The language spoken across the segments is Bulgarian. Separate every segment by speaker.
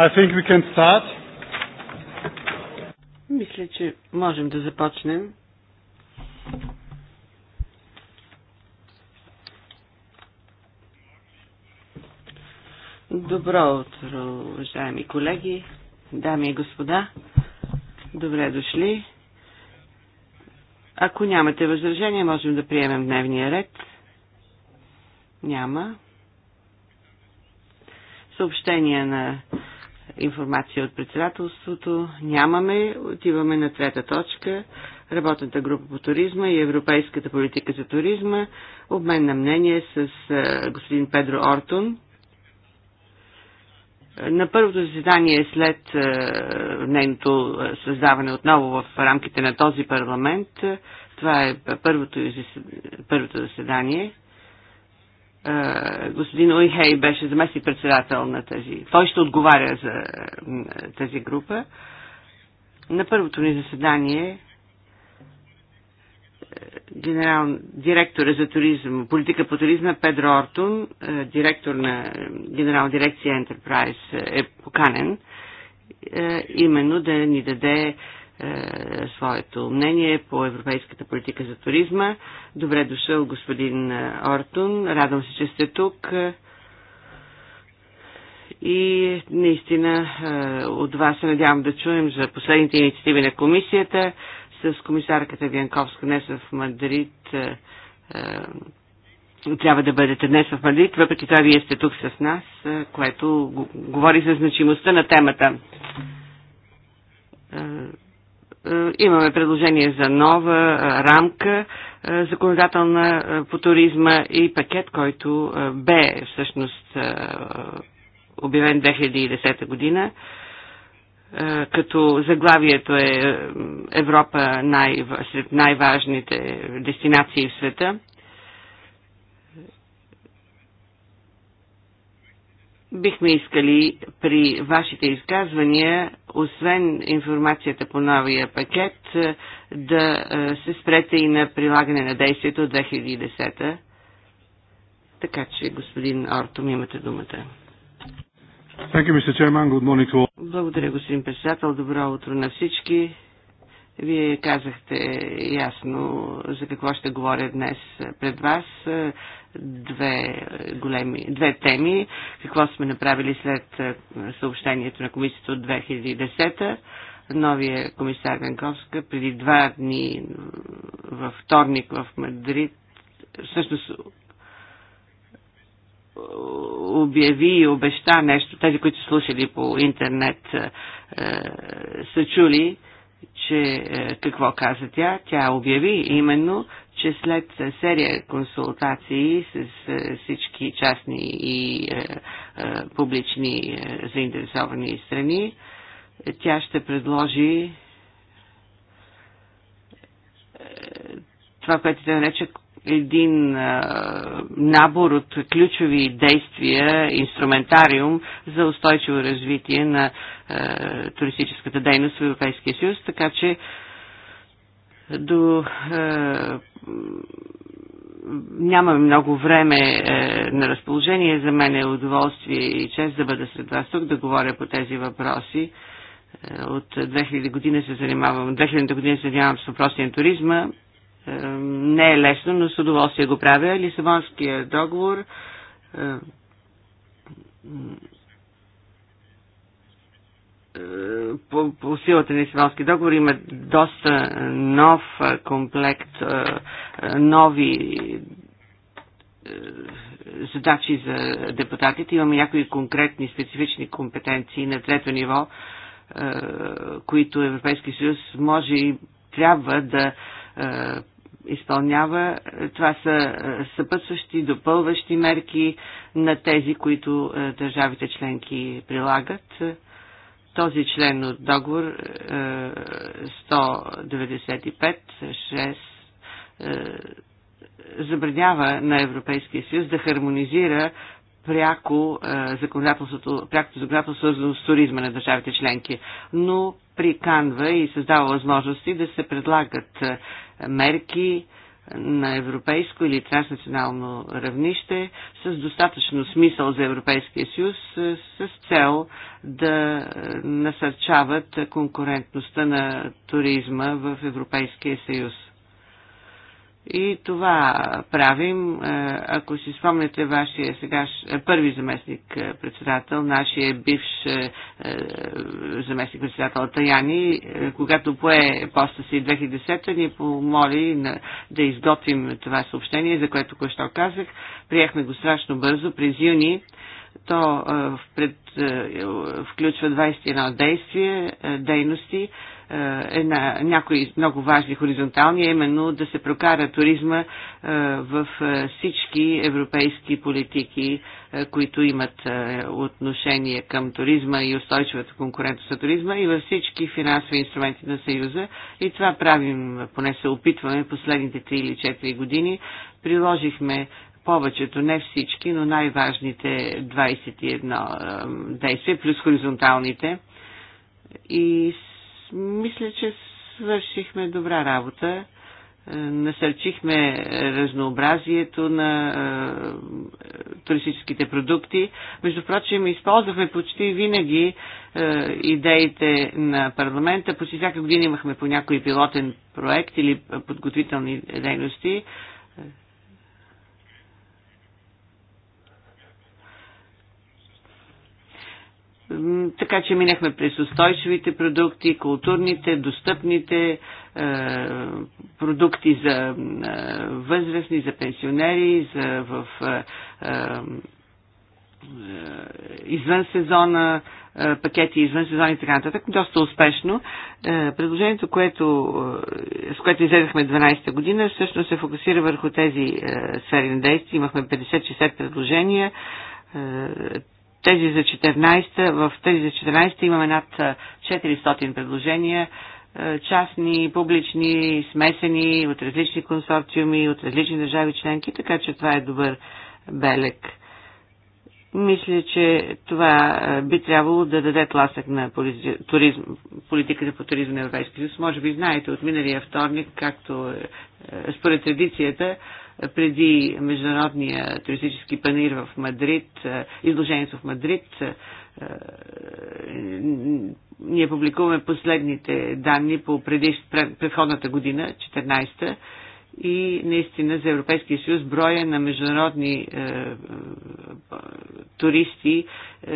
Speaker 1: I think we can start. Мисля, че можем да започнем. Добро утро, уважаеми колеги, дами и господа. Добре дошли. Ако нямате възражение, можем да приемем дневния ред. Няма. Съобщение на Информация от председателството нямаме. Отиваме на трета точка. Работната група по туризма и Европейската политика за туризма. Обмен на мнение с господин Педро Ортун, На първото заседание след нейното създаване отново в рамките на този парламент, това е първото заседание, господин Уихей беше заместник председател на тази. Той ще отговаря за тази група. На първото ни заседание е, генерал, директора за туризъм, политика по туризма Педро Ортун, е, директор на генерална дирекция Enterprise е, е поканен именно да ни даде е, своето мнение по европейската политика за туризма. Добре дошъл, господин е, Ортун. Радвам се, че сте тук. И наистина е, от вас се надявам да чуем за последните инициативи на комисията с комисарката Вянковска днес в Мадрид. Трябва да бъдете днес в Мадрид, въпреки това вие сте тук с нас, което говори за значимостта на темата е, имаме предложение за нова е, рамка е, законодателна по туризма и пакет, който бе всъщност обявен 2010 година, като заглавието е Европа най- сред най-важните дестинации в света. Бихме искали при вашите изказвания, освен информацията по новия пакет, е, да е, се спрете и на прилагане на действието от 2010. Така че, господин Ортом, имате думата. You, Благодаря, господин председател. Добро утро на всички. Вие казахте ясно за какво ще говоря днес пред вас. Е, две, големи, две теми. Какво сме направили след е, съобщението на комисията от 2010 новия комисар Венковска преди два дни във вторник в Мадрид всъщност е, обяви и обеща нещо. Тези, които слушали по интернет, е, са чули, че какво каза тя. Тя обяви именно, че след серия консултации с е, всички частни и е, е, публични заинтересовани страни, тя ще предложи това, което те нарече един набор от ключови действия, инструментариум за устойчиво развитие на туристическата дейност в Европейския съюз, така че до е, нямаме много време е, на разположение. За мен е удоволствие и чест да бъда сред вас тук да говоря по тези въпроси. Е, от 2000 година се занимавам, 2000 година се занимавам с въпроси на туризма. Е, не е лесно, но с удоволствие го правя. Лисабонския договор е, е, по, по силата на Лисабонски договор има доста нов е, комплект, е, нови задачи за депутатите. Имаме някои конкретни специфични компетенции на трето ниво, които Европейски съюз може и трябва да изпълнява. Това са съпътстващи, допълващи мерки на тези, които държавите членки прилагат този член от договор 195 е, 6 е, забранява на Европейския съюз да хармонизира пряко е, законодателството, пряко законодателство, свързано с туризма на държавите членки, но приканва и създава възможности да се предлагат мерки, на европейско или транснационално равнище с достатъчно смисъл за Европейския съюз с цел да е, насърчават конкурентността на туризма в Европейския съюз. И това правим, е, ако си спомняте вашия сегаш е, първи заместник е, председател, нашия бивш заместник председател Таяни, когато пое поста си 2010-та, ни помоли да изготвим това съобщение, за което кое-що казах. Приехме го страшно бързо през юни. То пред, включва 21 действия, дейности, е, е, на някои много важни хоризонтални, именно да се прокара туризма е, в всички европейски политики, които имат отношение към туризма и устойчивата конкурента за туризма и във всички финансови инструменти на Съюза. И това правим, поне се опитваме последните 3 или 4 години. Приложихме повечето, не всички, но най-важните 21 действия, плюс хоризонталните. И мисля, че свършихме добра работа. Е, насърчихме разнообразието на е, туристическите продукти. Между прочим, използвахме почти винаги е, идеите на парламента. Почти всяка година имахме по някой пилотен проект или подготвителни дейности. Така че минахме през устойчивите продукти, културните, достъпните е, продукти за е, възрастни, за пенсионери, за в е, е, е извън сезона, е, пакети извън сезона и така нататък. Доста успешно. Предложението, което, с което излезахме 12-та година, всъщност се фокусира върху тези сфери на действие. Имахме 50-60 предложения тези за 14, в тези за 14 имаме над 400 предложения, частни, публични, смесени, от различни консорциуми, от различни държави членки, така че това е добър белег. Мисля, че това би трябвало да даде тласък на туризм, политиката по туризъм на Европейския съюз. Може би знаете от миналия вторник, както е, е, според традицията, преди Международния туристически панир в Мадрид, е, изложението в Мадрид, е, е, ние публикуваме последните данни по предиш, предходната година, 14-та, и наистина за Европейския съюз броя на международни е, туристи е,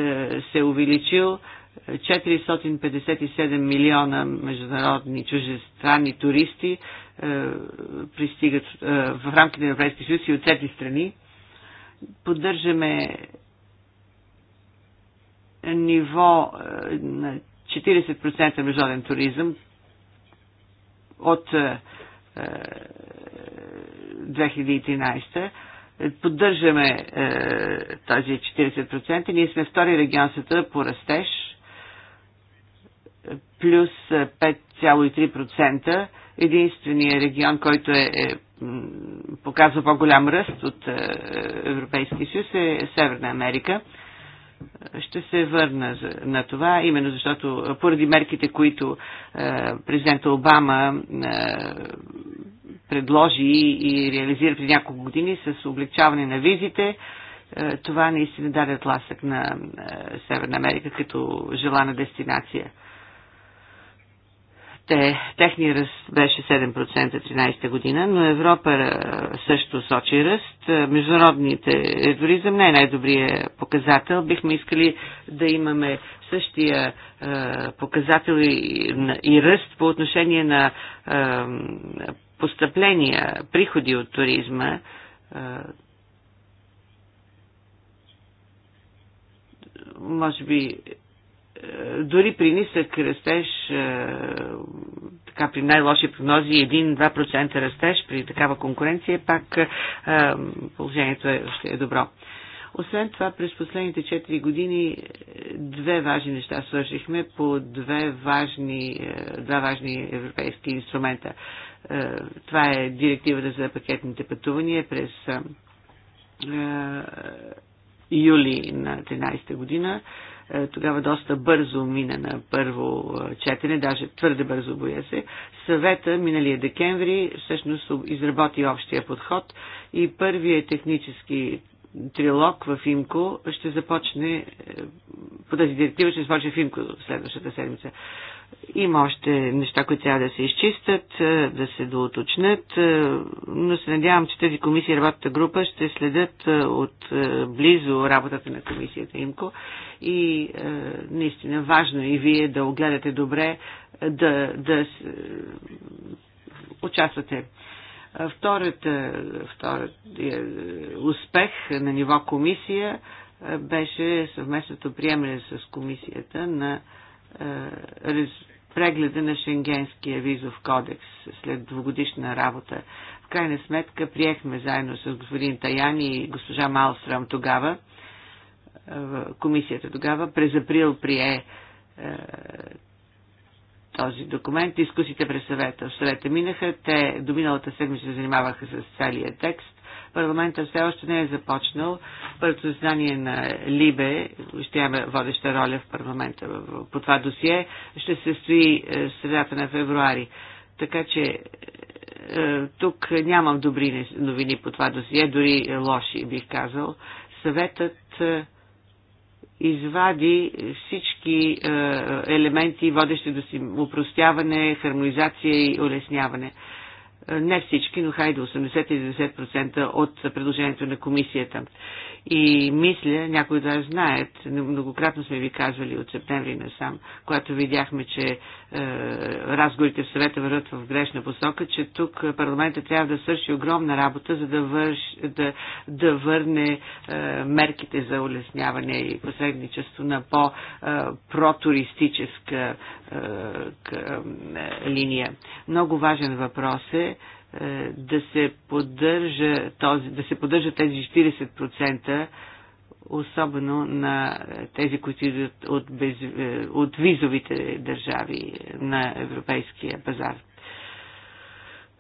Speaker 1: се е увеличил 457 милиона международни чуждестранни туристи е, пристигат е, в рамките на Европейския съюз и от трети страни. Поддържаме ниво е, на 40% международен туризъм от 2013 поддържаме тази 40%. Ние сме втори регион света по растеж, плюс 5,3% единствения регион, който е, е показва по-голям ръст от е, Европейския съюз е Северна Америка. Ще се върна на това, именно защото поради мерките, които е, президента Обама е, предложи и реализира преди няколко години с облегчаване на визите, това наистина даде тласък на Северна Америка като желана дестинация те, техния ръст беше 7% 13 година, но Европа също сочи ръст. Международните е, туризъм не е най-добрият показател. Бихме искали да имаме същия е, показател и, и ръст по отношение на е, постъпления, приходи от туризма. Е, може би дори при нисък растеж, е, така при най-лоши прогнози 1-2% растеж при такава конкуренция, пак е, положението е, ще е добро. Освен това, през последните 4 години е, две важни неща свършихме по две важни, два важни европейски инструмента. Това е директивата за пакетните пътувания през юли на 13 та година е, тогава доста бързо мина на първо е, четене, даже твърде бързо боя се. Съвета миналия декември всъщност изработи общия подход и първият технически трилог в ИМКО ще започне, е, по тази директива ще започне в ИМКО следващата седмица. Има още неща, които трябва да се изчистят, е, да се доуточнят, е, но се надявам, че тези комисия и работната група ще следят е, от близо работата на комисията ИМКО и наистина важно и вие да огледате добре, да, да участвате. Втората, втората успех на ниво комисия беше съвместното приемане с комисията на е, прегледа на Шенгенския визов кодекс след двогодишна работа. В крайна сметка приехме заедно с господин Таяни и госпожа Малстрам тогава, е, комисията тогава, през април прие е, този документ. Дискусите през съвета в съвета минаха. Те до миналата седмица се занимаваха с целия текст. Парламентът все още не е започнал. Първото заседание на Либе ще има водеща роля в парламента по това досие. Ще се стои е, средата на февруари. Така че е, тук нямам добри новини по това досие, дори лоши бих казал. Съветът е, извади всички елементи, водещи до си, упростяване, хармонизация и улесняване не всички, но хайде 80-90% от предложението на комисията. И мисля, някои да знаят, многократно сме ви казвали от септември насам, когато видяхме, че е, разговорите в съвета върват в грешна посока, че тук парламента трябва да свърши огромна работа, за да, върш, да, да върне е, мерките за улесняване и посредничество на по-протуристическа е, е, линия. Много важен въпрос е е, да се поддържа, този, да се поддържа тези 40%, особено на тези, които идват от, без, е, от визовите държави на европейския пазар.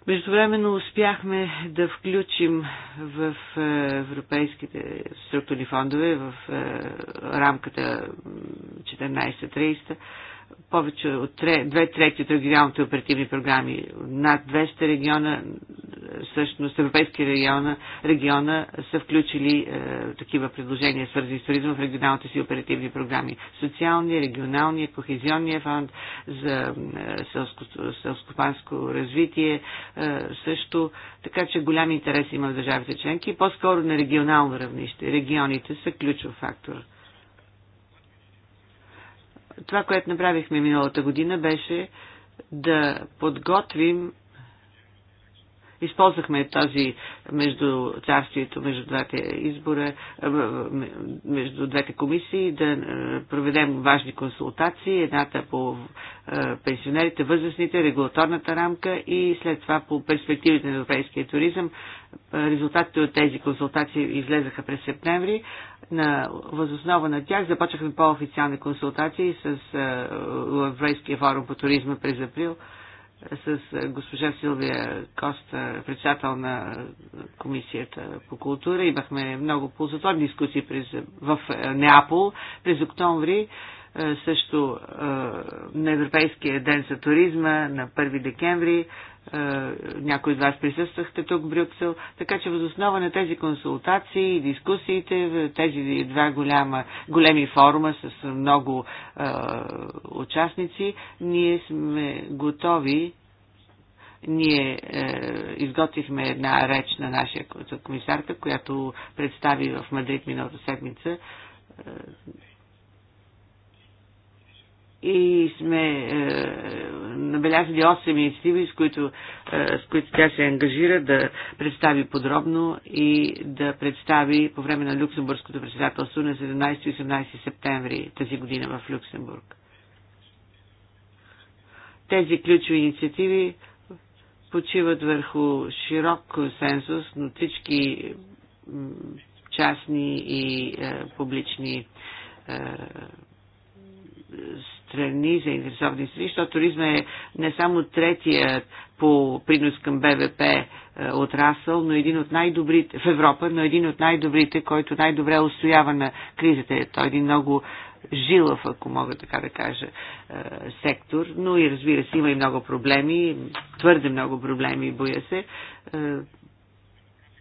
Speaker 1: Междувременно успяхме да включим в е, европейските структурни фондове в рамката 14-30 повече от две трети от регионалните оперативни програми. Над 200 региона, всъщност европейски региона, региона са включили е, такива предложения, свързани с туризма в регионалните си оперативни програми. Социалния, регионалния, кохезионния фонд за е, селскопанско развитие е, също. Така че голям интерес има в държавите членки и по-скоро на регионално равнище. Регионите са ключов фактор. Това, което направихме миналата година, беше да подготвим Използвахме тази между царствието, между двете избора, между двете комисии да е, проведем важни консултации, едната по е, пенсионерите, възрастните, регулаторната рамка и след това по перспективите на европейския туризъм. Резултатите от тези консултации излезаха през септември. На, възоснова на тях започнахме по-официални консултации с е, Европейския форум по туризма през април с е, госпожа Силвия Коста, председател на е, Комисията по култура. Имахме много ползотворни дискусии през, в е, Неапол през октомври също на Европейския ден за туризма на 1 декември е, някои от вас присъствахте тук в Брюксел, така че възоснова на тези консултации и дискусиите, тези два голяма, големи форума с много е, участници, ние сме готови ние е, изготвихме една реч на нашия комисарка, която представи в Мадрид миналата седмица. Е, и сме е, набелязали 8 инициативи, с които, е, с които тя се ангажира да представи подробно и да представи по време на Люксембургското председателство на 17 и 18 септември тази година в Люксембург. Тези ключови инициативи почиват върху широк консенсус на всички частни и е, публични е, страни, заинтересовани страни, защото туризма е не само третия по принос към БВП е, отрасъл, но един от най-добрите в Европа, но един от най-добрите, който най-добре устоява на кризата. Е той е един много жилав, ако мога така да кажа, е, сектор, но и разбира се има и много проблеми, твърде много проблеми, боя се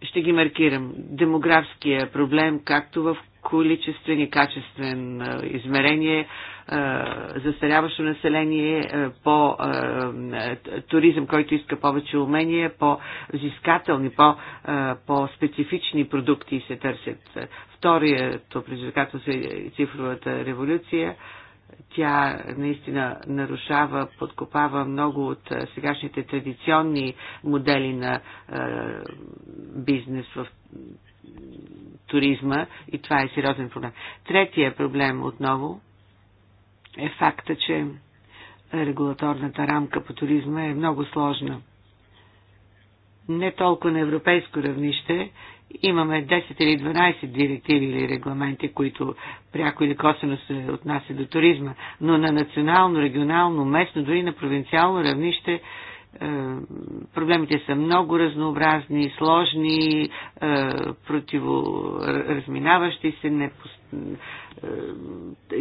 Speaker 1: ще ги маркирам. Демографския проблем, както в количествен и качествен измерение, застаряващо население, по туризъм, който иска повече умения, по-взискателни, по, по-специфични продукти се търсят. Вторието предизвикателство е цифровата революция тя наистина нарушава, подкопава много от сегашните традиционни модели на бизнес в туризма и това е сериозен проблем. Третия проблем отново е факта, че регулаторната рамка по туризма е много сложна. Не толкова на европейско равнище, имаме 10 или 12 директиви или регламенти, които пряко или косвено се отнасят до туризма, но на национално, регионално, местно, дори на провинциално равнище е, проблемите са много разнообразни, сложни, е, противоразминаващи се, непост... Е,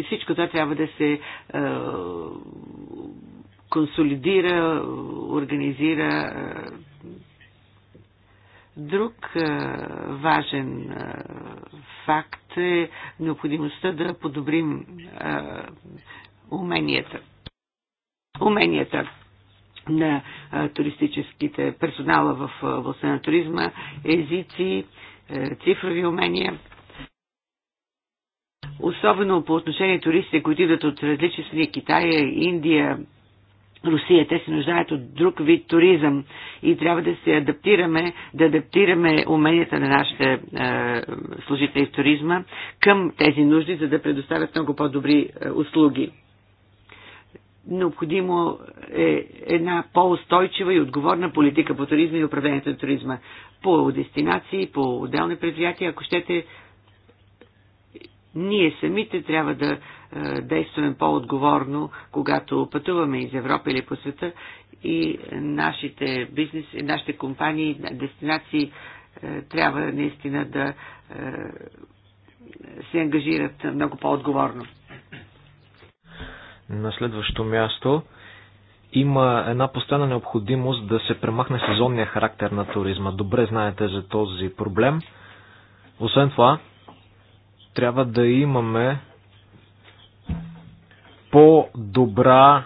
Speaker 1: всичко това трябва да се консолидира, организира. Друг важен факт е необходимостта да подобрим уменията. Уменията на туристическите персонала в областта на туризма, езици, е, цифрови умения. Особено по отношение туристите, които идват от различни страни, Китая, Индия, Русия. Те се нуждаят от друг вид туризъм и трябва да се адаптираме, да адаптираме уменията на нашите е, служители в туризма към тези нужди, за да предоставят много по-добри е, услуги. Необходимо е една по-устойчива и отговорна политика по туризма и управлението на туризма. По дестинации, по отделни предприятия, ако щете, ние самите трябва да е, действаме по-отговорно, когато пътуваме из Европа или по света и нашите бизнес, нашите компании, дестинации е, трябва наистина да е, се ангажират много по-отговорно.
Speaker 2: На следващо място има една постоянна необходимост да се премахне сезонния характер на туризма. Добре знаете за този проблем. Освен това, трябва да имаме по-добра,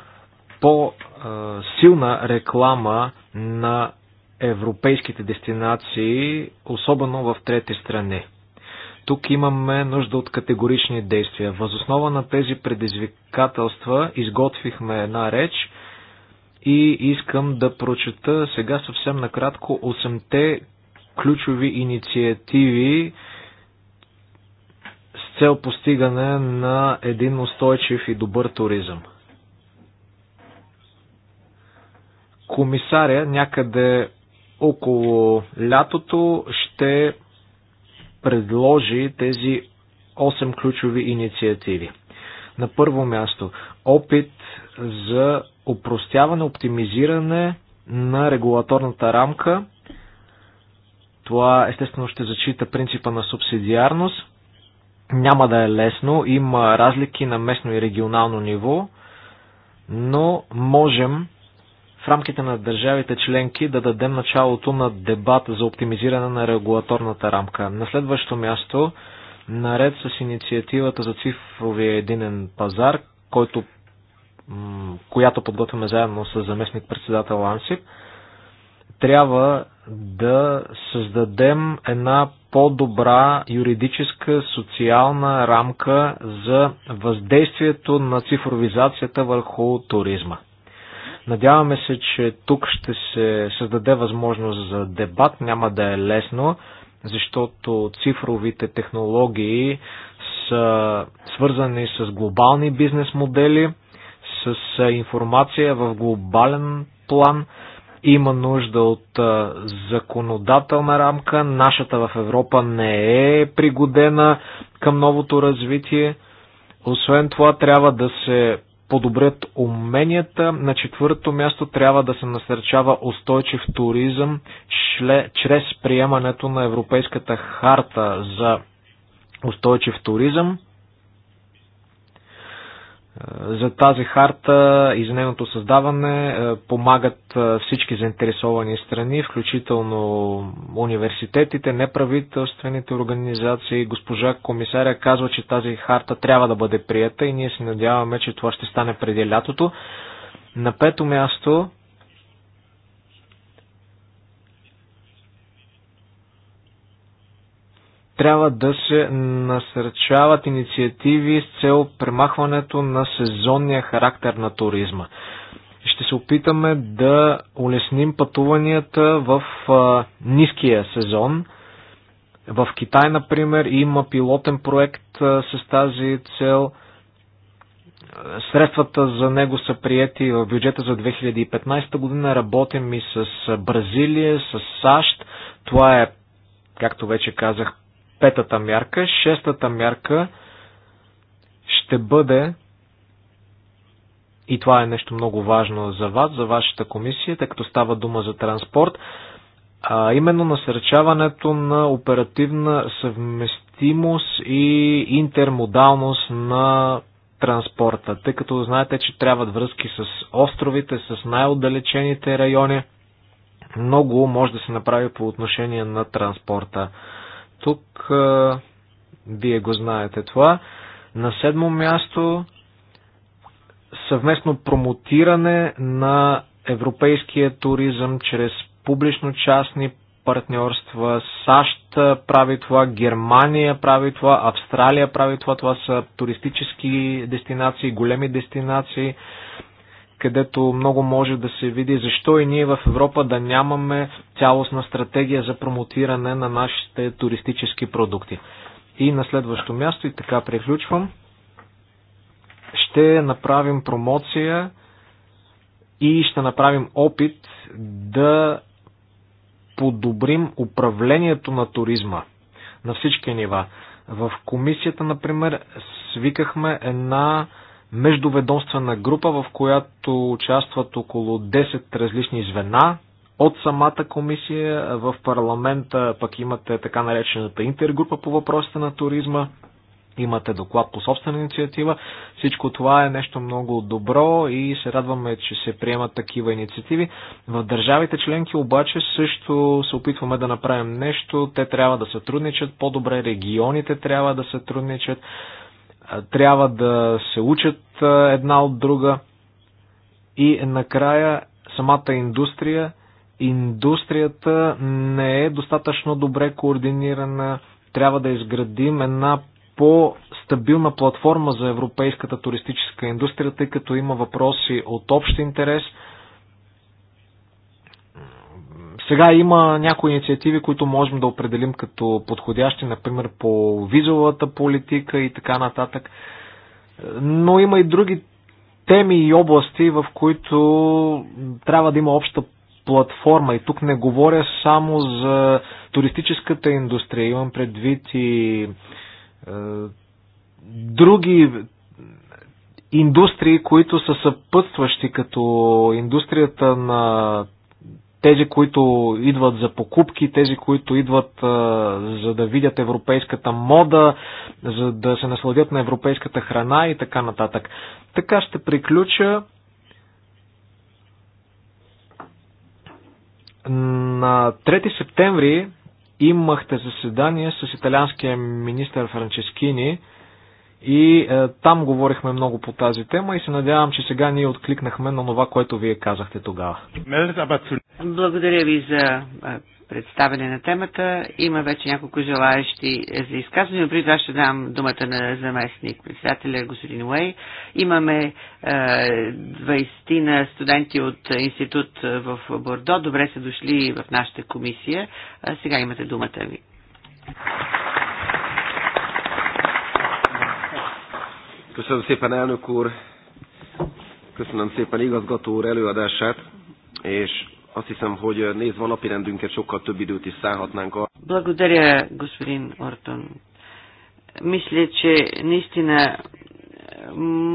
Speaker 2: по-силна реклама на европейските дестинации, особено в трети страни. Тук имаме нужда от категорични действия. Възоснова на тези предизвикателства изготвихме една реч и искам да прочета сега съвсем накратко 8-те ключови инициативи с цел постигане на един устойчив и добър туризъм. Комисаря някъде около лятото ще предложи тези 8 ключови инициативи. На първо място, опит за упростяване, оптимизиране на регулаторната рамка. Това естествено ще зачита принципа на субсидиарност. Няма да е лесно, има разлики на местно и регионално ниво, но можем в рамките на държавите членки да дадем началото на дебат за оптимизиране на регулаторната рамка. На следващо място, наред с инициативата за цифровия единен пазар, който, която подготвяме заедно с заместник председател Ансип, трябва да създадем една по-добра юридическа, социална рамка за въздействието на цифровизацията върху туризма. Надяваме се, че тук ще се създаде възможност за дебат. Няма да е лесно, защото цифровите технологии са свързани с глобални бизнес модели, с информация в глобален план. Има нужда от законодателна рамка. Нашата в Европа не е пригодена към новото развитие. Освен това, трябва да се подобрят уменията. На четвърто място трябва да се насърчава устойчив туризъм шле, чрез приемането на Европейската харта за устойчив туризъм. Е, за тази харта и за нейното създаване е, помагат е, всички заинтересовани страни, включително университетите, неправителствените организации. Госпожа комисаря казва, че тази харта трябва да бъде прията и ние се надяваме, че това ще стане преди лятото. На пето място трябва да се насърчават инициативи с цел премахването на сезонния характер на туризма. Ще се опитаме да улесним пътуванията в а, ниския сезон. В Китай, например, има пилотен проект а, с тази цел. Средствата за него са прияти в бюджета за 2015 година. Работим и с Бразилия, с САЩ. Това е както вече казах, петата мярка. Шестата мярка ще бъде и това е нещо много важно за вас, за вашата комисия, тъй като става дума за транспорт, а именно насърчаването на оперативна съвместимост и интермодалност на транспорта, тъй като знаете, че трябват връзки с островите, с най-отдалечените райони. Много може да се направи по отношение на транспорта тук. Вие го знаете това. На седмо място съвместно промотиране на европейския туризъм чрез публично-частни партньорства. САЩ прави това, Германия прави това, Австралия прави това. Това са туристически дестинации, големи дестинации където много може да се види защо и ние в Европа да нямаме цялостна стратегия за промотиране на нашите туристически продукти. И на следващо място, и така приключвам, ще направим промоция и ще направим опит да подобрим управлението на туризма на всички нива. В комисията, например, свикахме една междуведомствена група, в която участват около 10 различни звена от самата комисия. В парламента пък имате така наречената интергрупа по въпросите на туризма. Имате доклад по собствена инициатива. Всичко това е нещо много добро и се радваме, че се приемат такива инициативи. В държавите членки обаче също се опитваме да направим нещо. Те трябва да сътрудничат по-добре, регионите трябва да сътрудничат трябва да се учат е, една от друга. И накрая самата индустрия. Индустрията не е достатъчно добре координирана. Трябва да изградим една по-стабилна платформа за европейската туристическа индустрия, тъй като има въпроси от общ интерес. Сега има някои инициативи, които можем да определим като подходящи, например по визовата политика и така нататък но има и други теми и области, в които трябва да има обща платформа. И тук не говоря само за туристическата индустрия, имам предвид и е, други индустрии, които са съпътстващи, като индустрията на тези, които идват за покупки, тези, които идват за да видят европейската мода, за да се насладят на европейската храна и така нататък. Така ще приключа. На 3 септември имахте заседание с италианския министър Франческини и е, там говорихме много по тази тема и се надявам, че сега ние откликнахме на това, което вие казахте тогава.
Speaker 1: Благодаря ви за представяне на темата. Има вече няколко желаящи за изказване, но при това ще дам думата на заместник председателя господин Уей. Имаме е, 20 на студенти от институт в Бордо. Добре са дошли в нашата комисия. А сега имате думата
Speaker 2: ви. Köszönöm szépen, elnök úr! Köszönöm szépen igazgató úr előadását, és Azt hiszem, hogy nézve a rendünket sokkal több időt is szállhatnánk.
Speaker 1: Благодаря, господин Ортон. Мисля, че наистина е,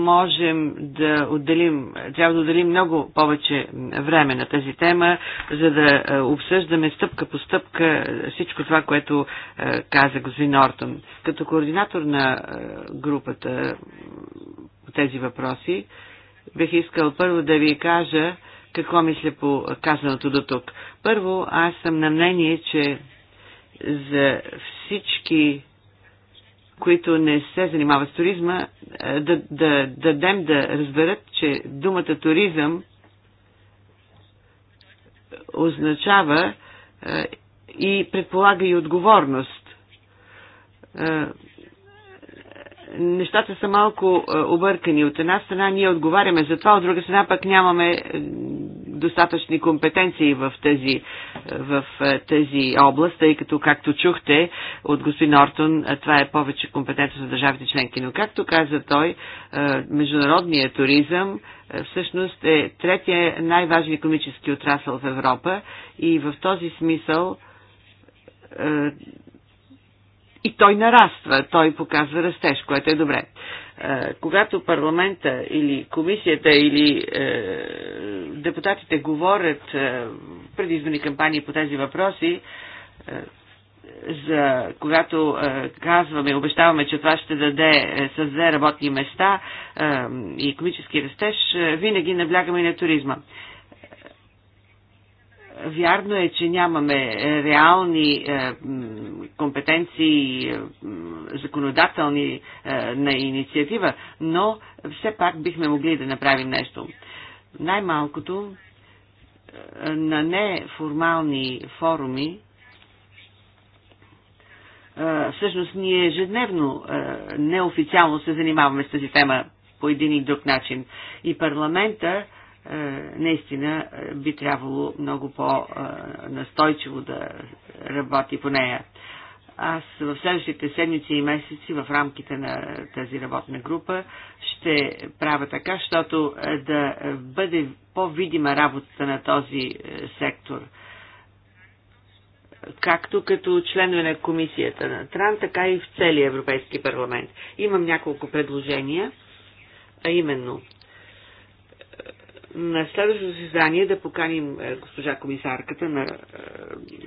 Speaker 1: можем да отделим, трябва да отделим много повече време на тази тема, за да е, обсъждаме стъпка по стъпка е, всичко това, което каза господин Ортон. Като координатор на групата по тези въпроси, бих искал първо да ви кажа, какво мисля по казаното до тук. Първо, аз съм на мнение, че за всички, които не се занимават с туризма, да, е, да, да дадем да разберат, че думата туризъм означава е, и предполага и отговорност. Е, нещата са малко е, объркани. От една страна ние отговаряме за това, от друга страна пък нямаме е, достатъчни компетенции в тези е, в тези област, тъй като, както чухте от господин Ортон, това е повече компетентност за държавите членки. Но, както каза той, международният туризъм всъщност е третия най-важен економически отрасъл в Европа и в този смисъл и той нараства, той показва растеж, което е добре. Е, когато парламента или комисията или е, депутатите говорят преди предизборни кампании по тези въпроси, е, за когато казваме, обещаваме, че това ще даде, създаде работни места и економически растеж, винаги наблягаме и на туризма. Вярно е, че нямаме е, реални е, компетенции е, законодателни на инициатива, но все пак бихме могли да направим нещо. Най-малкото на неформални форуми всъщност ние ежедневно неофициално се занимаваме с тази тема по един и друг начин. И парламента е, наистина е, би трябвало много по-настойчиво да работи по нея. Аз в следващите седмици и месеци в рамките на тази работна група ще правя така, защото е, да бъде по-видима работата на този сектор. Както като членове на комисията на Тран, така и в целия Европейски парламент. Имам няколко предложения, а именно – на следващото заседание да поканим е, госпожа комисарката на е,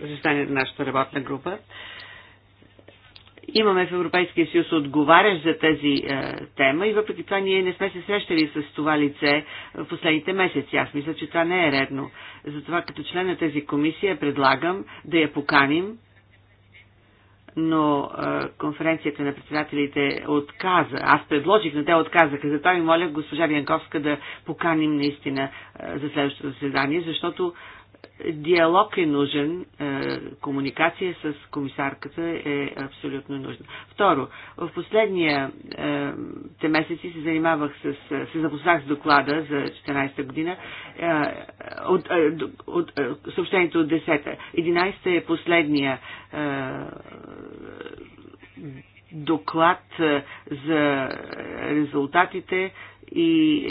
Speaker 1: заседание на нашата работна група. Имаме в Европейския съюз отговарящ за тази е, тема и въпреки това ние не сме се срещали с това лице в последните месеци. Аз мисля, че това не е редно. Затова като член на тази комисия предлагам да я поканим но а, конференцията на председателите отказа. Аз предложих, но те отказаха. Затова ви моля госпожа Бянковска да поканим наистина а, за следващото заседание, защото диалог е нужен, е, комуникация с комисарката е абсолютно нужна. Второ, в последния е, те месеци се занимавах с, е, се запознах с доклада за 14-та година, от, от, от, съобщението от 10-та. 11-та е последния доклад за резултатите и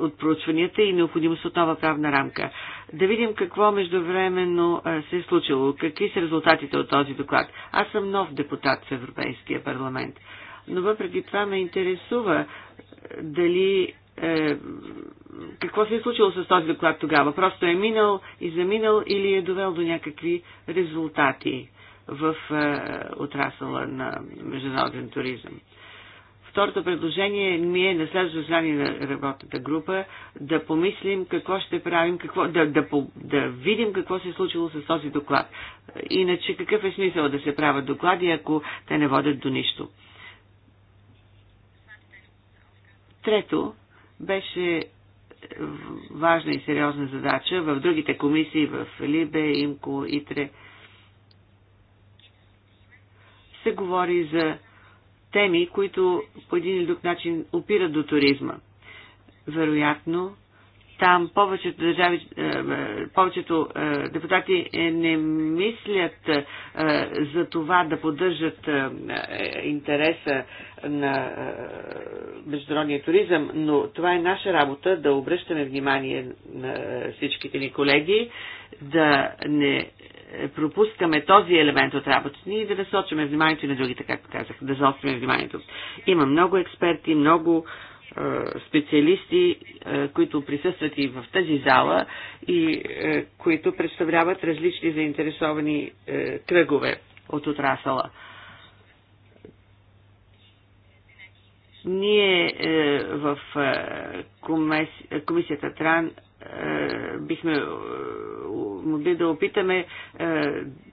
Speaker 1: от проучванията и необходимост от нова правна рамка. Да видим какво междувременно се е случило, какви са резултатите от този доклад. Аз съм нов депутат в Европейския парламент, но въпреки това ме интересува дали е, какво се е случило с този доклад тогава. Просто е минал и заминал или е довел до някакви резултати в е, отрасъла на международен туризъм. Второто предложение ми е на следващото заседание на работната група да помислим какво ще правим, какво, да, да, да видим какво се е случило с този доклад. Иначе какъв е смисъл да се правят доклади, ако те не водят до нищо? Трето, беше важна и сериозна задача в другите комисии, в Либе, Имко, Итре. Се говори за теми, които по един или друг начин опират до туризма. Вероятно, там повечето държави, е, е, повечето е, депутати не мислят за това да поддържат интереса на международния туризъм, но това е наша работа да обръщаме внимание на всичките ни колеги, да не пропускаме този елемент от работата ни и да насочваме вниманието и на другите, както казах, да заостряме вниманието. Има много експерти, много е, специалисти, е, които присъстват и в тази зала и е, които представляват различни заинтересовани е, кръгове от отрасала. Ние е, в е, комисията, комисията Тран е, бихме е, могли да опитаме е,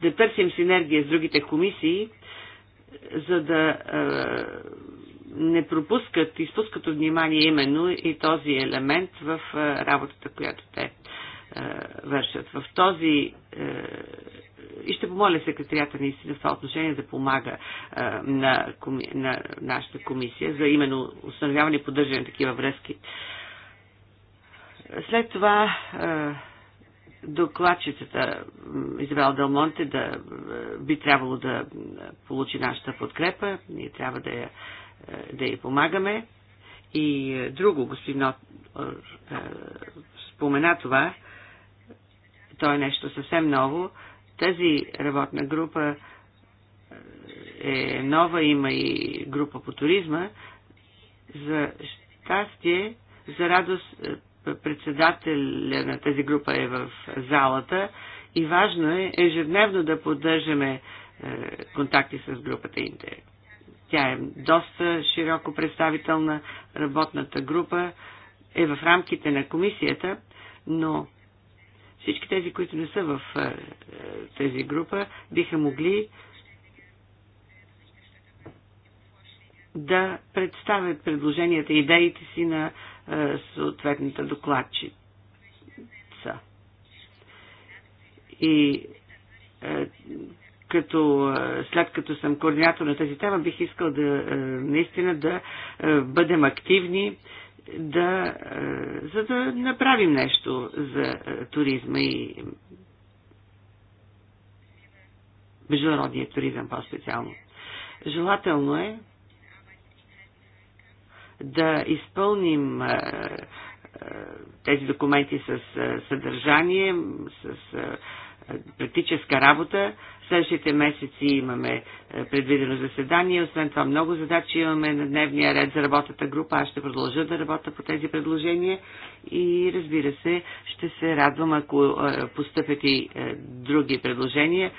Speaker 1: да търсим синергия с другите комисии, за да е, не пропускат, изпускат от внимание именно и този елемент в е, работата, която те вършат. В този и ще помоля секретарията наистина в това отношение да помага на, коми... на нашата комисия за именно установяване и поддържане на такива връзки. След това докладчицата Изабел Далмонте да, е, би трябвало да получи нашата подкрепа. Ние трябва да я, е, да я помагаме. И е, друго, господин Нот, спомена това, то е нещо съвсем ново. Тази работна група е нова, има и група по туризма. За щастие, за радост, председателя на тази група е в залата и важно е ежедневно да поддържаме е, контакти с групата Интер. Тя е доста широко представителна, работната група е в рамките на комисията, но всички тези, които не са в е, е, тази група, биха могли да представят предложенията, идеите си на е, съответната докладчица. И е, като, е, след като съм координатор на тази тема, бих искал да наистина да бъдем активни, да, за да направим нещо за туризма и международния туризъм по-специално. Желателно е да изпълним тези документи с съдържание, с практическа работа. В следващите месеци имаме предвидено заседание. Освен това много задачи имаме на дневния ред за работата група. Аз ще продължа да работя по тези предложения и разбира се, ще се радвам, ако постъпят и други предложения.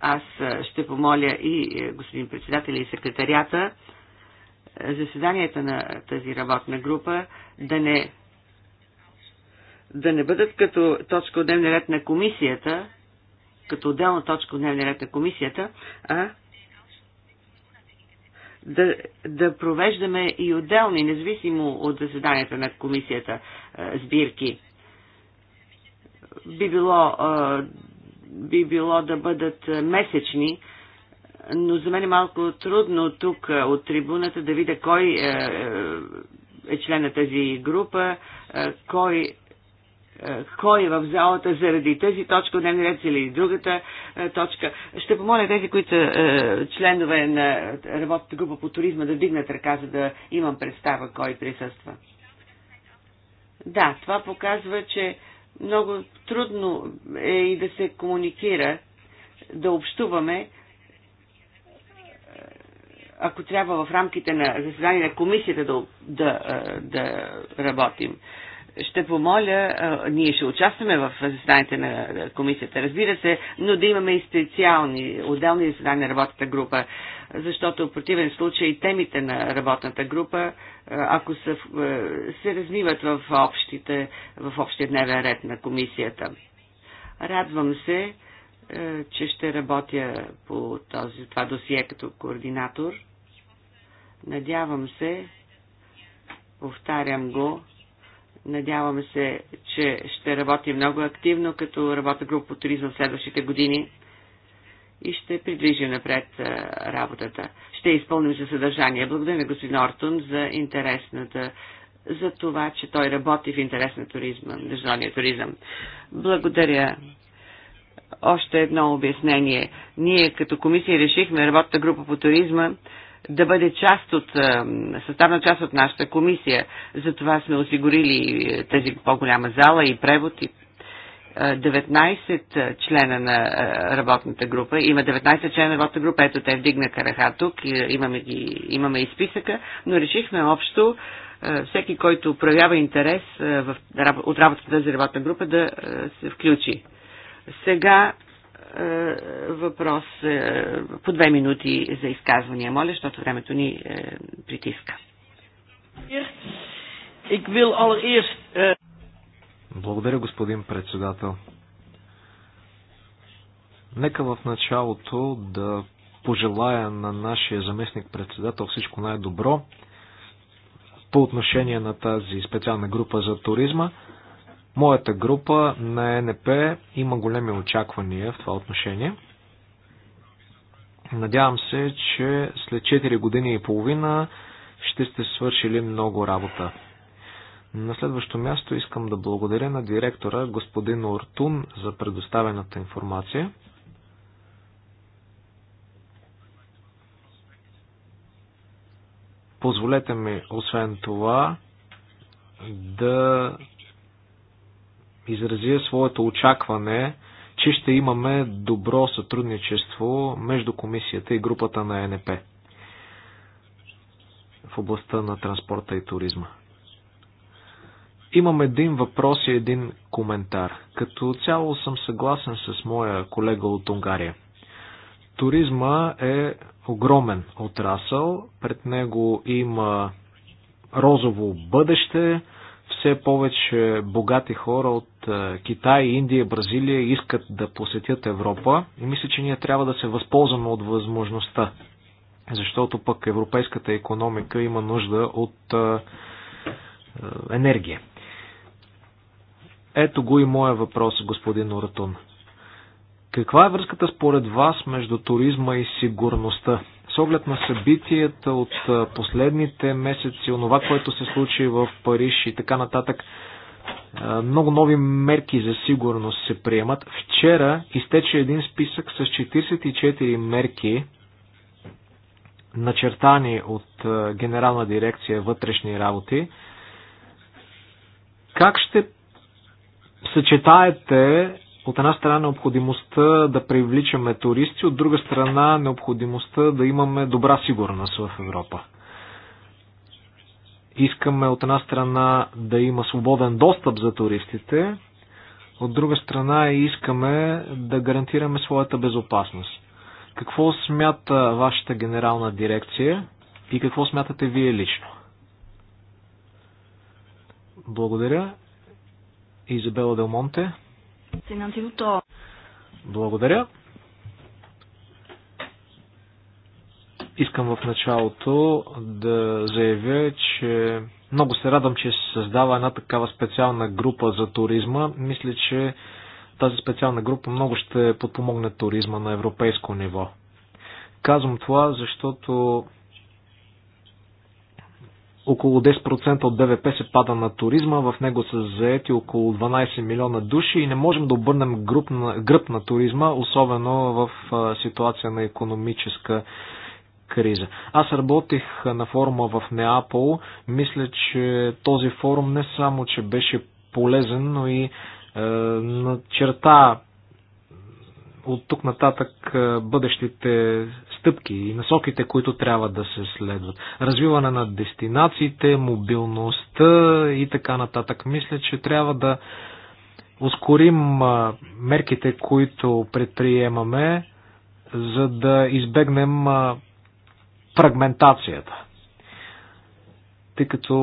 Speaker 1: Аз ще помоля и господин председателя и секретарията заседанията на тази работна група да не, да не бъдат като точка от дневния ред на комисията, като отделна точка от дневния ред на комисията, а да, да провеждаме и отделни, независимо от заседанията на комисията, сбирки. Би било, би било да бъдат месечни, но за мен е малко трудно тук е, от трибуната да видя кой е, е, е член на тази група, кой кой е в залата заради тази точка не ми ред или другата точка. Ще помоля тези, които са членове на работната група по туризма да дигнат ръка, за да имам представа кой присъства. Да, това показва, че много трудно е и да се комуникира, да общуваме, ако трябва в рамките на заседание на комисията да, да, да работим. Ще помоля, ние ще участваме в заседанията на комисията, разбира се, но да имаме и специални, отделни заседания на работната група, защото в противен случай темите на работната група, ако са, се размиват в, общите, в общия дневен ред на комисията. Радвам се, че ще работя по този, това досие като координатор – Надявам се, повтарям го, надявам се, че ще работи много активно като работа група по туризъм в следващите години и ще придвижим напред работата. Ще изпълним за съдържание. Благодаря господин Ортон за интересната за това, че той работи в интерес на туризма, международния туризъм. Благодаря. Още едно обяснение. Ние като комисия решихме работата група по туризма да бъде част от, съставна част от нашата комисия. Затова сме осигурили е, тази по-голяма зала и превод и 19 члена на работната група. Има 19 члена на работната група. Ето те вдигна караха тук. Имаме, ги, имаме и списъка. Но решихме общо всеки, който проявява интерес от работата за работна група да се включи. Сега е, въпрос е, по две минути за изказвания, моля, защото времето ни е, притиска.
Speaker 2: Благодаря, господин председател. Нека в началото да пожелая на нашия заместник председател всичко най-добро по отношение на тази специална група за туризма. Моята група на ЕНП има големи очаквания в това отношение. Надявам се, че след 4 години и половина ще сте свършили много работа. На следващо място искам да благодаря на директора господин Ортун за предоставената информация. Позволете ми, освен това, да изразя своето очакване, че ще имаме добро сътрудничество между комисията и групата на ЕНП в областта на транспорта и туризма. Имам един въпрос и един коментар. Като цяло съм съгласен с моя колега от Унгария. Туризма е огромен отрасъл, пред него има розово бъдеще, все повече богати хора от е, Китай, Индия, Бразилия искат да посетят Европа и мисля, че ние трябва да се възползваме от възможността, защото пък европейската економика има нужда от е, е, енергия. Ето го и моя въпрос, господин Оратун. Каква е връзката според вас между туризма и сигурността? С оглед на събитията от последните месеци, онова, което се случи в Париж и така нататък, много нови мерки за сигурност се приемат. Вчера изтече един списък с 44 мерки, начертани от Генерална дирекция вътрешни работи. Как ще съчетаете от една страна необходимостта да привличаме туристи, от друга страна необходимостта да имаме добра сигурност в Европа? Искаме от една страна да има свободен достъп за туристите, от друга страна искаме да гарантираме своята безопасност. Какво смята вашата генерална дирекция и какво смятате вие лично? Благодаря. Изабела Делмонте. Благодаря. Искам в началото да заявя, че много се радвам, че се създава една такава специална група за туризма. Мисля, че тази специална група много ще подпомогне туризма на европейско ниво. Казвам това, защото около 10% от БВП се пада на туризма, в него са заети около 12 милиона души и не можем да обърнем гръб на, гръб на туризма, особено в ситуация на економическа криза. Аз работих на форума в Неапол. Мисля, че този форум не само, че беше полезен, но и е, начерта от тук нататък е, бъдещите стъпки и насоките, които трябва да се следват. Развиване на дестинациите, мобилността и така нататък. Мисля, че трябва да ускорим е, мерките, които предприемаме, за да избегнем е, фрагментацията. Тъй като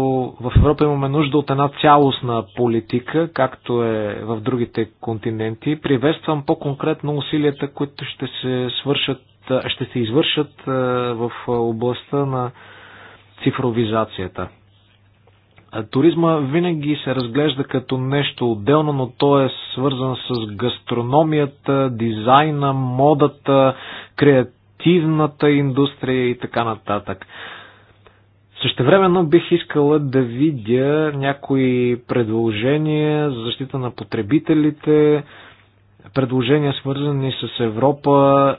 Speaker 2: в Европа имаме нужда от една цялостна политика, както е в другите континенти, приветствам по-конкретно усилията, които ще се, свършат, ще се извършат е, в областта на цифровизацията. Е, туризма винаги се разглежда като нещо отделно, но то е свързан с гастрономията, дизайна, модата, креативността креативната индустрия и така нататък. Същевременно бих искала да видя някои предложения за защита на потребителите, предложения свързани с Европа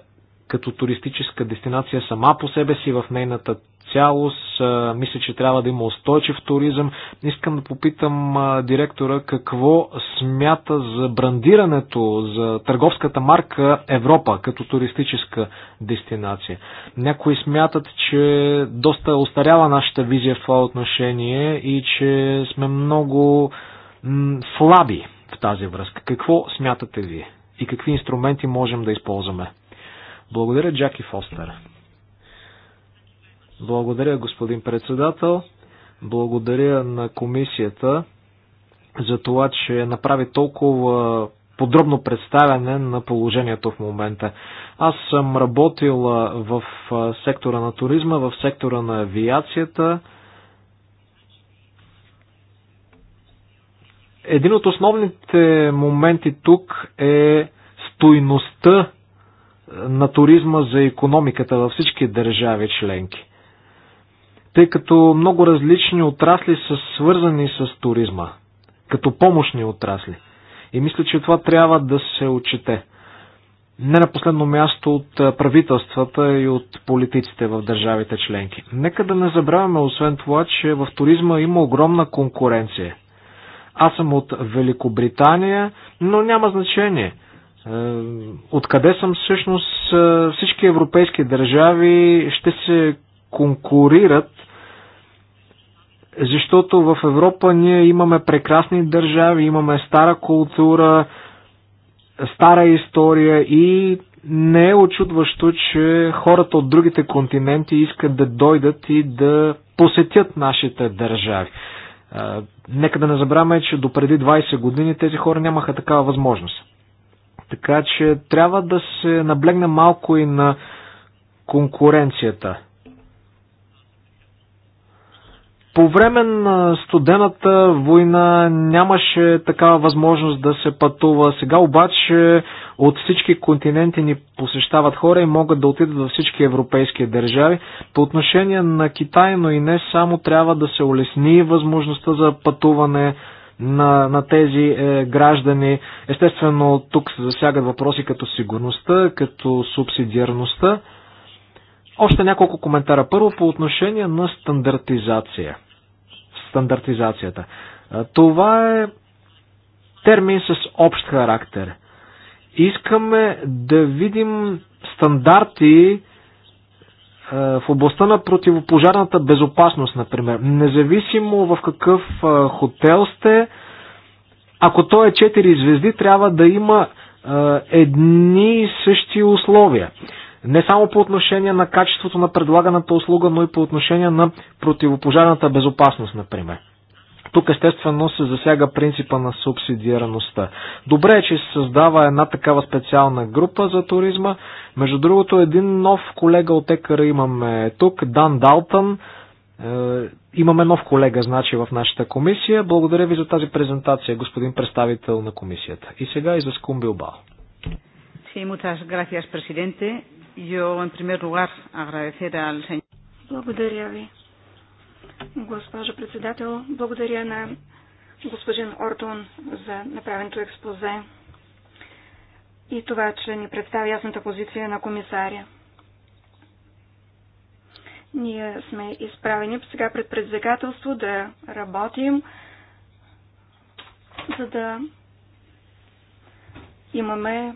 Speaker 2: като туристическа дестинация сама по себе си в нейната цялост. Мисля, че трябва да има устойчив туризъм. Искам да попитам директора какво смята за брандирането, за търговската марка Европа като туристическа дестинация. Някои смятат, че доста остарява нашата визия в това отношение и че сме много слаби в тази връзка. Какво смятате вие и какви инструменти можем да използваме? Благодаря, Джаки Фостер. Благодаря, господин председател. Благодаря на комисията за това, че направи толкова подробно представяне на положението в момента. Аз съм работил в сектора на туризма, в сектора на авиацията. Един от основните моменти тук е стойността на туризма за економиката във всички държави членки тъй като много различни отрасли са свързани с туризма, като помощни отрасли. И мисля, че това трябва да се отчете. Не на последно място от правителствата и от политиците в държавите членки. Нека да не забравяме, освен това, че в туризма има огромна конкуренция. Аз съм от Великобритания, но няма значение. Е, откъде съм всъщност е, всички европейски държави ще се конкурират защото в Европа ние имаме прекрасни държави, имаме стара култура, стара история и не е очудващо, че хората от другите континенти искат да дойдат и да посетят нашите държави. Нека да не забравяме, че до преди 20 години тези хора нямаха такава възможност. Така че трябва да се наблегне малко и на конкуренцията. По време на студената война нямаше такава възможност да се пътува. Сега обаче от всички континенти ни посещават хора и могат да отидат във всички европейски държави. По отношение на Китай, но и не само трябва да се улесни възможността за пътуване на, на тези е, граждани. Естествено, тук се засягат въпроси като сигурността, като субсидиарността. Още няколко коментара. Първо по отношение на стандартизация стандартизацията. Това е термин с общ характер. Искаме да видим стандарти в областта на противопожарната безопасност, например. Независимо в какъв хотел сте, ако той е 4 звезди, трябва да има едни и същи условия не само по отношение на качеството на предлаганата услуга, но и по отношение на противопожарната безопасност, например. Тук естествено се засяга принципа на субсидиараността. Добре е, че се създава една такава специална група за туризма. Между другото, един нов колега от ЕКР имаме тук, Дан Далтън. Е, имаме нов колега, значи, в нашата комисия. Благодаря ви за тази презентация, господин представител на комисията. И сега и за Скумбилбао.
Speaker 1: Sí, muchas gracias, presidente. Yo, en primer lugar, agradecer al señor. Благодаря ви.
Speaker 3: Госпожо председател, благодаря на господин Ортон за направеното експозе и това, че ни представи ясната позиция на комисаря. Ние сме изправени сега пред предизвикателство да работим, за да имаме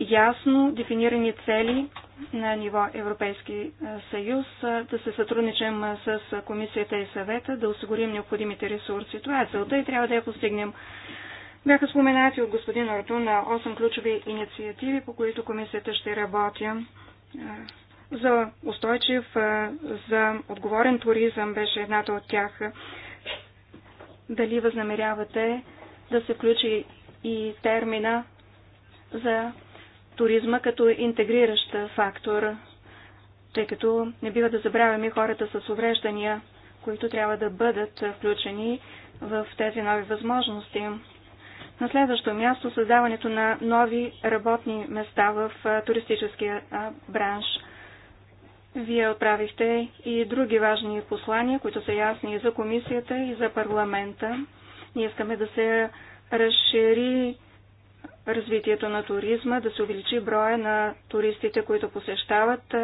Speaker 3: ясно дефинирани цели на ниво Европейски е, съюз, е, да се сътрудничим е, с комисията и съвета, да осигурим необходимите ресурси. Това е целта и трябва да я постигнем. Бяха споменати от господин Орту на 8 ключови инициативи, по които комисията ще работи. За устойчив, за отговорен туризъм беше едната от тях. Дали възнамерявате да се включи и термина за туризма като интегриращ фактор, тъй като не бива да забравяме хората с увреждания, които трябва да бъдат включени в тези нови възможности. На следващо място създаването на нови работни места в туристическия бранш. Вие отправихте и други важни послания, които са ясни и за комисията, и за парламента. Ние искаме да се разшири развитието на туризма, да се увеличи броя на туристите, които посещават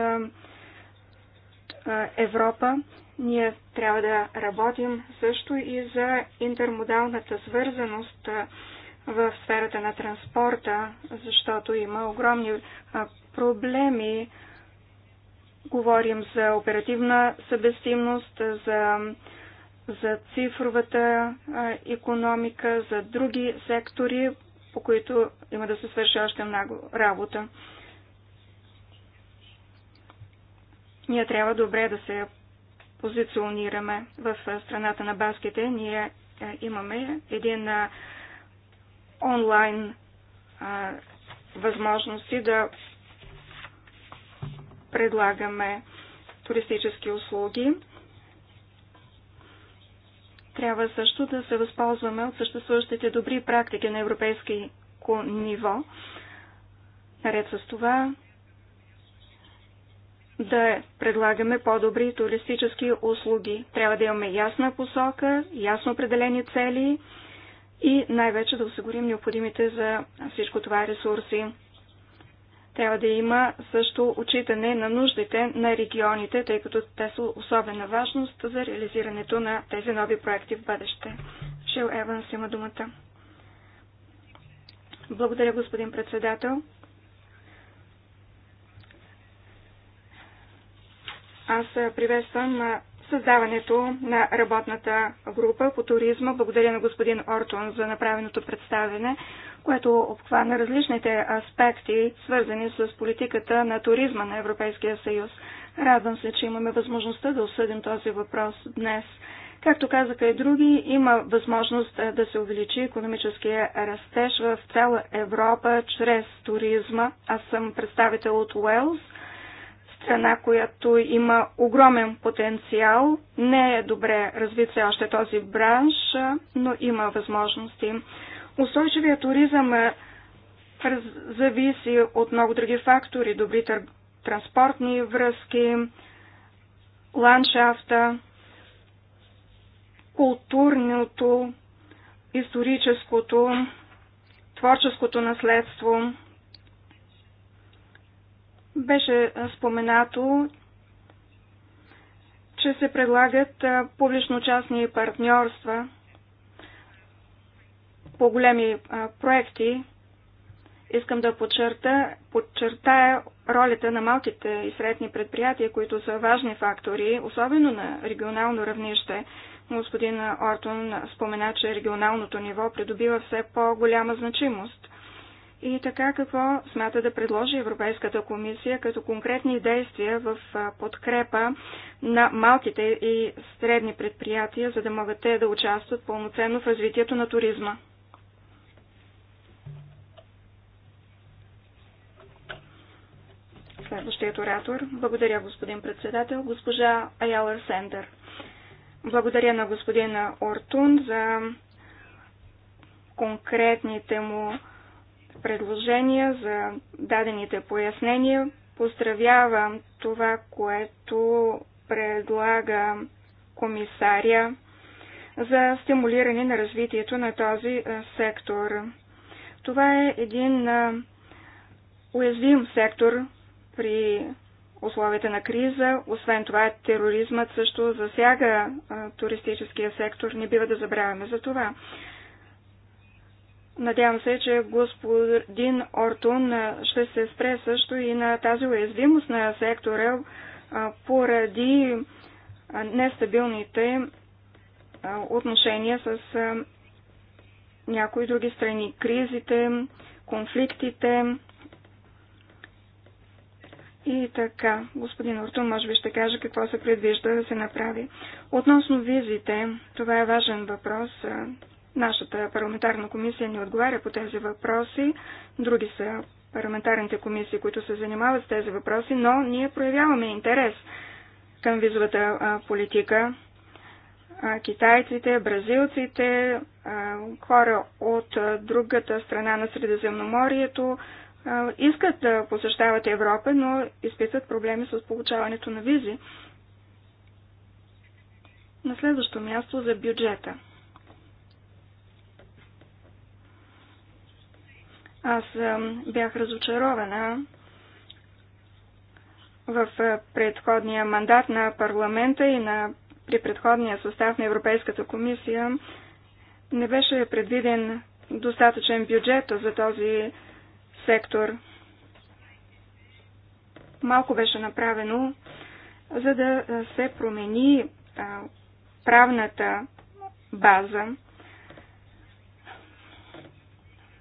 Speaker 3: Европа. Ние трябва да работим също и за интермодалната свързаност в сферата на транспорта, защото има огромни проблеми. Говорим за оперативна съвместимост, за, за цифровата економика, за други сектори, по които има да се свърши още много работа. Ние трябва добре да се позиционираме в страната на баските. Ние имаме един онлайн възможности да предлагаме туристически услуги. Трябва също да се възползваме от съществуващите добри практики на европейски ниво. Наред с това да предлагаме по-добри туристически услуги. Трябва да имаме ясна посока, ясно определени цели и най-вече да осигурим необходимите за всичко това ресурси. Трябва да има също отчитане на нуждите на регионите, тъй като те са особена важност за реализирането на тези нови проекти в бъдеще. Шил Еванс има думата. Благодаря, господин председател. Аз приветствам създаването на работната група по туризма. Благодаря на господин Ортон за направеното представене което обхвана различните аспекти, свързани с политиката на туризма на Европейския съюз. Радвам се, че имаме възможността да осъдим този въпрос днес. Както казаха и други, има възможност да се увеличи економическия растеж в цяла Европа чрез туризма. Аз съм представител от Уелс, страна, която има огромен потенциал. Не е добре развит се още този бранш, но има възможности. Устойчивия туризъм е, зависи от много други фактори, добри транспортни връзки, ландшафта, културното, историческото, творческото наследство. Беше е, споменато, че се предлагат е, публично-частни партньорства по-големи проекти, искам да подчерта, подчертая ролята на малките и средни предприятия, които са важни фактори, особено на регионално равнище. Господин Ортон спомена, че регионалното ниво придобива все по-голяма значимост. И така какво смята да предложи Европейската комисия като конкретни действия в подкрепа на малките и средни предприятия, за да могат те да участват пълноценно в развитието на туризма? следващият оратор. Благодаря, господин председател. Госпожа Аяла Сендър. Благодаря на господина Ортун за конкретните му предложения, за дадените пояснения. Поздравявам това, което предлага комисаря за стимулиране на развитието на този е, сектор. Това е един е, уязвим сектор, при условията на криза. Освен това, тероризмът също засяга а, туристическия сектор. Не бива да забравяме за това. Надявам се, че господин Ортун ще се спре също и на тази уязвимост на сектора а, поради а, нестабилните а, отношения с а, някои други страни. Кризите, конфликтите, и така, господин Ортун може би ще каже какво се предвижда да се направи. Относно визите, това е важен въпрос. Нашата парламентарна комисия не отговаря по тези въпроси. Други са парламентарните комисии, които се занимават с тези въпроси, но ние проявяваме интерес към визовата политика. Китайците, бразилците, хора от другата страна на Средиземноморието искат да посещават Европа, но изпитват проблеми с получаването на визи. На следващо място за бюджета. Аз бях разочарована в предходния мандат на парламента и на, при предходния състав на Европейската комисия не беше предвиден достатъчен бюджет за този сектор. Малко беше направено, за да се промени правната база.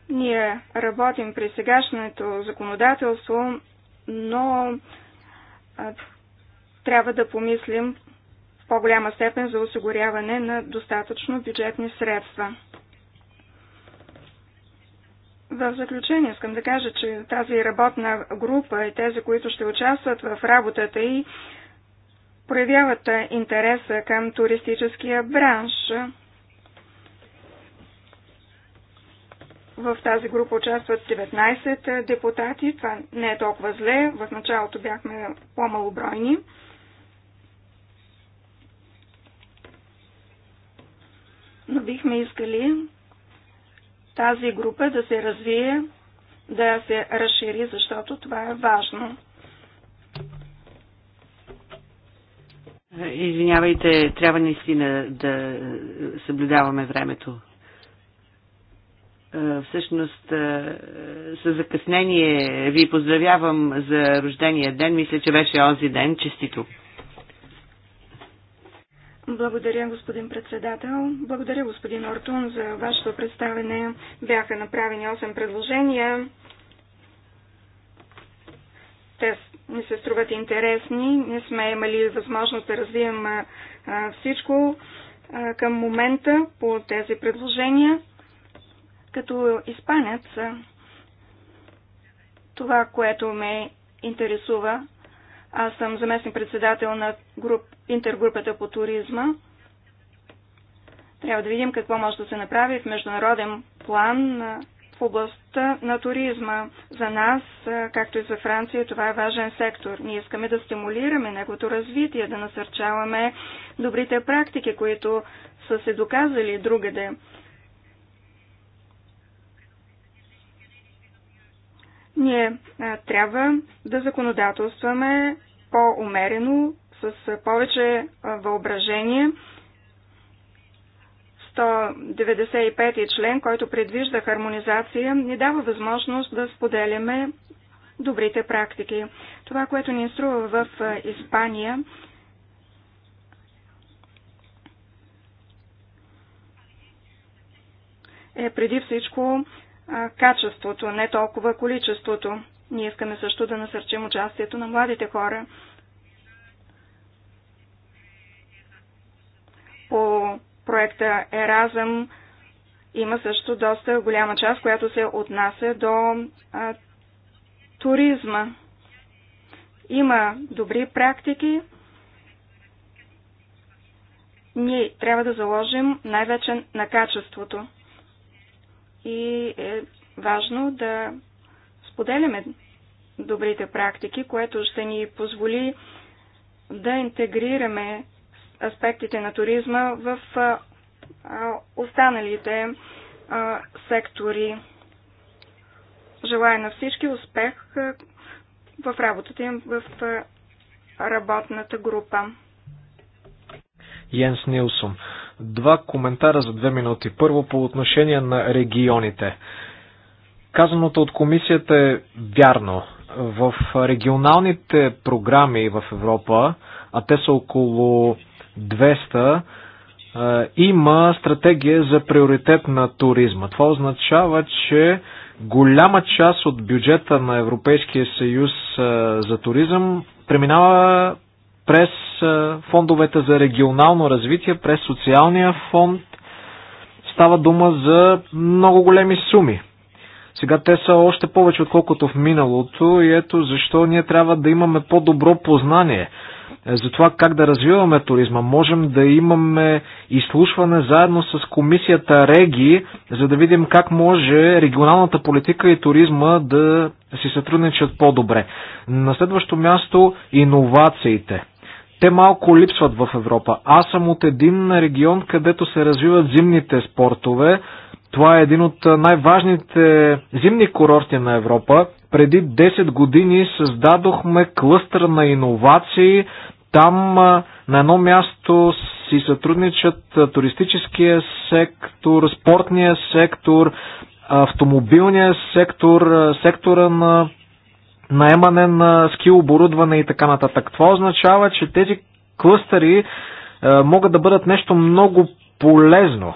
Speaker 3: Ние работим при сегашното законодателство, но трябва да помислим в по-голяма степен за осигуряване на достатъчно бюджетни средства. В заключение искам да кажа, че тази работна група и тези, които ще участват в работата и проявяват интереса към туристическия бранш. В тази група участват 19 депутати. Това не е толкова зле. В началото бяхме по-малобройни. Но бихме искали тази група да се развие, да се разшири, защото това е важно.
Speaker 1: Извинявайте, трябва наистина да съблюдаваме времето. Е, всъщност, е, с закъснение ви поздравявам за рождения ден. Мисля, че беше онзи ден. Честито!
Speaker 3: Благодаря, господин председател. Благодаря, господин Ортун, за вашето представене. Бяха направени 8 предложения. Те ми се струват интересни. Ние сме имали възможност да развием всичко към момента по тези предложения. Като испанец, това, което ме интересува аз съм заместник председател на груп, интергрупата по туризма. Трябва да видим какво може да се направи в международен план в областта на туризма. За нас, както и за Франция, това е важен сектор. Ние искаме да стимулираме неговото развитие, да насърчаваме добрите практики, които са се доказали другаде. Ние трябва да законодателстваме по-умерено, с повече въображение. 195 и член, който предвижда хармонизация, ни дава възможност да споделяме добрите практики. Това, което ни инструва в Испания, е преди всичко качеството, не толкова количеството. Ние искаме също да насърчим участието на младите хора. по проекта Еразъм има също доста голяма част, която се отнася до а, туризма. Има добри практики. Ние трябва да заложим най-вече на качеството. И е важно да споделяме добрите практики, което ще ни позволи да интегрираме аспектите на туризма в останалите сектори. Желая на всички успех в работата им в работната група.
Speaker 2: Йенс Нилсон. Два коментара за две минути. Първо по отношение на регионите. Казаното от комисията е вярно. В регионалните програми в Европа, а те са около 200 е, има стратегия за приоритет на туризма. Това означава, че голяма част от бюджета на Европейския съюз е, за туризъм преминава през е, фондовете за регионално развитие, през социалния фонд. Става дума за много големи суми. Сега те са още повече отколкото в миналото и ето защо ние трябва да имаме по-добро познание е, за това как да развиваме туризма. Можем да имаме изслушване заедно с комисията Реги, за да видим как може регионалната политика и туризма да си сътрудничат по-добре. На следващо място иновациите. Те малко липсват в Европа. Аз съм от един регион, където се развиват зимните спортове. Това е един от най-важните зимни курорти на Европа. Преди 10 години създадохме клъстър на иновации, там на едно място си сътрудничат туристическия сектор, спортния сектор, автомобилния сектор, сектора на наемане на ски оборудване и така нататък. Това означава, че тези клъстери могат да бъдат нещо много полезно.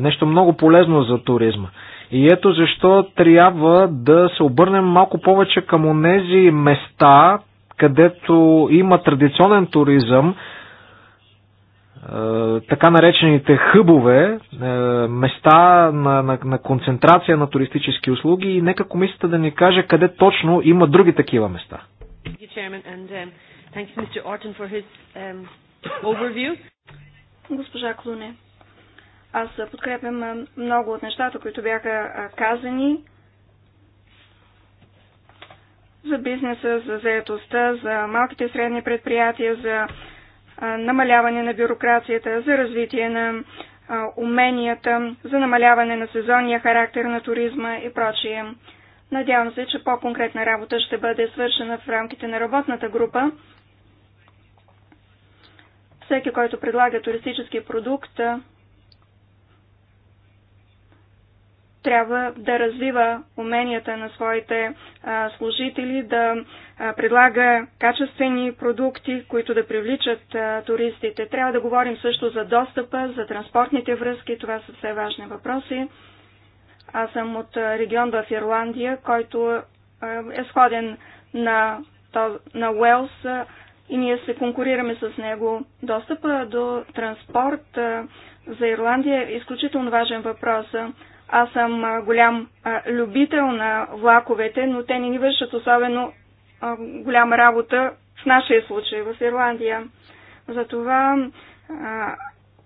Speaker 2: Нещо много полезно за туризма. И ето защо трябва да се обърнем малко повече към онези места, където има традиционен туризъм, е, така наречените хъбове, е, места на, на, на концентрация на туристически услуги и нека комисията да ни каже къде точно има други такива места.
Speaker 1: Um, um,
Speaker 3: Госпожа Клуне, аз подкрепям много от нещата, които бяха казани за бизнеса, за заетостта, за малките и средни предприятия, за намаляване на бюрокрацията, за развитие на уменията, за намаляване на сезонния характер на туризма и прочие. Надявам се, че по-конкретна работа ще бъде свършена в рамките на работната група. Всеки, който предлага туристически продукт, трябва да развива уменията на своите а, служители, да а, предлага качествени продукти, които да привличат а, туристите. Трябва да говорим също за достъпа, за транспортните връзки. Това са все важни въпроси. Аз съм от регион в Ирландия, който е сходен на, на Уелс и ние се конкурираме с него. Достъпа до транспорт за Ирландия е изключително важен въпрос. Аз съм голям любител на влаковете, но те не ни вършат особено голяма работа в нашия случай в Ирландия. Затова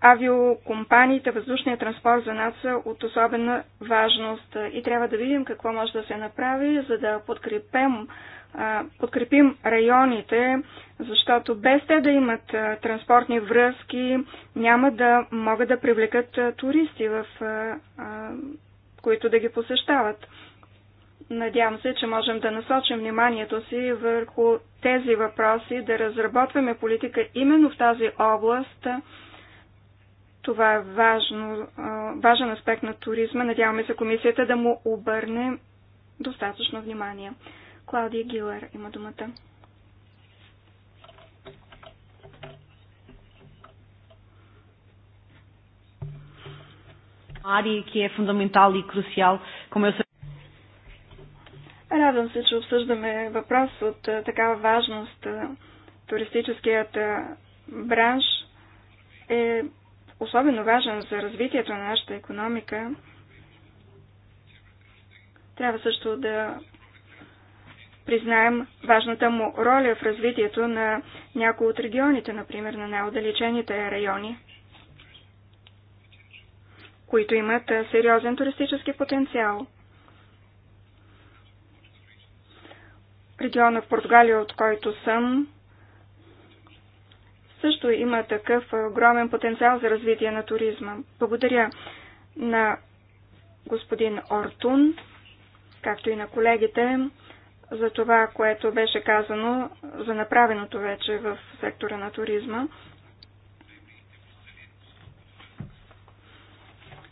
Speaker 3: авиокомпаниите, въздушния транспорт за нас са от особена важност и трябва да видим какво може да се направи, за да подкрепем подкрепим районите, защото без те да имат транспортни връзки, няма да могат да привлекат туристи, в, които да ги посещават. Надявам се, че можем да насочим вниманието си върху тези въпроси, да разработваме политика именно в тази област. Това е важно, важен аспект на туризма. Надяваме се комисията да му обърне достатъчно внимание. Клаудия Гилер има думата. Е
Speaker 1: е Радвам се, че обсъждаме въпрос
Speaker 3: от такава важност. Туристическият бранш е особено важен за развитието на нашата економика. Трябва също да признаем важната му роля в развитието на някои от регионите, например на най-отдалечените райони, които имат сериозен туристически потенциал. Региона в Португалия, от който съм, също има такъв огромен потенциал за развитие на туризма. Благодаря на господин Ортун, както и на колегите за това, което беше казано за направеното вече в сектора на туризма.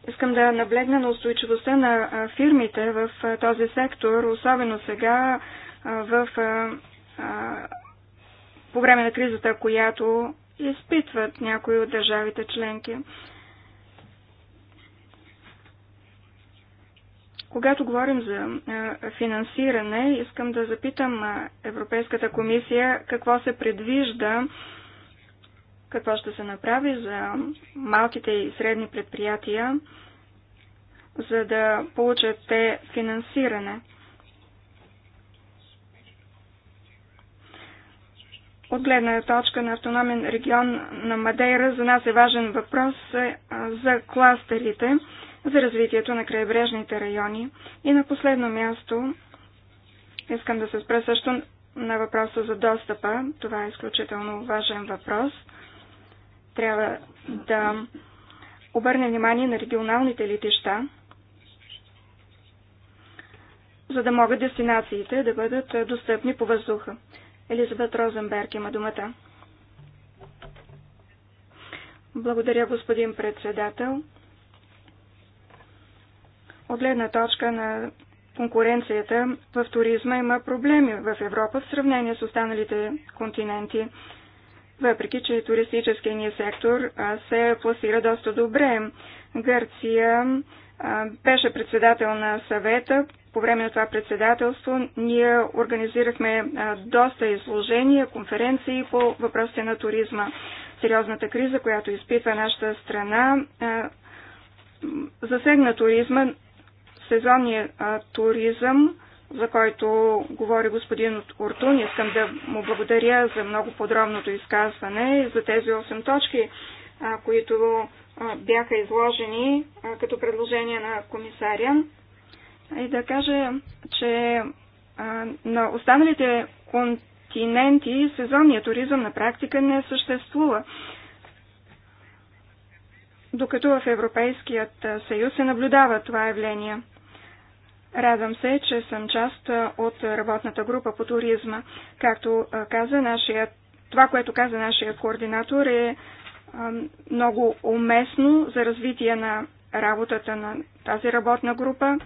Speaker 3: Искам да наблегна на устойчивостта на фирмите в този сектор, особено сега в, по време на кризата, която изпитват някои от държавите членки. Когато говорим за финансиране, искам да запитам Европейската комисия какво се предвижда, какво ще се направи за малките и средни предприятия, за да получат те финансиране. От гледна точка на автономен регион на Мадейра за нас е важен въпрос за кластерите за развитието на крайбрежните райони. И на последно място искам да се спра също на въпроса за достъпа. Това е изключително важен въпрос. Трябва да обърне внимание на регионалните летища, за да могат дестинациите да бъдат достъпни по въздуха. Елизабет Розенберг има думата. Благодаря, господин председател. От гледна точка на конкуренцията в туризма има проблеми в Европа в сравнение с останалите континенти. Въпреки, че туристическия ни сектор се пласира доста добре. Гърция беше председател на съвета. По време на това председателство ние организирахме доста изложения, конференции по въпросите на туризма. Сериозната криза, която изпитва нашата страна, засегна туризма сезонния а, туризъм, за който говори господин Ортун. Искам да му благодаря за много подробното изказване и за тези 8 точки, а, които а, бяха изложени а, като предложение на комисаря. И да кажа, че а, на останалите континенти сезонния туризъм на практика не съществува докато в Европейският съюз се наблюдава това явление. Радвам се, че съм част от работната група по туризма. Както каза нашия, това, което каза нашия координатор е много уместно за развитие на работата на тази работна група.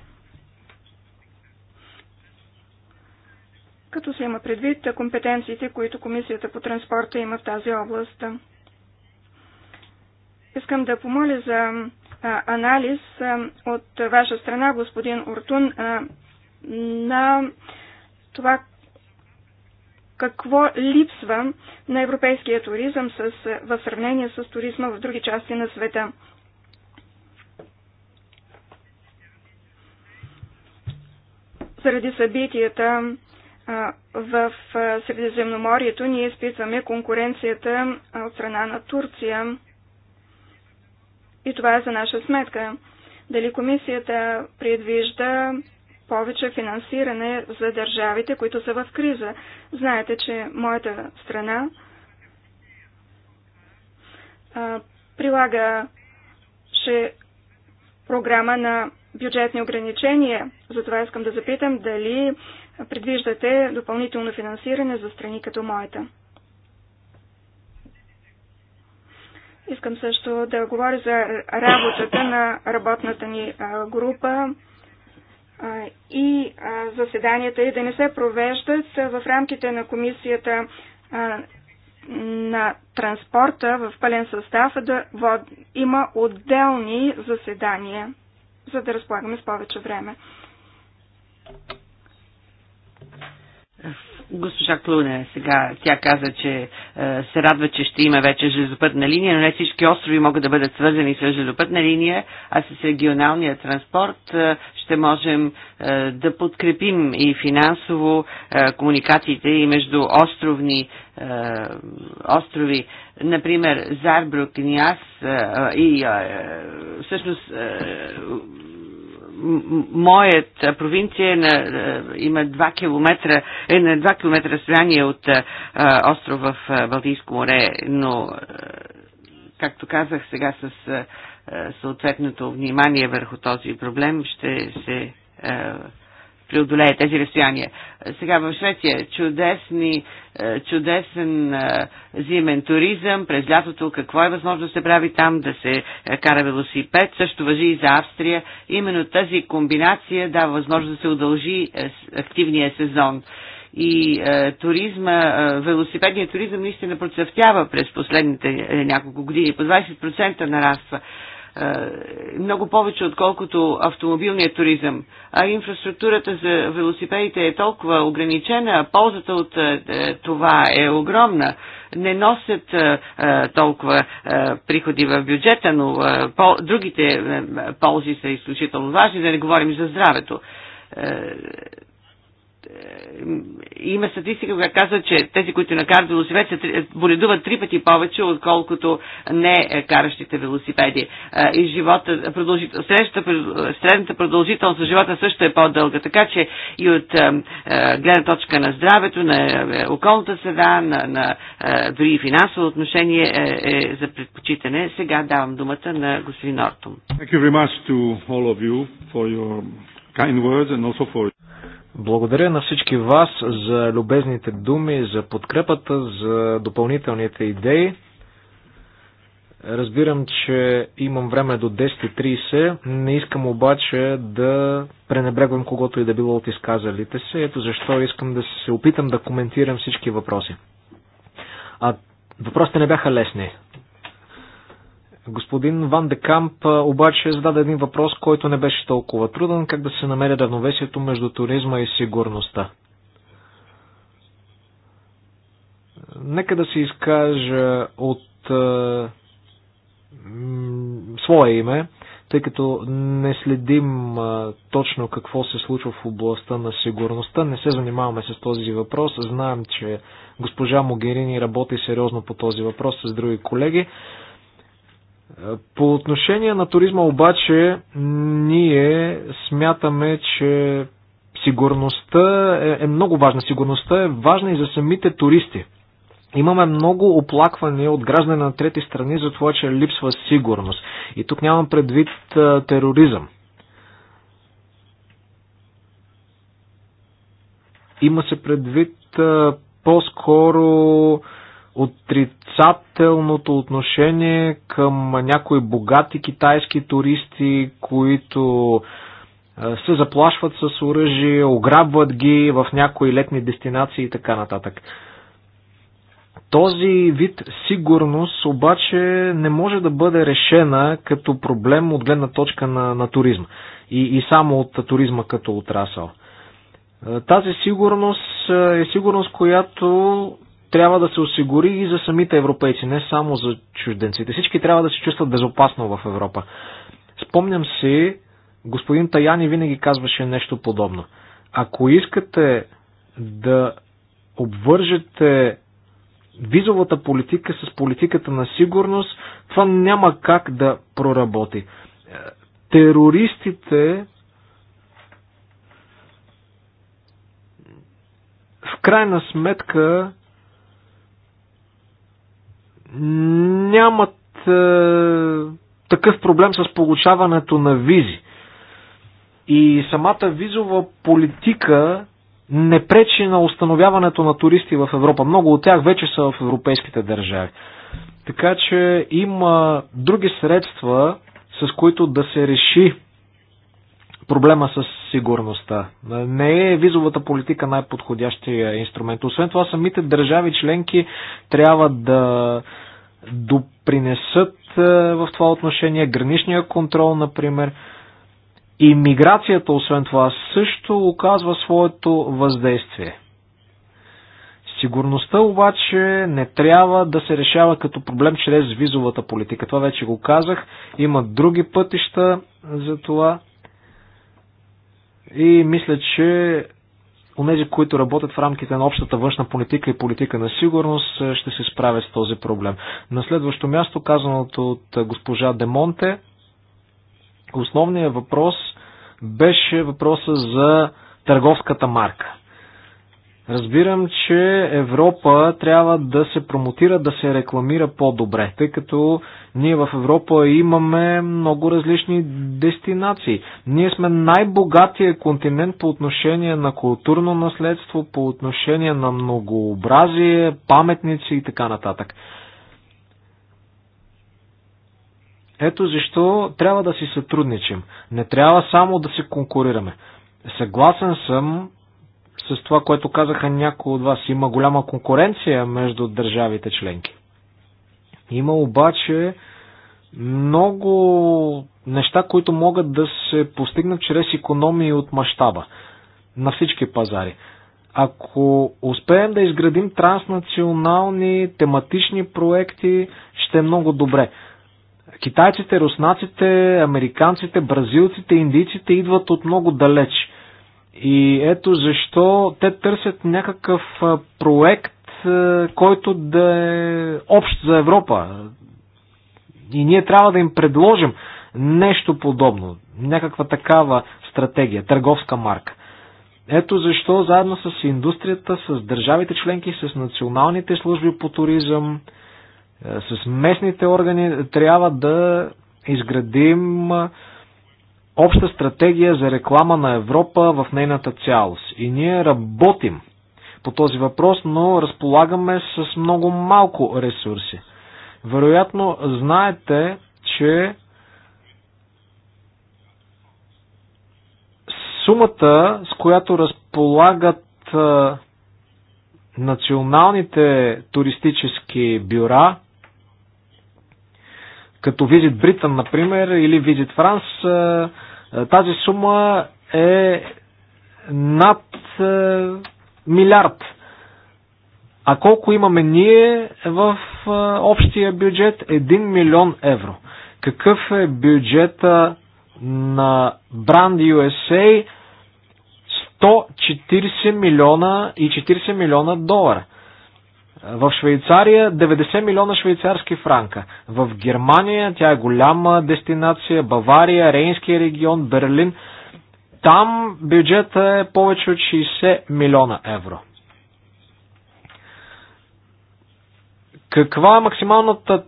Speaker 3: като се има предвид компетенциите, които Комисията по транспорта има в тази област. Искам да помоля за анализ от ваша страна, господин Ортун, на това какво липсва на европейския туризъм с, в сравнение с туризма в други части на света. Заради събитията в Средиземноморието ние изпитваме конкуренцията от страна на Турция. И това е за наша сметка. Дали комисията предвижда повече финансиране за държавите, които са в криза. Знаете, че моята страна а, програма на бюджетни ограничения. Затова искам да запитам дали предвиждате допълнително финансиране за страни като моята. Искам също да говоря за работата на работната ни група и заседанията и да не се провеждат в рамките на комисията на транспорта в пълен състав, да има отделни заседания, за да разполагаме с повече време.
Speaker 1: Госпожа Клуне сега, тя каза, че е, се радва, че ще има вече железопътна линия, но не всички острови могат да бъдат свързани с железопътна линия, а с регионалния транспорт е, ще можем е, да подкрепим и финансово е, комуникациите и между островни е, острови. Например, Зарбрук, Ниас е, и е, всъщност е, моят провинция е на, има 2 км, е на 2 км разстояние от а, остров в Балтийско море, но както казах сега с а, съответното внимание върху този проблем ще се а, преодолее тези разстояния. Сега в Швеция чудесни, е, чудесен е, зимен туризъм през лятото. Какво е възможно да се прави там, да се е, кара велосипед? Също въжи и за Австрия. Именно тази комбинация дава възможност да се удължи активния сезон и е, туризма, е, велосипедния туризъм наистина процъфтява през последните е, няколко години. По 20% нараства. Е, много повече отколкото автомобилният туризъм. А инфраструктурата за велосипедите е толкова ограничена, а ползата от е, това е огромна. Не носят е, толкова приходи в бюджета, но другите ползи са изключително важни, да не говорим за здравето е, има статистика, която казва, че тези, които накарат велосипед, се е, боледуват три пъти повече, отколкото не е, каращите велосипеди. И живота, продължител, средната продължителност на живота също е по-дълга. Така че и от гледна точка на здравето, на околната среда, на, на дори и финансово отношение е, е за предпочитане. Сега давам думата на господин Ортум.
Speaker 2: Thank you very much to all of you for your kind words and also for благодаря на всички вас за любезните думи, за подкрепата, за допълнителните идеи. Разбирам, че имам време до 10.30. Не искам обаче да пренебрегвам когото и да било от изказалите се. Ето защо искам да се опитам да коментирам всички въпроси. А въпросите не бяха лесни. Господин Ван де Камп обаче зададе един въпрос, който не беше толкова труден, как да се намери равновесието между туризма и сигурността. Нека да се изкажа от е, свое име, тъй като не следим е, точно какво се случва в областта на сигурността, не се занимаваме с този въпрос. Знаем, че госпожа Могерини работи сериозно по този въпрос с други колеги. Е, по отношение на туризма обаче, ние смятаме, че сигурността е, е много важна. Сигурността е важна и за самите туристи. Имаме много оплаквания от граждани на трети страни за това, че липсва сигурност. И тук нямам предвид а, тероризъм. Има се предвид а, по-скоро отрицателното отношение към някои богати китайски туристи, които се заплашват с оръжие, ограбват ги в някои летни дестинации и така нататък. Този вид сигурност обаче не може да бъде решена като проблем от гледна точка на, на туризма и, и само от туризма като отрасъл. Тази сигурност е сигурност, която трябва да се осигури и за самите европейци, не само за чужденците. Всички трябва да се чувстват безопасно в Европа. Спомням си, господин Таяни винаги казваше нещо подобно. Ако искате да обвържете визовата политика с политиката на сигурност, това няма как да проработи. Терористите в крайна сметка нямат е, такъв проблем с получаването на визи. И самата визова политика не пречи на установяването на туристи в Европа. Много от тях вече са в европейските държави. Така че има други средства, с които да се реши проблема с сигурността. Не е визовата политика най-подходящия инструмент. Освен това, самите държави членки трябва да допринесат е, в това отношение граничния контрол, например. И миграцията, освен това, също оказва своето въздействие. Сигурността обаче не трябва да се решава като проблем чрез визовата политика. Това вече го казах. Има други пътища за това. И мисля, че Онези, които работят в рамките на общата външна политика и политика на сигурност, е, ще се справят с този проблем. На следващо място, казаното от е, госпожа Демонте, основният въпрос беше въпроса за търговската марка. Разбирам, че Европа трябва да се промотира, да се рекламира по-добре, тъй като ние в Европа имаме много различни дестинации. Ние сме най-богатия континент по отношение на културно наследство, по отношение на многообразие, паметници и така нататък. Ето защо трябва да си сътрудничим. Не трябва само да се конкурираме. Съгласен съм, с това, което казаха някои от вас. Има голяма конкуренция между държавите членки. Има обаче много неща, които могат да се постигнат чрез економии от мащаба на всички пазари. Ако успеем да изградим транснационални тематични проекти, ще е много добре. Китайците, руснаците, американците, бразилците, индийците идват от много далеч – и ето защо те търсят някакъв проект, който да е общ за Европа. И ние трябва да им предложим нещо подобно, някаква такава стратегия, търговска марка. Ето защо заедно с индустрията, с държавите членки, с националните служби по туризъм, с местните органи трябва да изградим обща стратегия за реклама на Европа в нейната цялост. И ние работим по този въпрос, но разполагаме с много малко ресурси. Вероятно знаете, че сумата, с която разполагат националните туристически бюра, като Визит Британ, например, или Визит Франс, е, тази сума е над е, милиард. А колко имаме ние в е, общия бюджет? 1 милион евро. Какъв е бюджета на Brand USA? 140 милиона и 40 милиона долара. В Швейцария 90 милиона швейцарски франка. В Германия тя е голяма дестинация, Бавария, Рейнския регион, Берлин. Там бюджета е повече от 60 милиона евро. Каква е максималната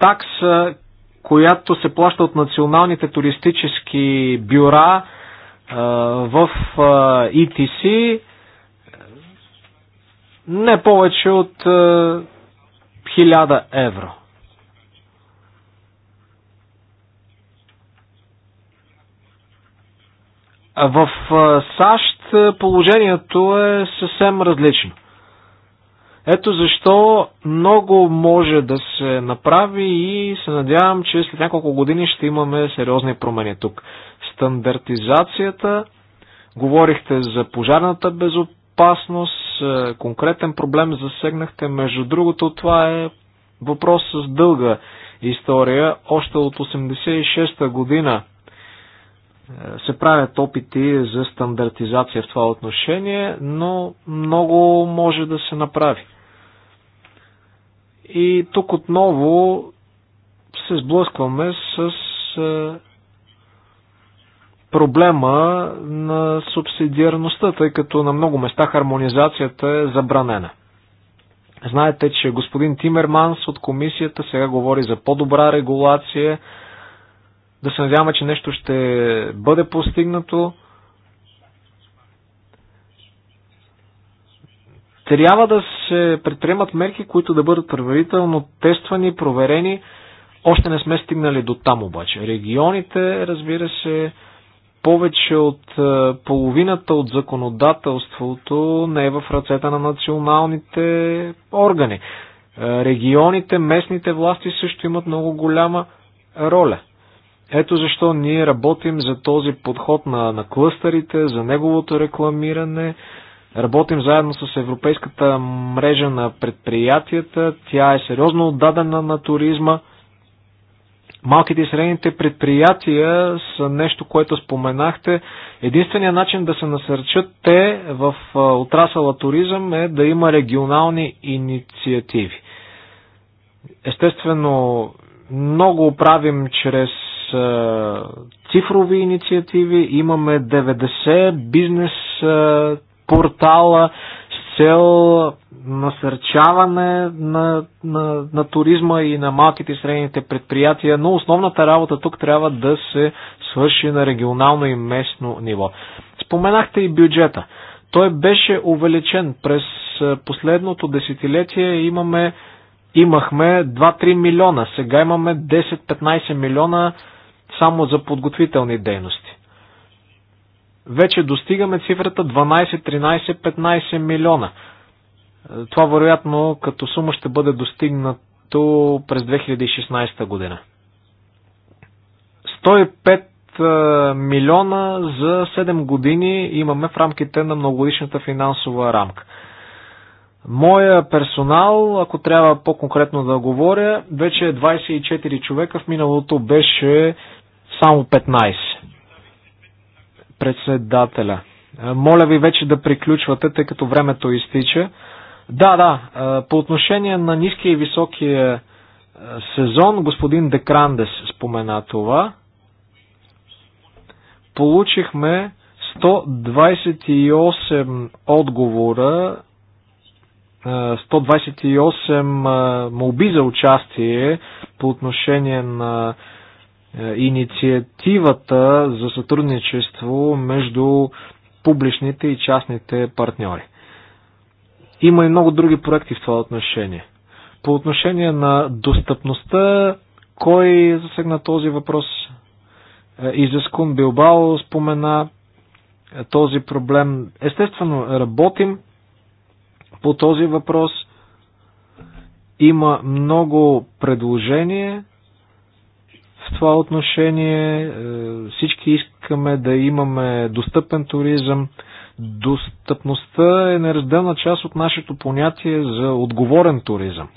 Speaker 2: такса, която се плаща от националните туристически бюра в ETC? не повече от 1000 е, евро. В е, САЩ е, положението е съвсем различно. Ето защо много може да се направи и се надявам, че след няколко години ще имаме сериозни промени тук. Стандартизацията, говорихте за пожарната безопасност, опасност, е, конкретен проблем засегнахте. Между другото, това е въпрос с дълга история. Още от 86-та година е, се правят опити за стандартизация в това отношение, но много може да се направи. И тук отново се сблъскваме с е, проблема на субсидиарността, тъй като на много места хармонизацията е забранена. Знаете, че господин Тимерманс от комисията сега говори за по-добра регулация. Да се надяваме, че нещо ще бъде постигнато. Трябва да се предприемат мерки, които да бъдат предварително тествани, проверени. Още не сме стигнали до там обаче. Регионите, разбира се, повече от е, половината от законодателството не е в ръцете на националните органи. Е, регионите, местните власти също имат много голяма роля. Ето защо ние работим за този подход на, на клъстерите, за неговото рекламиране. Работим заедно с Европейската мрежа на предприятията. Тя е сериозно отдадена на туризма. Малките и средните предприятия са нещо, което споменахте. Единственият начин да се насърчат те в отрасъла туризъм е да има регионални инициативи. Естествено, много правим чрез цифрови инициативи. Имаме 90 бизнес портала, цел насърчаване на, на, на туризма и на малките и средните предприятия, но основната работа тук трябва да се свърши на регионално и местно ниво. Споменахте и бюджета. Той беше увеличен през последното десетилетие. Имаме, имахме 2-3 милиона, сега имаме 10-15 милиона само за подготвителни дейности вече достигаме цифрата 12, 13, 15 милиона. Това вероятно като сума ще бъде достигнато през 2016 година. 105 е, милиона за 7 години имаме в рамките на многогодишната финансова рамка. Моя персонал, ако трябва по-конкретно да говоря, вече е 24 човека, в миналото беше само 15. Председателя. Е, моля ви вече да приключвате, тъй като времето изтича. Да, да, е, по отношение на ниския и високия е, сезон, господин Декрандес спомена това. Получихме 128 отговора, 128 молби за участие по отношение на е, инициативата за сътрудничество между публичните и частните партньори. Има и много други проекти в това отношение. По отношение на достъпността, кой засегна този въпрос? Е, Изискун Билбао спомена е, този проблем. Естествено, работим по този въпрос. Има много предложения това отношение. Е, всички искаме да имаме достъпен туризъм. Достъпността е неразделна част от нашето понятие за отговорен туризъм.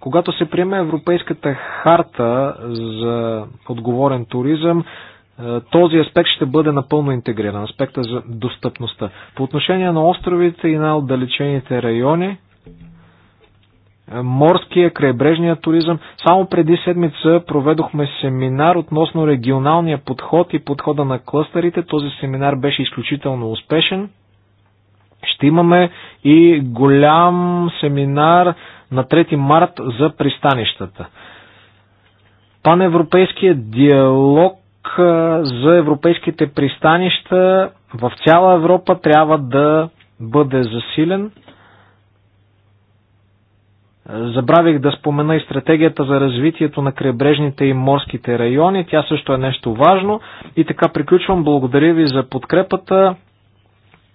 Speaker 2: Когато се приеме Европейската харта за отговорен туризъм, е, този аспект ще бъде напълно интегриран, аспекта за достъпността. По отношение на островите и на отдалечените райони, е, морския, крайбрежния туризъм. Само преди седмица проведохме семинар относно регионалния подход и подхода на клъстерите. Този семинар беше изключително успешен. Ще имаме и голям семинар на 3 март за пристанищата. Паневропейският диалог е, за европейските пристанища в цяла Европа трябва да бъде засилен. Забравих да спомена и стратегията за развитието на крайбрежните и морските райони. Тя също е нещо важно. И така приключвам. Благодаря ви за подкрепата.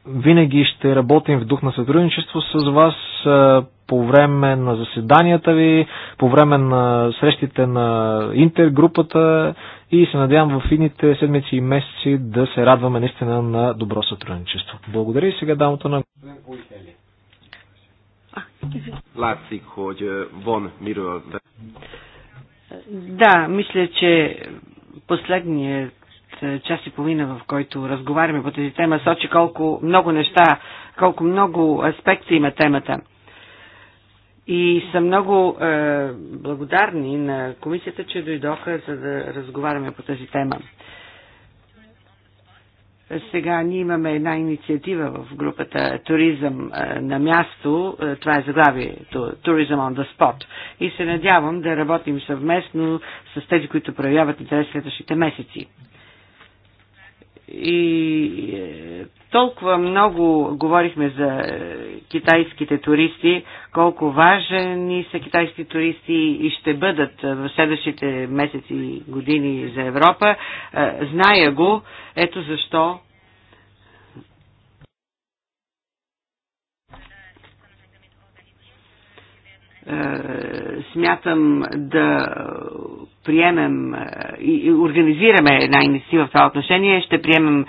Speaker 2: Винаги ще работим в дух на сътрудничество с вас по време на заседанията ви, по време на срещите на интергрупата и се надявам в идните седмици и месеци да се радваме наистина на добро сътрудничество. Благодаря и сега дамото на господин Látszik, hogy van miről.
Speaker 1: Да, мисля, че последният е, час и половина, в който разговаряме по тази тема, сочи колко много неща, колко много аспекти има темата. И съм много е, благодарни на комисията, че дойдоха за да разговаряме по тази тема. Сега ние имаме една инициатива в групата Туризъм на място. Това е заглавието Туризъм on the Spot. И се надявам да работим съвместно с тези, които проявяват интерес следващите месеци. И е, толкова много говорихме за е, китайските туристи, колко важни са китайски туристи и ще бъдат е, в следващите месеци и години за Европа. Зная го, ето защо Е, смятам да приемем е, и организираме една инициатива в това отношение. Ще приемем е,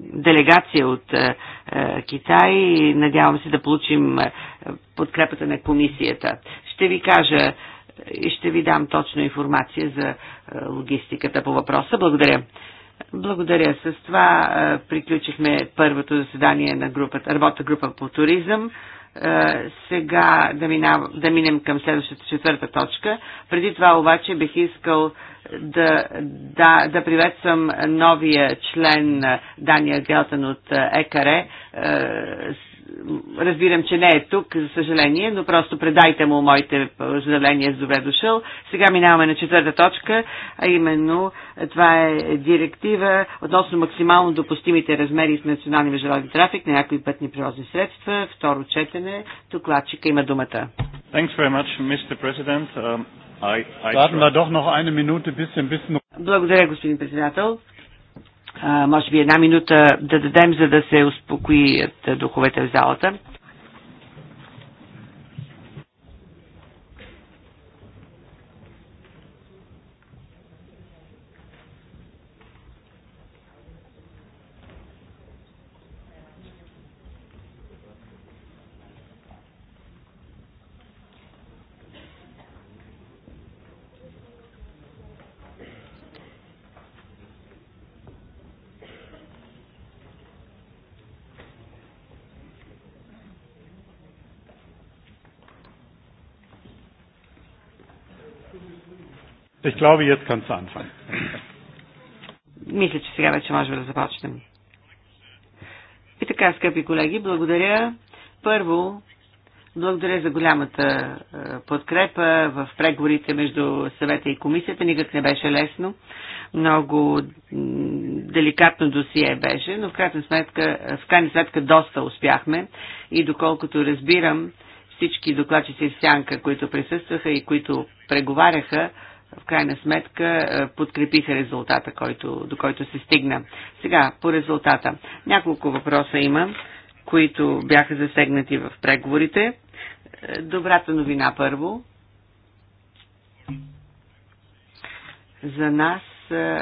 Speaker 1: делегация от Китай и надявам се да получим подкрепата на комисията. Ще ви кажа и ще ви дам точно информация за логистиката по въпроса. Благодаря. Благодаря. С това приключихме първото заседание на групата, работа група по туризъм. Е, сега да, минав, да минем към следващата четвърта точка. Преди това обаче бих искал да, да, да приветствам новия член е, Дания Гелтън от е, ЕКАРЕ разбирам, че не е тук, за съжаление, но просто предайте му моите поздравления с добре дошъл. Сега минаваме на четвърта точка, а именно това е директива относно максимално допустимите размери с национални международни трафик на някои пътни превозни средства. Второ четене. Докладчика има думата. Um, Благодаря, господин председател може би една минута да дадем, за да се успокоят духовете в залата. Ich glaube, jetzt kannst du anfangen. Мисля, че сега вече можем да започнем. И така, скъпи колеги, благодаря. Първо, благодаря за голямата е, подкрепа в преговорите между съвета и комисията. Никак не беше лесно. Много деликатно досие беше, но в крайна сметка, в крайна сметка доста успяхме и доколкото разбирам, всички докладчици в сянка, които присъстваха и които преговаряха, в крайна сметка е, подкрепиха резултата, който, до който се стигна. Сега, по резултата. Няколко въпроса има, които бяха засегнати в преговорите. Е, добрата новина първо. За нас е,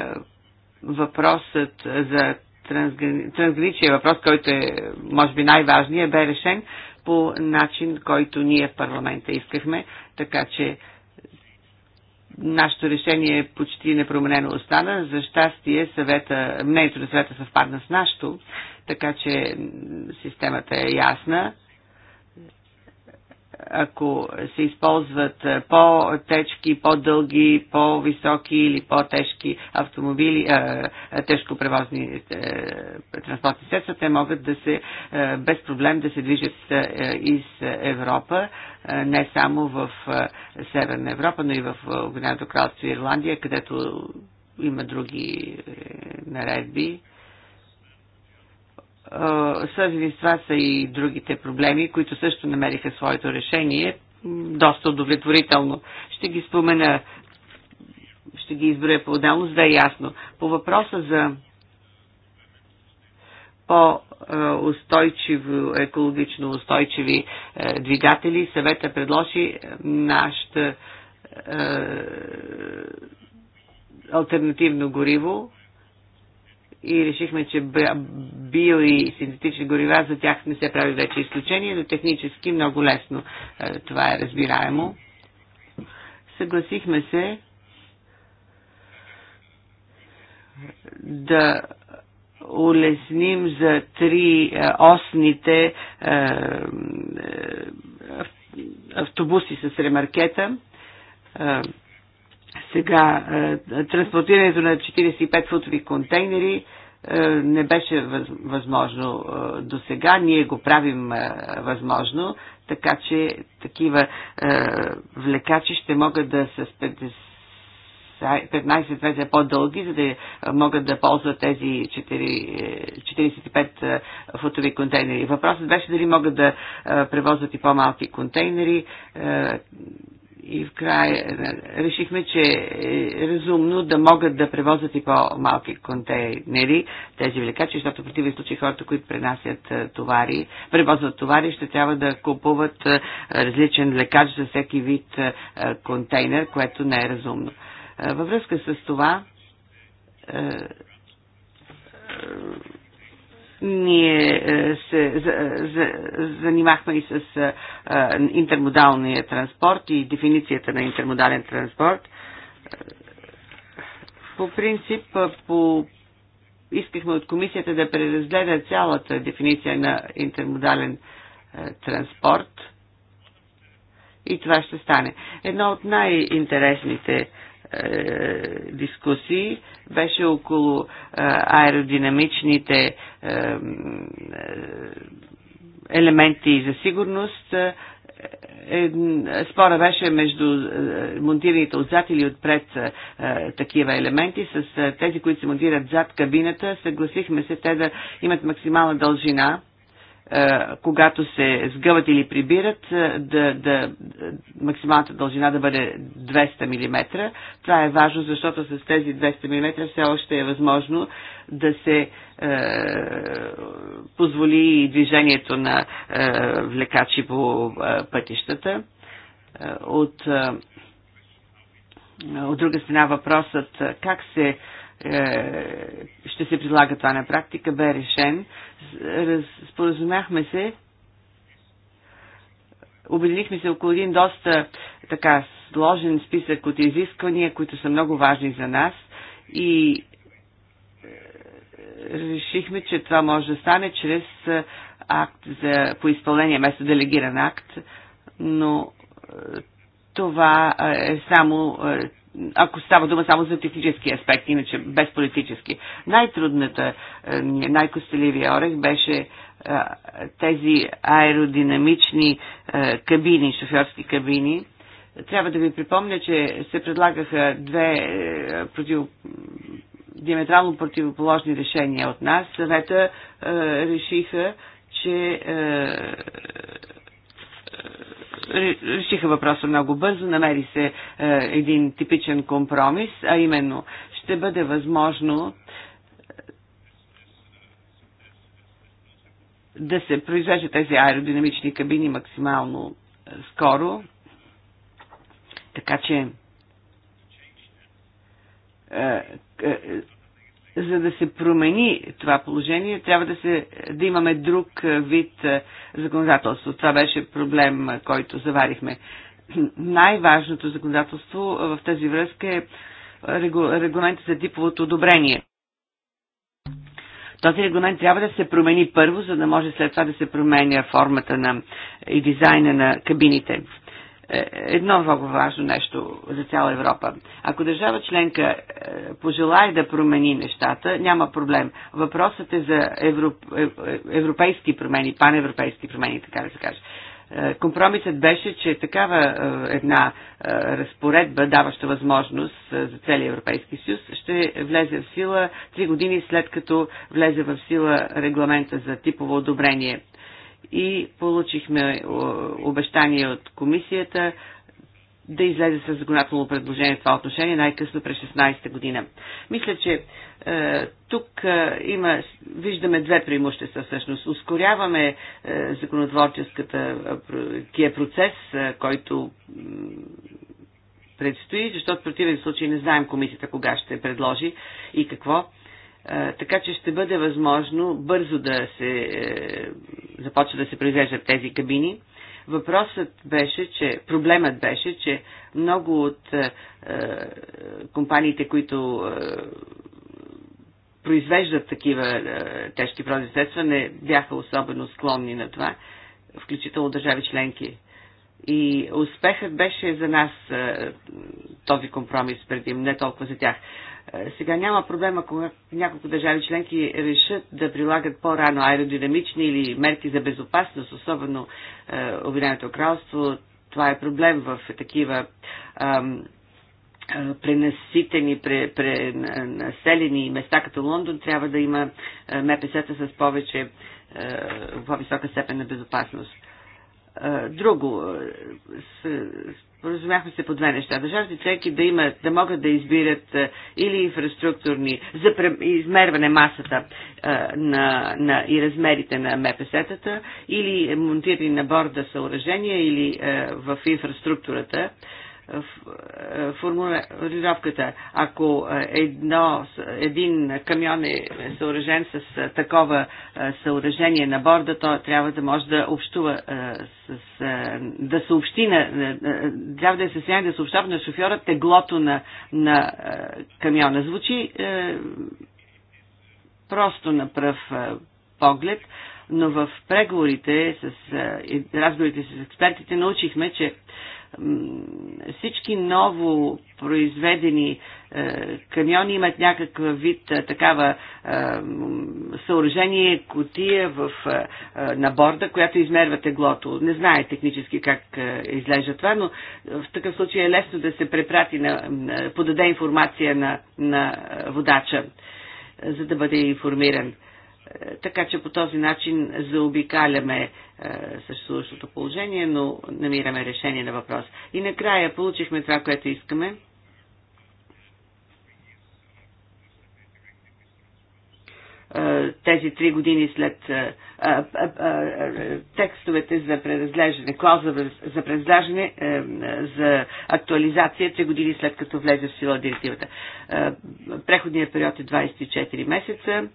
Speaker 1: въпросът за трансграничия въпрос, който е, може би, най-важният, бе решен по начин, който ние в парламента искахме, така че нашето решение е почти непроменено остана. За щастие, съвета, мнението на съвета съвпадна с нашото, така че системата е ясна ако се използват по-течки, по-дълги, по-високи или по-тежки автомобили, тежкопревозни е, транспортни средства, те могат да се е, без проблем да се движат е, из Европа, не само в Северна Европа, но и в Огненото кралство Ирландия, където има други наредби свързани с това са и другите проблеми, които също намериха своето решение доста удовлетворително. Ще ги спомена, ще ги изброя по-отделно, за да е ясно. По въпроса за по-устойчиво, екологично устойчиви е, двигатели, съвета предложи е, нашата е, альтернативно гориво, и решихме, че био и синтетични горива за тях не се прави вече изключение, но технически много лесно е, това е разбираемо. Съгласихме се е, да улесним за три е, осните автобуси с ремаркета сега, е, транспортирането на 45-футови контейнери е, не беше възможно е, до сега. Ние го правим възможно, така че такива влекачи ще могат да с 15 метра по-дълги, за да могат да ползват тези 4, 45 футови контейнери. Въпросът беше дали могат да превозват и по-малки контейнери и в края решихме, че е разумно да могат да превозват и по-малки контейнери, тези влекачи, защото в противен случай хората, които пренасят е, товари, превозват товари, ще трябва да купуват е, различен лекач за всеки вид е, контейнер, което не е разумно. Във връзка с това, ние е, се за, за, занимахме и с а, е, е, интермодалния транспорт и дефиницията на интермодален транспорт. По принцип, по искахме от комисията да преразгледа цялата дефиниция на интермодален транспорт. И това ще стане. Едно от най-интересните е, дискусии беше около е, аеродинамичните е, елементи за сигурност. Спора беше между монтираните отзад или отпред такива елементи. С тези, които се монтират зад кабината, съгласихме се те да имат максимална дължина е, когато се сгъват или прибират, е, да, да, максималната дължина да бъде 200 мм. Това е важно, защото с тези 200 мм все още е възможно да се е, позволи движението на е, влекачи по е, пътищата. Е, от, е, от друга страна въпросът как се е, е, ще се прилага това на практика, бе решен. Споразумяхме се, обединихме се около един доста така сложен списък от изисквания, които са много важни за нас и е, решихме, че това може да стане чрез е, акт за, по изпълнение, вместо делегиран акт, но това е само ако става дума само за технически аспекти, иначе без политически. Най-трудната, е, е, най-костеливия орех беше е, тези аеродинамични кабини, шофьорски кабини. Трябва да ви припомня, че се предлагаха две против... диаметрално противоположни решения от нас. Съвета решиха, че решиха въпроса много бързо, намери се е, един типичен компромис, а именно ще бъде възможно е, да се произвежда тези аеродинамични кабини максимално е, скоро, така че е, за да се промени това положение, трябва да, се, да имаме друг вид законодателство. Това беше проблем, който заварихме. Най-важното законодателство в тази връзка е регламент за типовото одобрение. Този регламент трябва да се промени първо, за да може след това да се променя формата на и дизайна на кабините. Е, едно много важно нещо за цяла Европа. Ако държава членка е, пожелае да промени нещата, няма проблем. Въпросът е за европ... Е, европейски промени, паневропейски промени, така да се каже. Компромисът беше, че такава една разпоредба, даваща възможност за целия Европейски съюз, ще влезе в сила три години след като влезе в сила регламента за типово одобрение и получихме е, обещание от комисията да излезе с законодателно предложение в това отношение най-късно през 16-та година. Мисля, че е, тук е, има, виждаме две преимущества всъщност. Ускоряваме е, законотворческата е, процес, е, който е, предстои, защото в противен случай не знаем комисията кога ще предложи и какво така че ще бъде възможно бързо да се е, започва да се произвеждат тези кабини. Въпросът беше, че проблемът беше, че много от е, е компаниите, които е, произвеждат такива е, тежки прозни средства, не бяха особено склонни на това, включително държави членки. И успехът беше за нас е, този компромис преди, не толкова за тях. Е, сега няма проблема, ако няколко държави членки решат да прилагат по-рано аеродинамични или мерки за безопасност, особено е, Обединеното кралство. Това е проблем в такива е, пренаситени, пренаселени места като Лондон. Трябва да има МПС-та с повече по-висока степен на безопасност. Друго, Поразумяхме се по две неща. Държавите членки да имат, да могат да избират е, или инфраструктурни за измерване масата е, на, на, и размерите на МПС-тата, или монтирани на борда съоръжения, или е, в инфраструктурата е, формулировката. Ако е, едно, един камион е съоръжен с е, такова съоръжение на борда, то трябва да може да общува с, да съобщи на, трябва да е състояние да съобщава на шофьора теглото на, на камиона. Звучи просто на пръв поглед, но в преговорите с, разговорите с експертите научихме, че всички ново произведени е, камиони имат някакъв вид е, такава е, съоръжение, котия в, на борда, която измерва теглото. Не знае технически как изглежда това, но в такъв случай е лесно да се препрати, на, подаде информация на, на водача, за да бъде информиран така че по този начин заобикаляме е, съществуващото положение, но намираме решение на въпрос. И накрая получихме това, което искаме. Е, тези три години след е, текстовете за преразглеждане, клауза за преразглеждане, за актуализация три години след като влезе в сила директивата. Преходният период е 24 месеца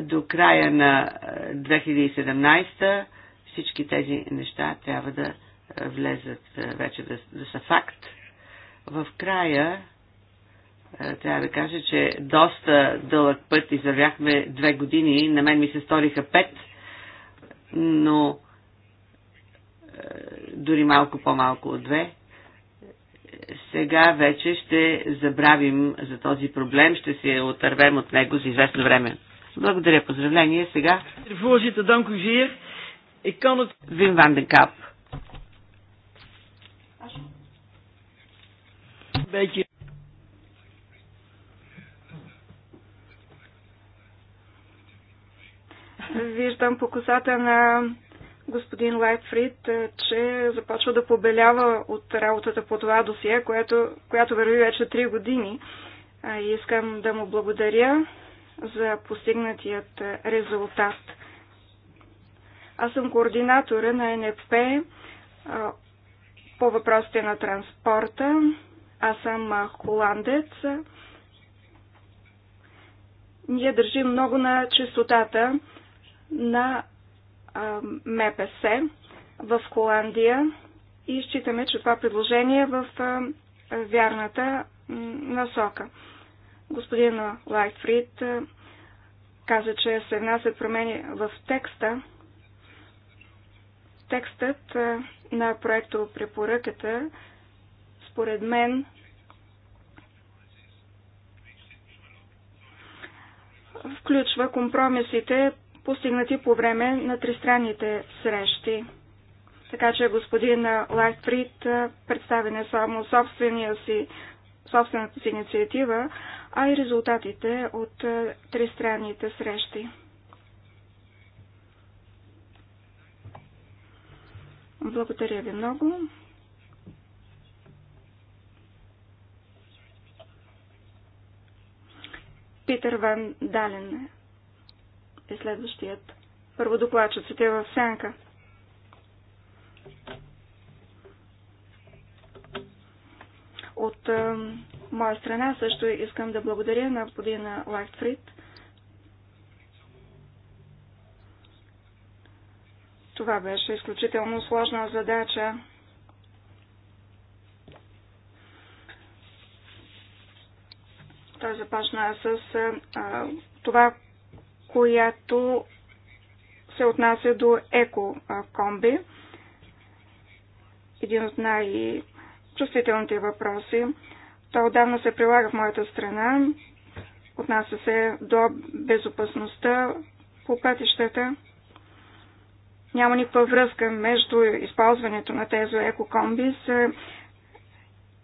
Speaker 1: до края на 2017 е, всички тези неща трябва да е, влезат е, вече да, да са факт. В края трябва да кажа, че доста дълъг път извървяхме две години. На мен ми се сториха пет, но дори малко по-малко от две. Сега вече ще забравим за този проблем, ще се отървем от него за известно време. Благодаря, поздравление сега. Вин Ванденкап. Вече.
Speaker 3: Виждам по косата на господин Лайтфрид, е, че започва да побелява от работата по това досие, което, която върви вече 3 години. Искам да му благодаря за постигнатият резултат. Аз съм координатора на НФП по въпросите на транспорта. Аз съм холандец. Ние държим много на частотата на МПС в Холандия и считаме, че това предложение е в вярната насока. Господин Лайтфрид каза, че се внасят промени в текста. Текстът на проекто препоръката, според мен, включва компромисите, постигнати по време на тристранните срещи. Така че господин Лайтфрид представи не само собствения си, собствената си инициатива, а и резултатите от е, тристранните срещи. Благодаря ви много. Питър Ван Дален е следващият. Първо докладчиците в сянка. От е, моя страна също искам да благодаря на подина Лайтфрид. Това беше изключително сложна задача. Той започна с а, това, която се отнася до еко-комби. Един от най-чувствителните въпроси. Това отдавна се прилага в моята страна. Отнася се до безопасността по пътищата. Няма никаква връзка между използването на тези екокомбис е,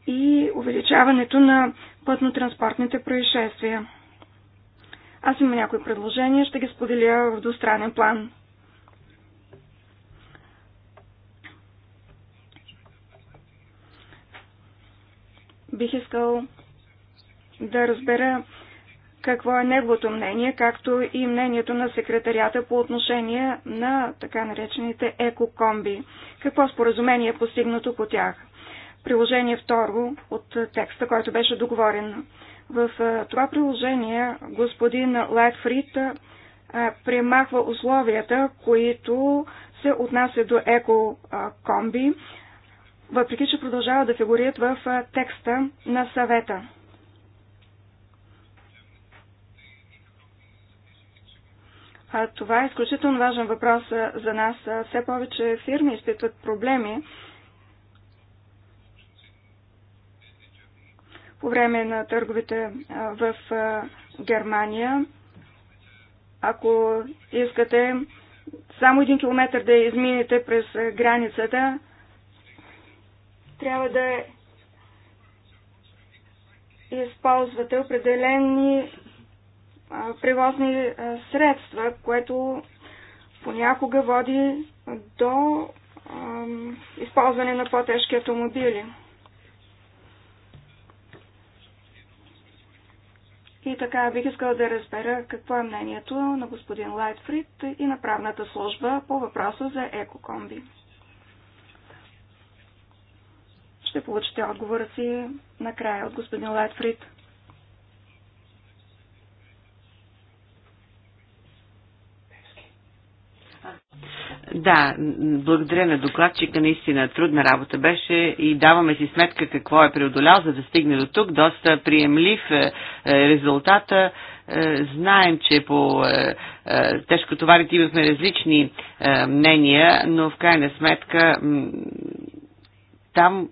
Speaker 3: и увеличаването на пътно-транспортните происшествия. Аз имам някои предложения, ще ги споделя в двустранен план. бих искал да разбера какво е неговото мнение, както и мнението на секретарията по отношение на така наречените екокомби. Какво споразумение е постигнато по тях? Приложение второ от текста, който беше договорен. В това приложение господин Лайтфрид премахва условията, които се отнася до екокомби, въпреки че продължават да фигурират в текста на съвета. А това е изключително важен въпрос за нас. Все повече фирми изпитват проблеми по време на търговите в Германия. Ако искате само един километр да изминете през границата, трябва да използвате определени превозни средства, което понякога води до използване на по-тежки автомобили. И така бих искала да разбера какво е мнението на господин Лайтфрид и на правната служба по въпроса за екокомби. Ще получите отговора си накрая от господин Лайтфрид.
Speaker 1: Да, благодаря на докладчика, наистина трудна работа беше и даваме си сметка какво е преодолял, за да стигне до тук. Доста приемлив е, е резултата. Е, знаем, че по е, е, тежкотоварите имахме различни е, мнения, но в крайна сметка там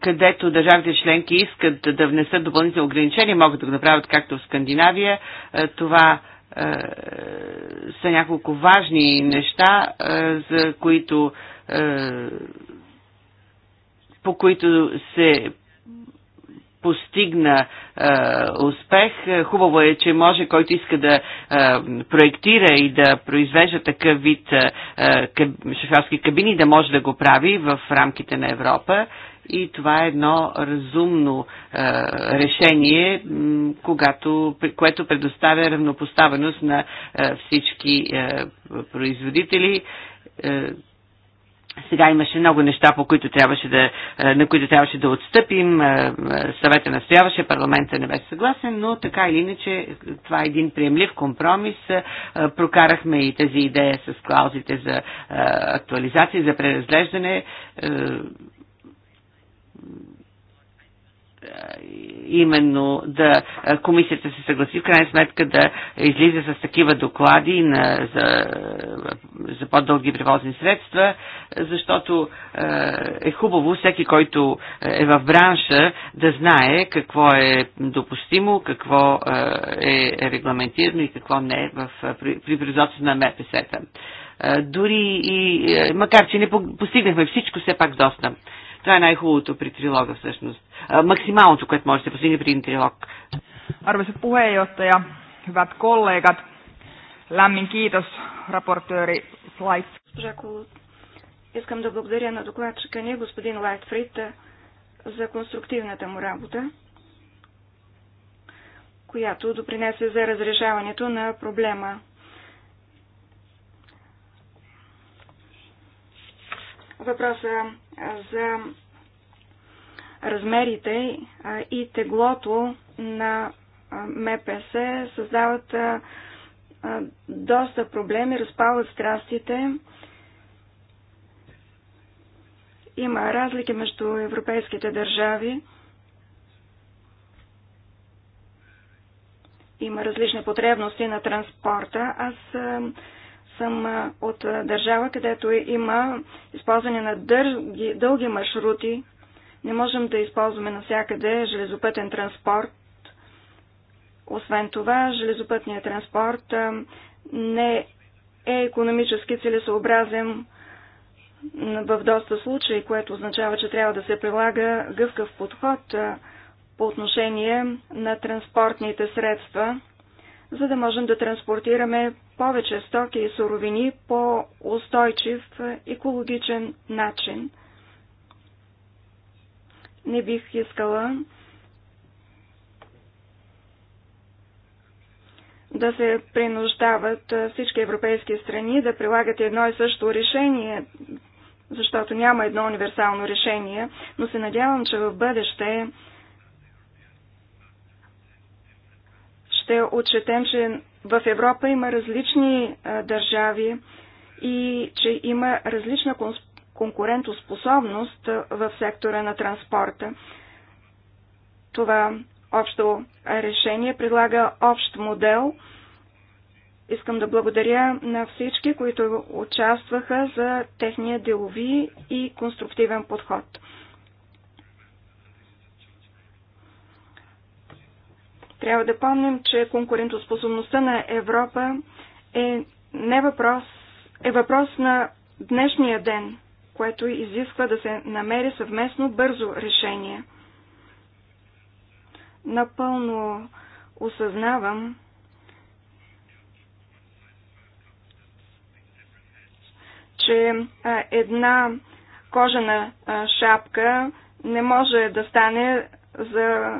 Speaker 1: където държавите членки искат да внесат допълнителни ограничения, могат да го направят както в Скандинавия. Това са няколко важни неща, за които по които се постигна е, успех. Хубаво е, че може който иска да е, проектира и да произвежда такъв вид е, каб, шофьорски кабини, да може да го прави в рамките на Европа и това е едно разумно е, решение, когато, което предоставя равнопоставеност на е, всички е, производители. Е, сега имаше много неща, по които трябваше да, е, на които трябваше да отстъпим. Е, е, съвета настояваше, парламента не беше съгласен, но така или иначе това е един приемлив компромис. Прокарахме и тази идея с клаузите за актуализация, за преразглеждане именно да комисията се съгласи в крайна сметка да излиза с такива доклади на, за, за по-дълги превозни средства, защото е, е хубаво всеки, който е в бранша, да знае какво е допустимо, какво е, е регламентирано и какво не е в, при, производството на МПС-та. Е, дори и, макар че не постигнахме всичко, все пак доста. Това е най-хубавото при трилога всъщност. Максималното, което може да се постигне при един трилог.
Speaker 3: Arvoisa puheenjohtaja, hyvät kollegat, lämmin kiitos raportööri Lait. Искам да благодаря на докладчика ни, господин Лайтфрид, за конструктивната му работа, която допринесе за разрешаването на проблема въпроса за размерите и теглото на МПС създават доста проблеми, разпалват страстите. Има разлики между европейските държави. Има различни потребности на транспорта. Аз съм от държава, където има използване на дълги, дълги маршрути. Не можем да използваме навсякъде железопътен транспорт. Освен това, железопътният транспорт не е економически целесообразен в доста случаи, което означава, че трябва да се прилага гъвкав подход по отношение на транспортните средства, за да можем да транспортираме повече стоки и суровини по устойчив екологичен начин. Не бих искала да се принуждават всички европейски страни да прилагат едно и също решение, защото няма едно универсално решение, но се надявам, че в бъдеще ще отчетем, че в Европа има различни а, държави и че има различна конкурентоспособност в сектора на транспорта. Това общо решение предлага общ модел. Искам да благодаря на всички, които участваха за техния делови и конструктивен подход. Трябва да помним, че конкурентоспособността на Европа е не въпрос, е въпрос на днешния ден, което изисква да се намери съвместно бързо решение. Напълно осъзнавам, че една кожена шапка не може да стане за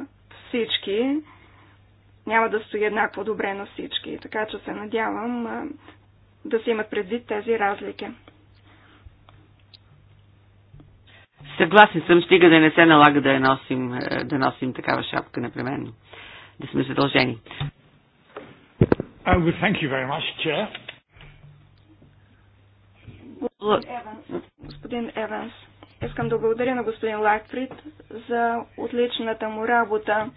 Speaker 3: всички няма да стои еднакво добре на всички. Така че се надявам да се имат предвид тези разлики.
Speaker 1: Съгласен съм, стига да не се налага да носим, да носим такава шапка непременно. Да сме задължени.
Speaker 3: Oh, much, господин Еванс, искам да благодаря на господин Лакфрид за отличната му работа.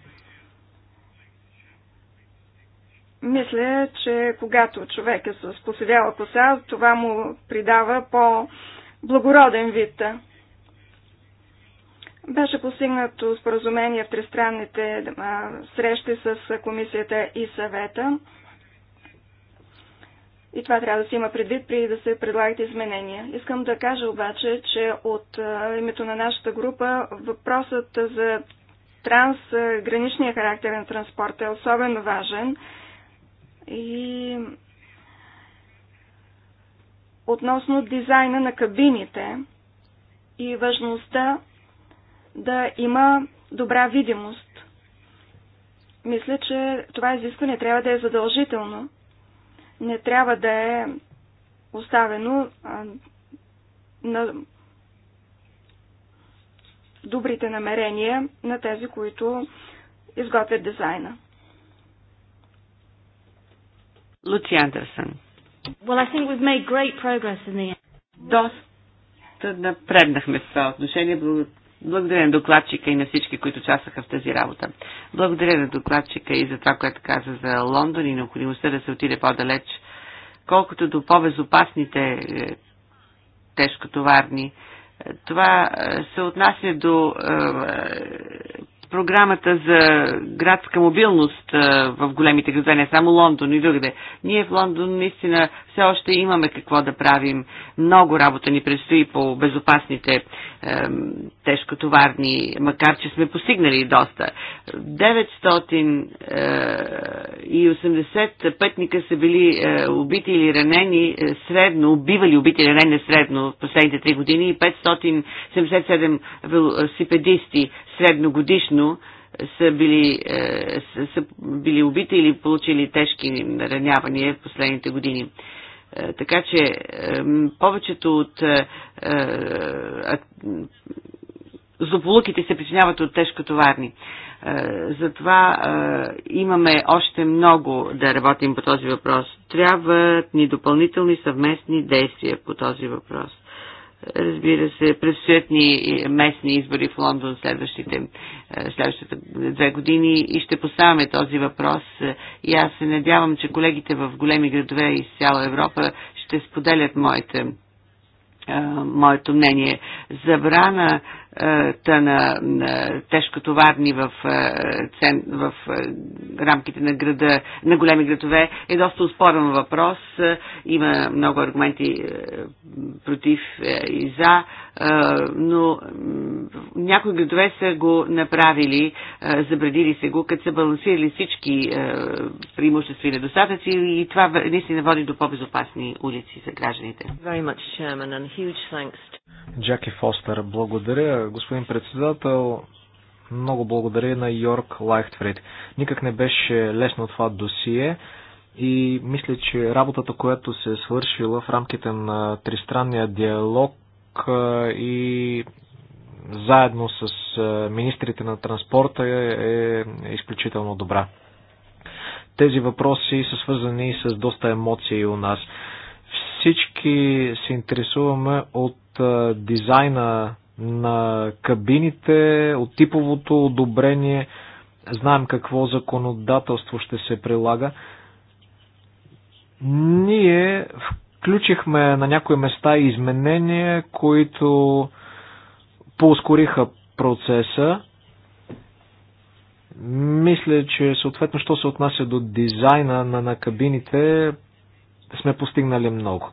Speaker 3: Мисля, че когато човек е с поседяла коса, това му придава по-благороден вид. Беше постигнато споразумение в тристранните срещи с комисията и съвета. И това трябва да се има предвид при да се предлагат изменения. Искам да кажа обаче, че от името на нашата група въпросът за трансграничния характер на транспорта е особено важен и относно дизайна на кабините и важността да има добра видимост. Мисля, че това изискване трябва да е задължително. Не трябва да е оставено а, на добрите намерения на тези, които изготвят дизайна.
Speaker 1: Луци Андерсън.
Speaker 3: Well, I think we've made great progress in the Доста
Speaker 1: напреднахме в това отношение. Благодаря на докладчика и на всички, които участваха в тази работа. Благодаря на докладчика и за това, което каза за Лондон и необходимостта да се отиде по-далеч. Колкото до по-безопасните е, тежкотоварни, е, това е, се отнася до програмата за градска мобилност в големите градове, не само Лондон и другаде. Ние в Лондон наистина все още имаме какво да правим. Много работа ни предстои по безопасните е, тежкотоварни, макар че сме постигнали доста. 980 е, пътника са били е, убити или ранени е, средно, убивали убити или ранени средно в последните 3 години и 577 велосипедисти средногодишно са били, е, са, са били убити или получили тежки наранявания в последните години. Е, така че е, повечето от злополуките се причиняват от тежкотоварни. Затова имаме още много да работим по този въпрос. Трябват ни допълнителни съвместни действия по този въпрос. Разбира се, предстоят ни местни избори в Лондон следващите, е, следващите две години и ще поставяме този въпрос. И аз се надявам, че колегите в големи градове из цяла Европа ще споделят моите, е, моето мнение. Забрана та на, на тежкотоварни в, е, цен, в е, рамките на града, на големи градове е доста успорен въпрос. Е, има много аргументи против и за, но някои градове са го направили, забредили се го, като са балансирали всички преимущества и недостатъци и това наистина води до по-безопасни улици за гражданите.
Speaker 2: Very much, Chairman, and huge thanks Джаки Фостер, благодаря. Господин председател, много благодаря на Йорк Лайхтфрид. Никак не беше лесно това досие и мисля, че работата, която се е свършила в рамките на тристранния диалог и заедно с министрите на транспорта е, е изключително добра. Тези въпроси са свързани с доста емоции у нас. Всички се интересуваме от дизайна на кабините, от типовото одобрение. Знаем какво законодателство ще се прилага. Ние включихме на някои места изменения, които поускориха процеса. Мисля, че съответно, що се отнася до дизайна на, на кабините, сме постигнали много.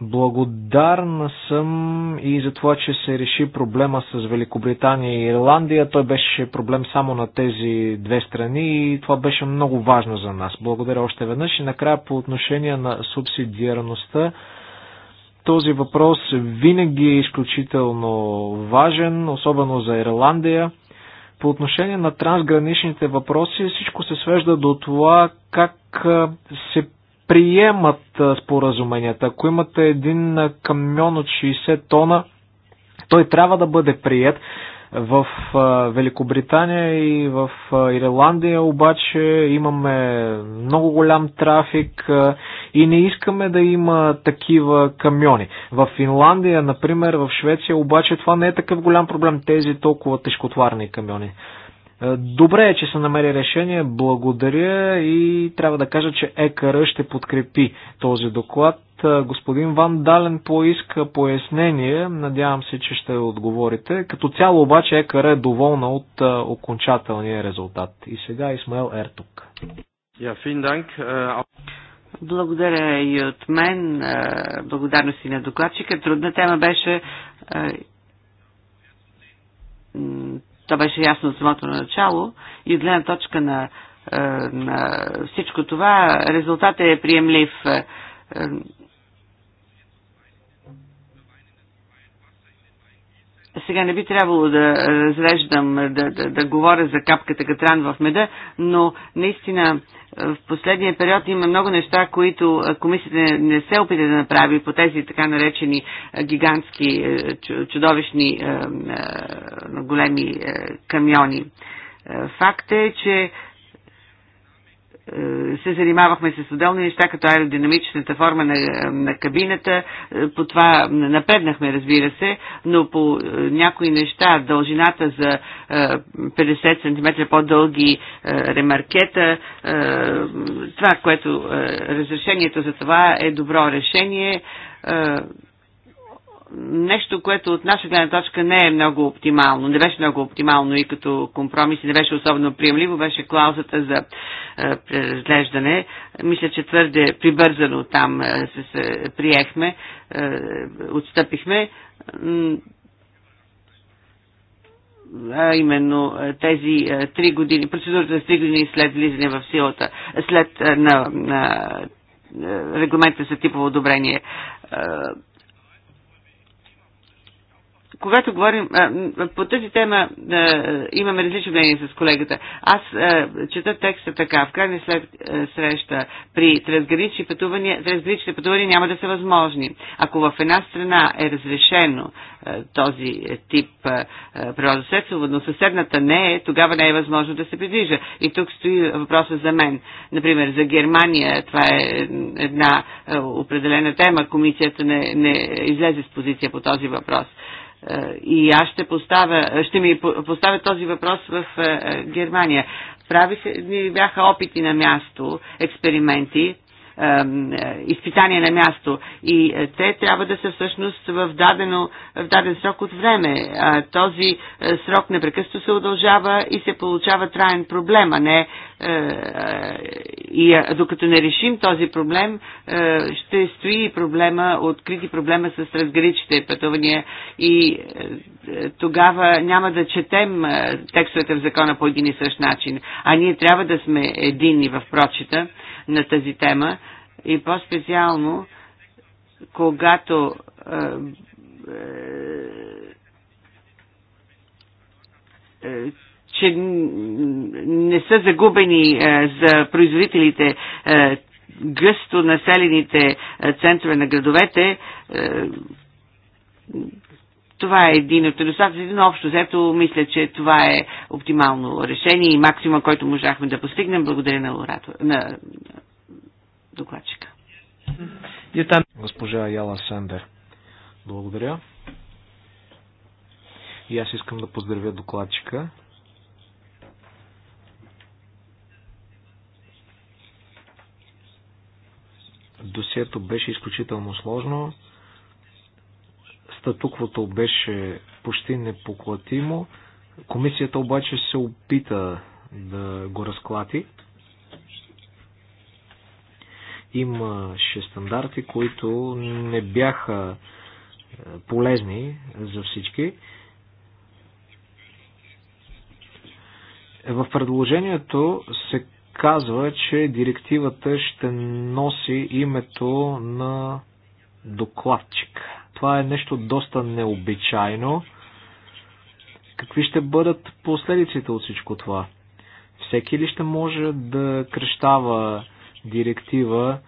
Speaker 2: Благодарна съм и за това, че се реши проблема с Великобритания и Ирландия. Той беше проблем само на тези две страни и това беше много важно за нас. Благодаря още веднъж. И накрая по отношение на субсидиарността, този въпрос винаги е изключително важен, особено за Ирландия. По отношение на трансграничните въпроси, всичко се свежда до това как се приемат споразуменията. Ако имате един камион от 60 тона, той трябва да бъде прият. В Великобритания и в Ирландия обаче имаме много голям трафик и не искаме да има такива камиони. В Финландия, например, в Швеция обаче това не е такъв голям проблем, тези толкова тежкотварни камиони. Е, добре е, че се намери решение. Благодаря и трябва да кажа, че ЕКР ще подкрепи този доклад. Е, господин Ван Дален поиска пояснение. Надявам се, че ще отговорите. Като цяло обаче ЕКР е доволна от е, окончателния резултат. И сега Исмаел Ертук.
Speaker 1: Благодаря и от мен. Благодарности на докладчика. Трудна тема беше това беше ясно от самото начало и от гледна точка на, е, на всичко това резултатът е приемлив е, е, Сега не би трябвало да разреждам, да, да, да говоря за капката катран в меда, но наистина е, в последния период има много неща, които е, комисията не, се опита да направи по тези така наречени е, гигантски, чудовищни големи камиони. Факт е, че е, се занимавахме с отделни неща, като аеродинамичната форма на, на кабината. Е, по това напреднахме, разбира се, но по е, някои неща, дължината за 50 см по-дълги ремаркета, това, което разрешението за това е добро решение нещо, което от наша гледна точка не е много оптимално, не беше много оптимално и като компромис и не беше особено приемливо, беше клаузата за е, преразглеждане. Мисля, че твърде прибързано там е, се, се приехме, е, отстъпихме. А именно тези три години, процедурата за три години след влизане в силата, след на, на регламента за типово одобрение когато говорим по тази тема, имаме различно мнения с колегата. Аз чета текста така. В крайна след среща при трансгранични пътувания, трансгранични пътувания няма да са възможни. Ако в една страна е разрешено този тип природосредство, но съседната не е, тогава не е възможно да се придвижа. И тук стои въпроса за мен. Например, за Германия това е една определена тема. Комисията не, не излезе с позиция по този въпрос. Е, и аз ще, поставя, ще ми поставя този въпрос в е, Германия. Правих, бяха опити на място, експерименти, е, изпитание на място. И е, те трябва да са всъщност в, дадено, в даден срок от време. Този е, срок непрекъсто се удължава и се получава траен проблем, а не и докато не решим този проблем, ще стои проблема, открити проблема с разграничните пътувания и тогава няма да четем текстовете в закона по един и същ начин, а ние трябва да сме единни в прочита на тази тема и по-специално, когато е, е, е, че не са загубени за производителите гъсто населените центрове на градовете, това е един от недостатъците, но общо взето мисля, че това е оптимално решение и максима, който можахме да постигнем. Благодаря на, оратор, на
Speaker 2: докладчика. Госпожа Яла Сендер. Благодаря. И аз искам да поздравя докладчика. Досието беше изключително сложно. Статуквото беше почти непоклатимо. Комисията обаче се опита да го разклати. Имаше стандарти, които не бяха е, полезни за всички. В предложението се казва, че директивата ще носи името на докладчик. Това е нещо доста необичайно. Какви ще бъдат последиците от всичко това? Всеки ли ще може да крещава директива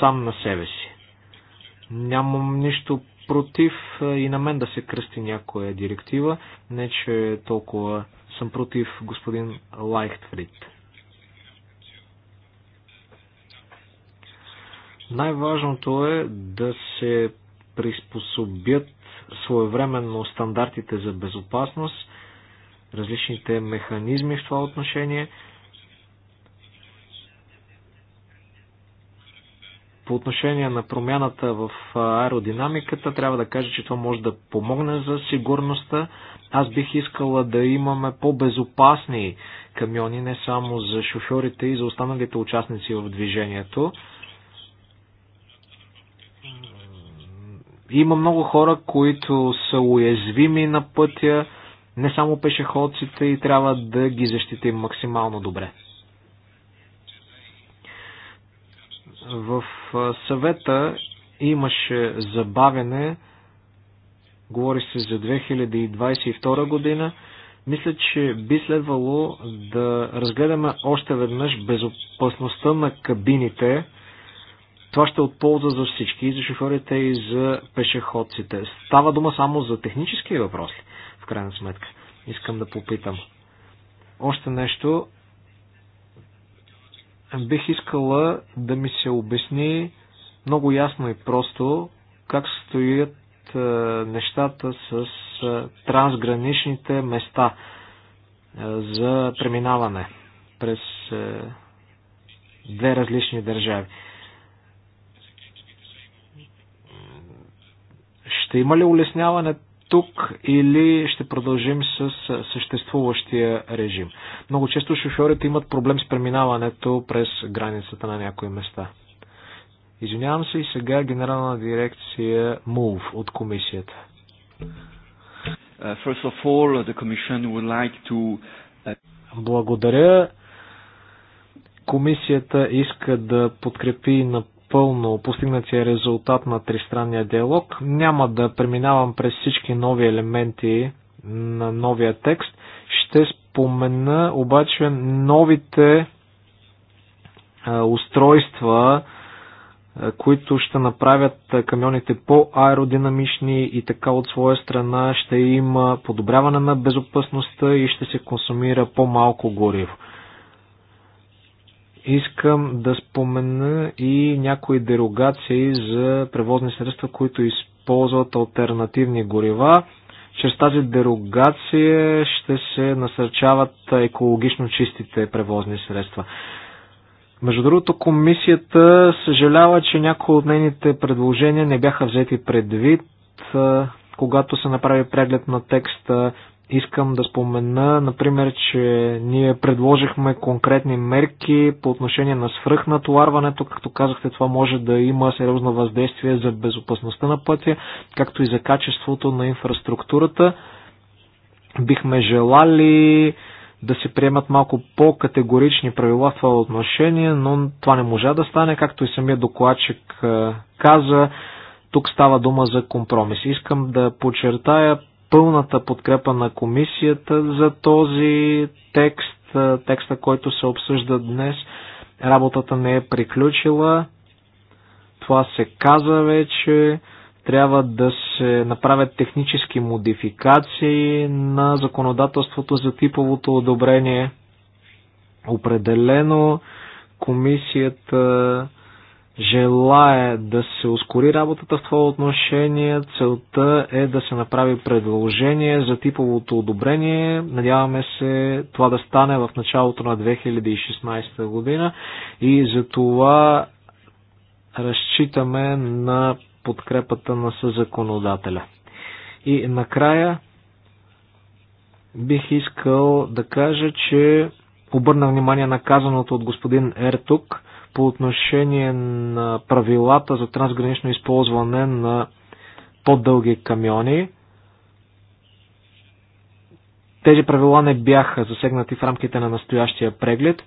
Speaker 2: сам на себе си? Нямам нищо против и на мен да се кръсти някоя директива, не че толкова съм против господин Лайхтфрид. Най-важното е да се приспособят своевременно стандартите за безопасност, различните механизми в това отношение. По отношение на промяната в аеродинамиката, трябва да кажа, че това може да помогне за сигурността. Аз бих искала да имаме по-безопасни камиони, не само за шофьорите и за останалите участници в движението. Има много хора, които са уязвими на пътя, не само пешеходците и трябва да ги защитим максимално добре. В съвета имаше забавяне, говори се за 2022 година, мисля, че би следвало да разгледаме още веднъж безопасността на кабините, това ще е от полза за всички, и за шофьорите, и за пешеходците. Става дума само за технически въпроси, в крайна сметка. Искам да попитам. Още нещо. Бих искала да ми се обясни много ясно и просто как стоят е, нещата с е, трансграничните места е, за преминаване през две различни държави. Ще има ли улесняване тук или ще продължим с съществуващия режим? Много често шофьорите имат проблем с преминаването през границата на някои места. Извинявам се и сега генерална дирекция МУВ от комисията. Uh, first of all, the commission would like to... Uh, Благодаря. Комисията иска да подкрепи на Пълно постигнатия резултат на тристранния диалог. Няма да преминавам през всички нови елементи на новия текст. Ще спомена обаче новите устройства, които ще направят камионите по-аеродинамични и така от своя страна ще има подобряване на безопасността и ще се консумира по-малко гориво. Искам да спомена и някои дерогации за превозни средства, които използват альтернативни горива. Чрез тази дерогация ще се насърчават екологично чистите превозни средства. Между другото, комисията съжалява, че някои от нейните предложения не бяха взети предвид, когато се направи преглед на текста. Искам да спомена, например, че ние предложихме конкретни мерки по отношение на свръхнатоварването. Както казахте, това може да има сериозно въздействие за безопасността на пътя, както и за качеството на инфраструктурата. Бихме желали да се приемат малко по-категорични правила в това отношение, но това не можа да стане, както и самия докладчик каза. Тук става дума за компромис. Искам да подчертая пълната подкрепа на комисията за този текст, текста, който се обсъжда днес. Работата не е приключила. Това се каза вече. Трябва да се направят технически модификации на законодателството за типовото одобрение. Определено комисията желая да се ускори работата в това отношение. Целта е да се направи предложение за типовото одобрение. Надяваме се това да стане в началото на 2016 година и за това разчитаме на подкрепата на съзаконодателя. И накрая бих искал да кажа, че обърна внимание на казаното от господин Ертук – по отношение на правилата за трансгранично използване на по-дълги камиони. Тези правила не бяха засегнати в рамките на настоящия преглед.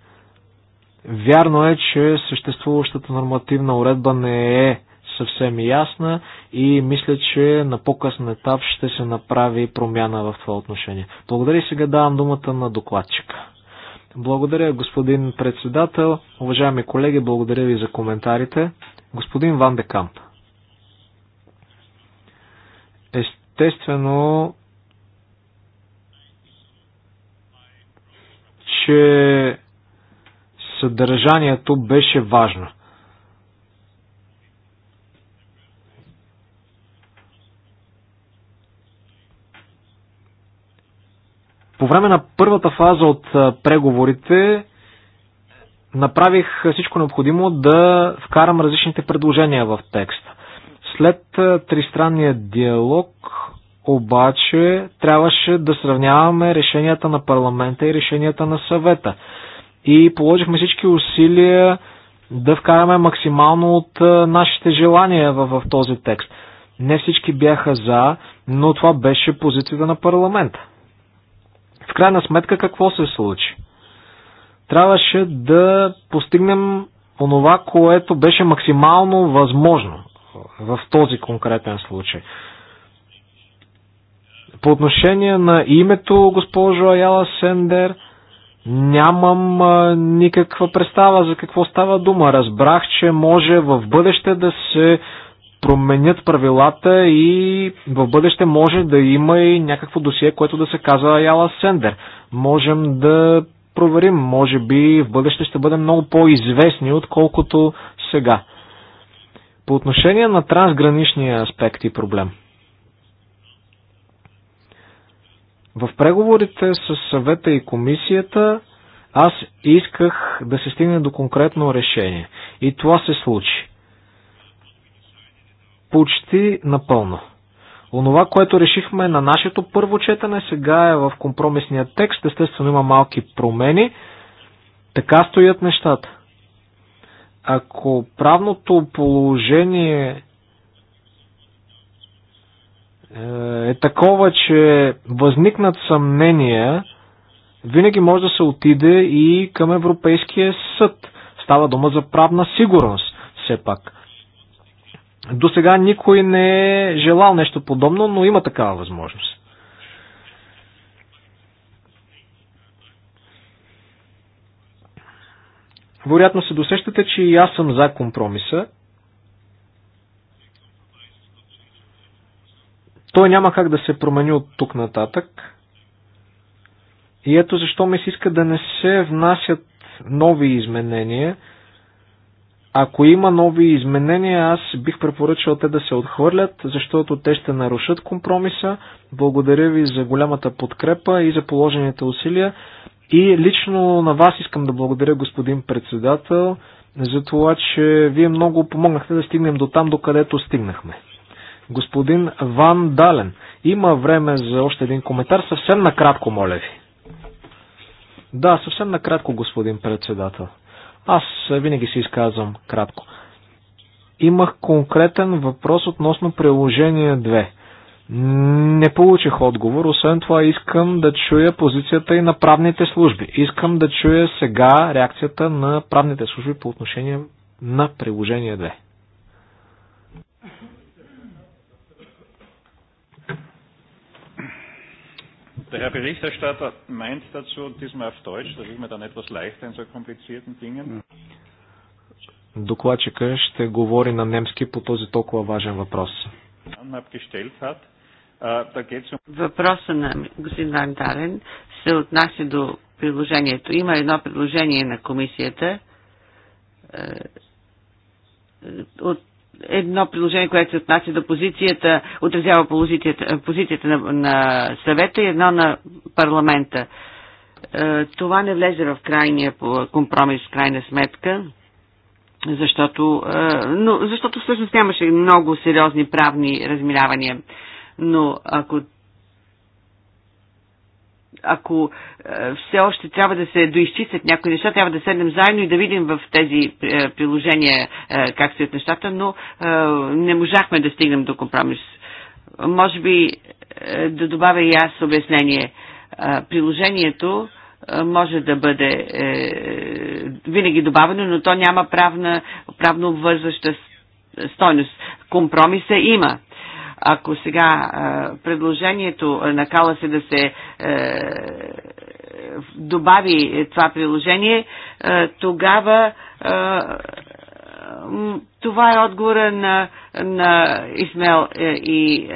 Speaker 2: Вярно е, че съществуващата нормативна уредба не е съвсем ясна и мисля, че на по-късен етап ще се направи промяна в това отношение. Благодаря и сега давам думата на докладчика. Благодаря, господин председател. Уважаеми колеги, благодаря ви за коментарите. Господин Ван де Камп. Естествено, че съдържанието беше важно. По време на първата фаза от преговорите е, направих всичко необходимо да вкарам различните предложения в текста. След тристранния диалог обаче трябваше да сравняваме решенията на парламента и решенията на съвета. И положихме всички усилия да вкараме максимално от нашите желания в, в този текст. Не всички бяха за, но това беше позицията на парламента. В крайна сметка какво се случи? Трябваше да постигнем онова, което беше максимално възможно в този конкретен случай. По отношение на името, госпожо Аяла Сендер, нямам а, никаква представа за какво става дума. Разбрах, че може в бъдеще да се променят правилата и в бъдеще може да има и някакво досие, което да се казва Яла Сендер. Можем да проверим, може би в бъдеще ще бъдем много по-известни, отколкото сега. По отношение на трансграничния аспект и проблем. В преговорите с съвета и комисията аз исках да се стигне до конкретно решение. И това се случи почти напълно. Онова, което решихме на нашето първо четене, сега е в компромисния текст. Естествено има малки промени. Така стоят нещата. Ако правното положение е, е такова, че възникнат съмнения, винаги може да се отиде и към Европейския съд. Става дума за правна сигурност, все пак. До сега никой не е желал нещо подобно, но има такава възможност. Вероятно се досещате, че и аз съм за компромиса. Той няма как да се промени от тук нататък. И ето защо ми се иска да не се внасят нови изменения – ако има нови изменения, аз бих препоръчал те да се отхвърлят, защото те ще нарушат компромиса. Благодаря ви за голямата подкрепа и за положените усилия. И лично на вас искам да благодаря, господин председател, за това, че вие много помогнахте да стигнем до там, до където стигнахме. Господин Ван Дален, има време за още един коментар. Съвсем накратко, моля ви. Да, съвсем накратко, господин председател. Аз винаги си изказвам кратко. Имах конкретен въпрос относно приложение 2. Не получих отговор, освен това искам да чуя позицията и на правните служби. Искам да чуя сега реакцията на правните служби по отношение на приложение 2. Der Herr Berichterstatter meint dazu, und diesmal auf Deutsch, das ist mir dann etwas leichter in so komplizierten Dingen. Докладчика ще говори на немски по този толкова важен въпрос.
Speaker 1: Въпроса на господин Ван Дален се отнася до приложението. Има едно предложение на комисията е, от едно приложение, което се отнася до позицията, отразява позицията, позицията на, на съвета и едно на парламента. Е, това не влезе в крайния компромис, в крайна сметка, защото, е, но, защото всъщност нямаше много сериозни правни разминавания. Но ако ако е, все още трябва да се доизчистят някои неща, трябва да седнем заедно и да видим в тези е, приложения е, как стоят нещата, но не можахме да стигнем до компромис. Може би да добавя и аз обяснение. Приложението може да бъде винаги добавено, но то няма правна, правно обвързваща стойност. Компромиса има ако сега предложението на Кала се да се е, добави това приложение, е, тогава е, това е отговора на, на Исмел и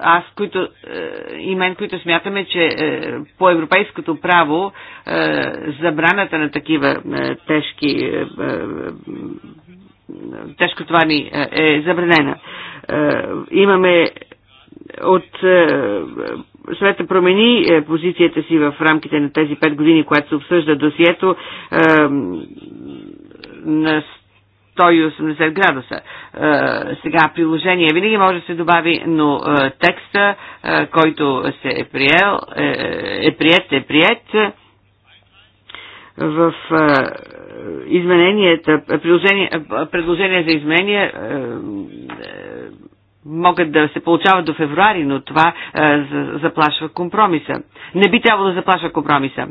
Speaker 1: аз, които, и мен, които смятаме, че по европейското право забраната на такива тежки тежкотвани е, е забранена. Е, имаме от е, съвета промени позицията си в рамките на тези 5 години, когато се обсъжда досието на 180 градуса. Сега приложение винаги може да се добави, но текста, който се е приел, е прият, е прият в измененията, предложения за изменения могат да се получават до февруари, но това заплашва компромиса. Не би трябвало да заплашва компромиса.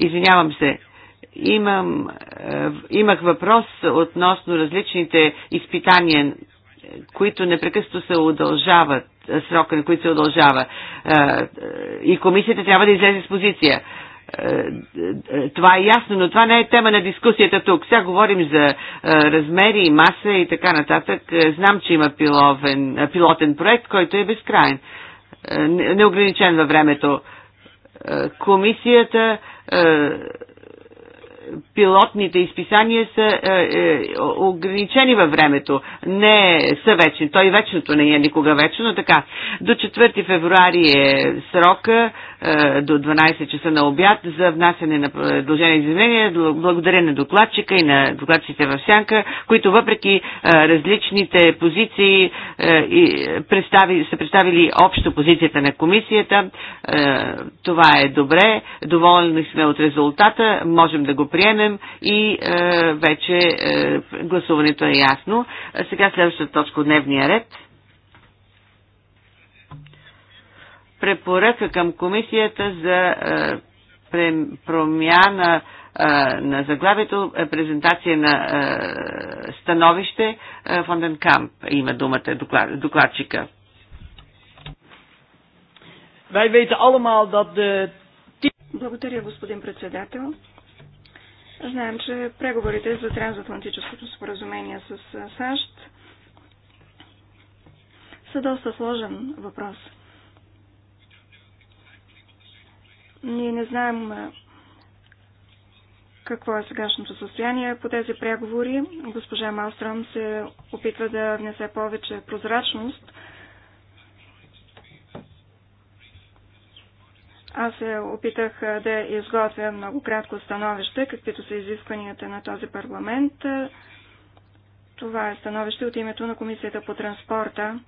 Speaker 1: Извинявам се. Имам, имах въпрос относно различните изпитания, които непрекъсто се удължават срока, на които се удължава. И комисията трябва да излезе с позиция. Е, е, е, това е ясно, но това не е тема на дискусията тук. Сега говорим за размери и маса и така нататък. Знам, че има пиловен, пилотен проект, който е безкрайен, неограничен във времето. Комисията пилотните изписания са е, е, ограничени във времето. Не са вечни. Той вечното не е никога вечно, но така. До 4 февруари е срока е, до 12 часа на обяд за внасяне на предложение изменения. Благодаря на докладчика и на докладчите в Сянка, които въпреки е, различните позиции е, и представи, са представили общо позицията на комисията. Е, това е добре. Доволни сме от резултата. Можем да го приемем и е, вече е, гласуването е ясно. сега следващата точка от дневния ред. Препоръка към комисията за е, прем, промяна е, на заглавието е презентация на е, становище Фонден Камп има думата доклад, докладчика. Wij weten allemaal dat de...
Speaker 3: Благодаря, господин председател. Знаем, че преговорите за трансатлантическото споразумение с САЩ са доста сложен въпрос. Ние не знаем какво е сегашното състояние по тези преговори. Госпожа Малстром се опитва да внесе повече прозрачност Аз се опитах да изготвя много кратко становище, каквито са изискванията на този парламент. Това е становище от името на Комисията по транспорта.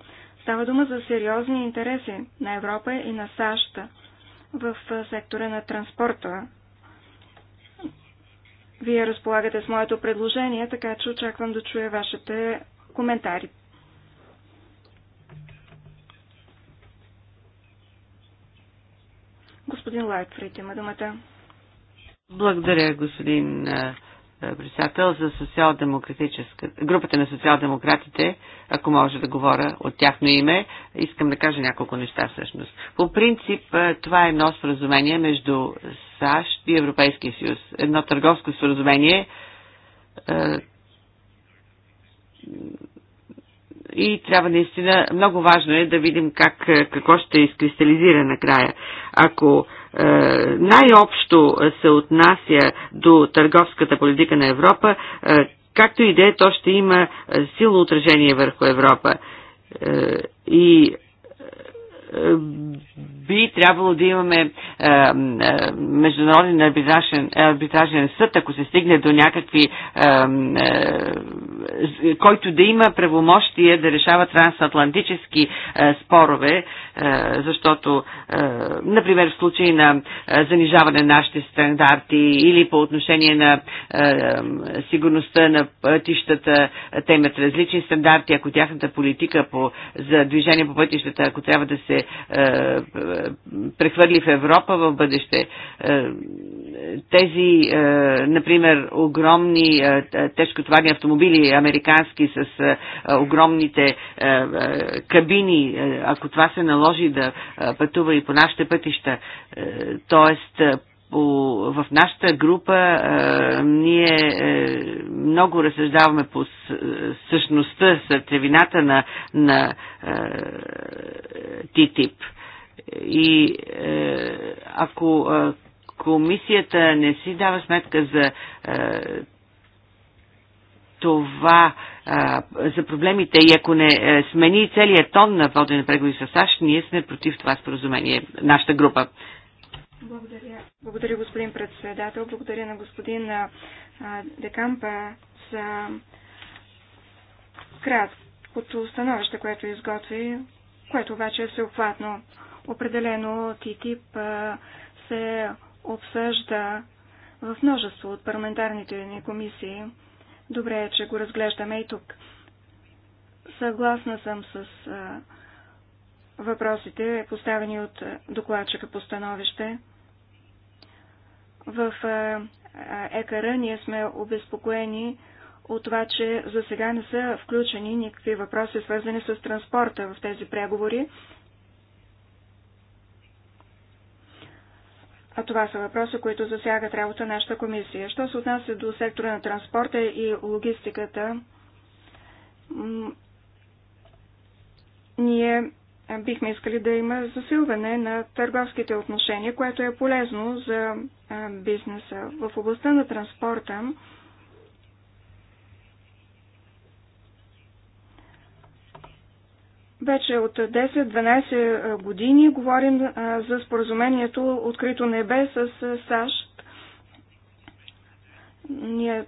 Speaker 3: Става дума за сериозни интереси на Европа и на САЩ в сектора на транспорта. Вие разполагате с моето предложение, така че очаквам да чуя вашите коментари Господин Лайтфрид има думата.
Speaker 1: Благодаря, господин председател за социал-демократическа, групата на социал-демократите, ако може да говоря от тяхно име, искам да кажа няколко неща всъщност. По принцип, това е едно споразумение между САЩ и Европейския съюз. Едно търговско споразумение, и трябва наистина, много важно е да видим как, е, какво ще изкристализира накрая. Ако е, най-общо се отнася до търговската политика на Европа, е, както и да е, то ще има е, силно отражение върху Европа. Е, и е, би трябвало да имаме е, е, международен арбитражен, арбитражен съд, ако се стигне до някакви е, е, е, който да има правомощие да решава трансатлантически е, спорове, е, защото, например, в случай на занижаване на нашите стандарти или по отношение на сигурността на пътищата, те имат различни стандарти, ако тяхната политика по, за движение по пътищата, ако трябва да се прехвърли в Европа в бъдеще, тези, например, огромни е, тежкотоварни автомобили, американски с огромните кабини, ако това се наложи да пътува и по нашите пътища, т.е по, в нашата група а, ние а, много разсъждаваме по същността, сърцевината на, на а, ТИТИП. И а, ако а, комисията не си дава сметка за а, това а, за проблемите и ако не е, смени целият тон на водене преговори с САЩ, ние сме против това споразумение, нашата група. Благодаря.
Speaker 3: Благодаря, господин председател. Благодаря на господин а, Декампа за краткото становище, което изготви, което обаче е всеобхватно. Определено ТИТИП а, се обсъжда в множество от парламентарните ни комисии. Добре е, че го разглеждаме и тук. Съгласна съм с а, въпросите, поставени от докладчика по становище. В а, ЕКР ние сме обезпокоени от това, че за сега не са включени никакви въпроси, свързани с транспорта в тези преговори. А това са въпроси, които засягат работа на нашата комисия. Що се отнася до сектора на транспорта и логистиката, ние бихме искали да има засилване на търговските отношения, което е полезно за бизнеса. В областта на транспорта Вече от 10-12 години говорим за споразумението Открито небе с САЩ. Ние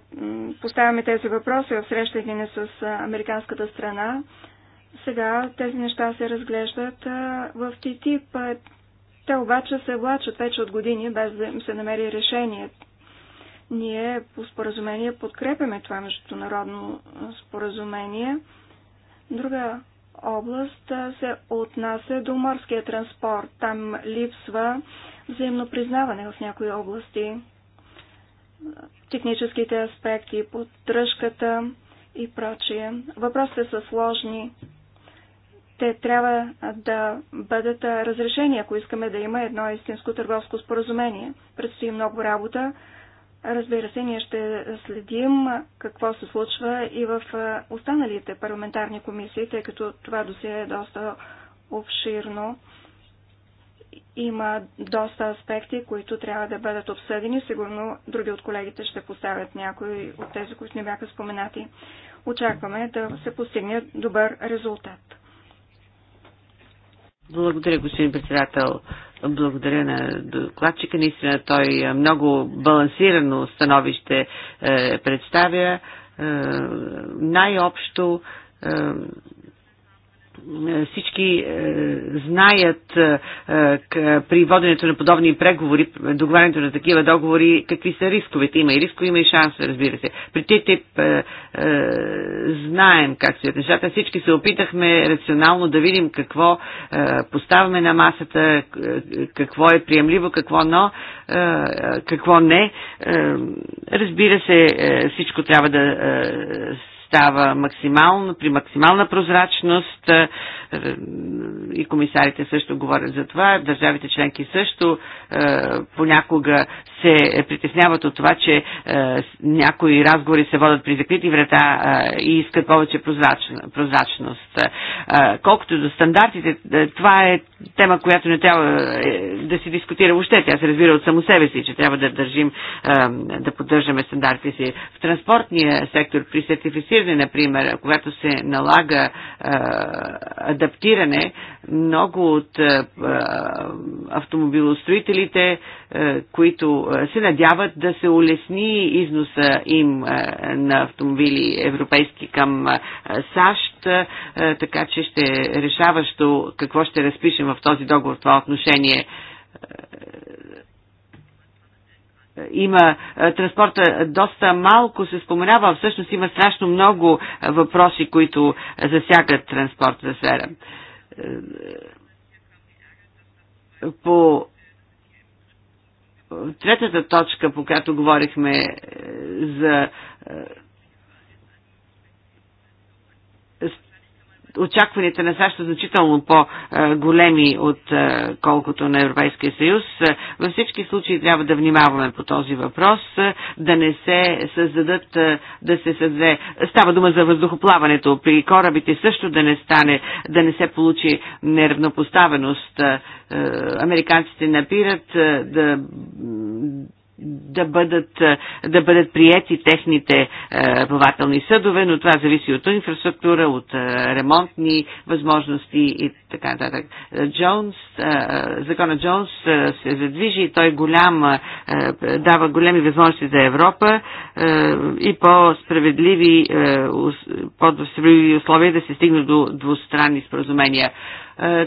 Speaker 3: поставяме тези въпроси в срещите ни с американската страна. Сега тези неща се разглеждат в ТИТИП. Те обаче се влачат вече от години, без да им се намери решение. Ние по споразумение подкрепяме това международно споразумение. Друга област се отнася до морския транспорт. Там липсва взаимно признаване в някои области. Техническите аспекти, поддръжката и прочие. Въпросите са сложни. Те трябва да бъдат разрешени, ако искаме да има едно истинско търговско споразумение. Предстои много работа. Разбира се, ние ще следим какво се случва и в останалите парламентарни комисии, тъй като това досие е доста обширно. Има доста аспекти, които трябва да бъдат обсъдени. Сигурно други от колегите ще поставят някои от тези, които не бяха споменати. Очакваме да се постигне добър резултат.
Speaker 1: Благодаря, господин председател. Благодаря на докладчика. Наистина той е, много балансирано становище е, представя. Е, най-общо всички е, знаят е, е, при воденето на подобни преговори, договарянето на такива договори, какви са рисковете. Има и рискове, има и шансове, разбира се. При ТТИП знаем как стоят нещата. Всички се опитахме рационално да видим какво поставяме на масата, какво е приемливо, какво, но, какво не. Разбира се, всичко трябва да става максимално, при максимална прозрачност е, и комисарите също говорят за това, държавите членки също е, понякога се притесняват от това, че е, някои разговори се водят при закрити врата и искат повече прозрачност. Колкото до стандартите, това е тема, която не трябва да се дискутира въобще. Тя се разбира от само себе си, че трябва да държим, да поддържаме стандартите си. В транспортния сектор, при сертифициране, например, когато се налага адаптиране. Много от е, е, автомобилостроителите, е, които се надяват да се улесни износа им на автомобили европейски към САЩ, така че ще решаващо какво ще разпишем в този договор в това отношение има е, транспорта доста малко се споменава, а всъщност има страшно много въпроси, които засягат транспортната сфера. Е, по третата точка, по която говорихме е, за очакванията на САЩ са значително по-големи от е, колкото на Европейския съюз. Е, във всички случаи трябва да внимаваме по този въпрос, е, да не се създадат, да се създаде, става дума за въздухоплаването, при корабите също да не стане, да не се получи неравнопоставеност. Американците напират да да бъдат, е, да бъдат приети техните е, плавателни съдове, но това зависи от инфраструктура, от е, ремонтни възможности и така нататък. Джонс, закона Джонс се задвижи и той голям, дава големи възможности за Европа и по-справедливи, по-справедливи условия да се стигне до двустранни споразумения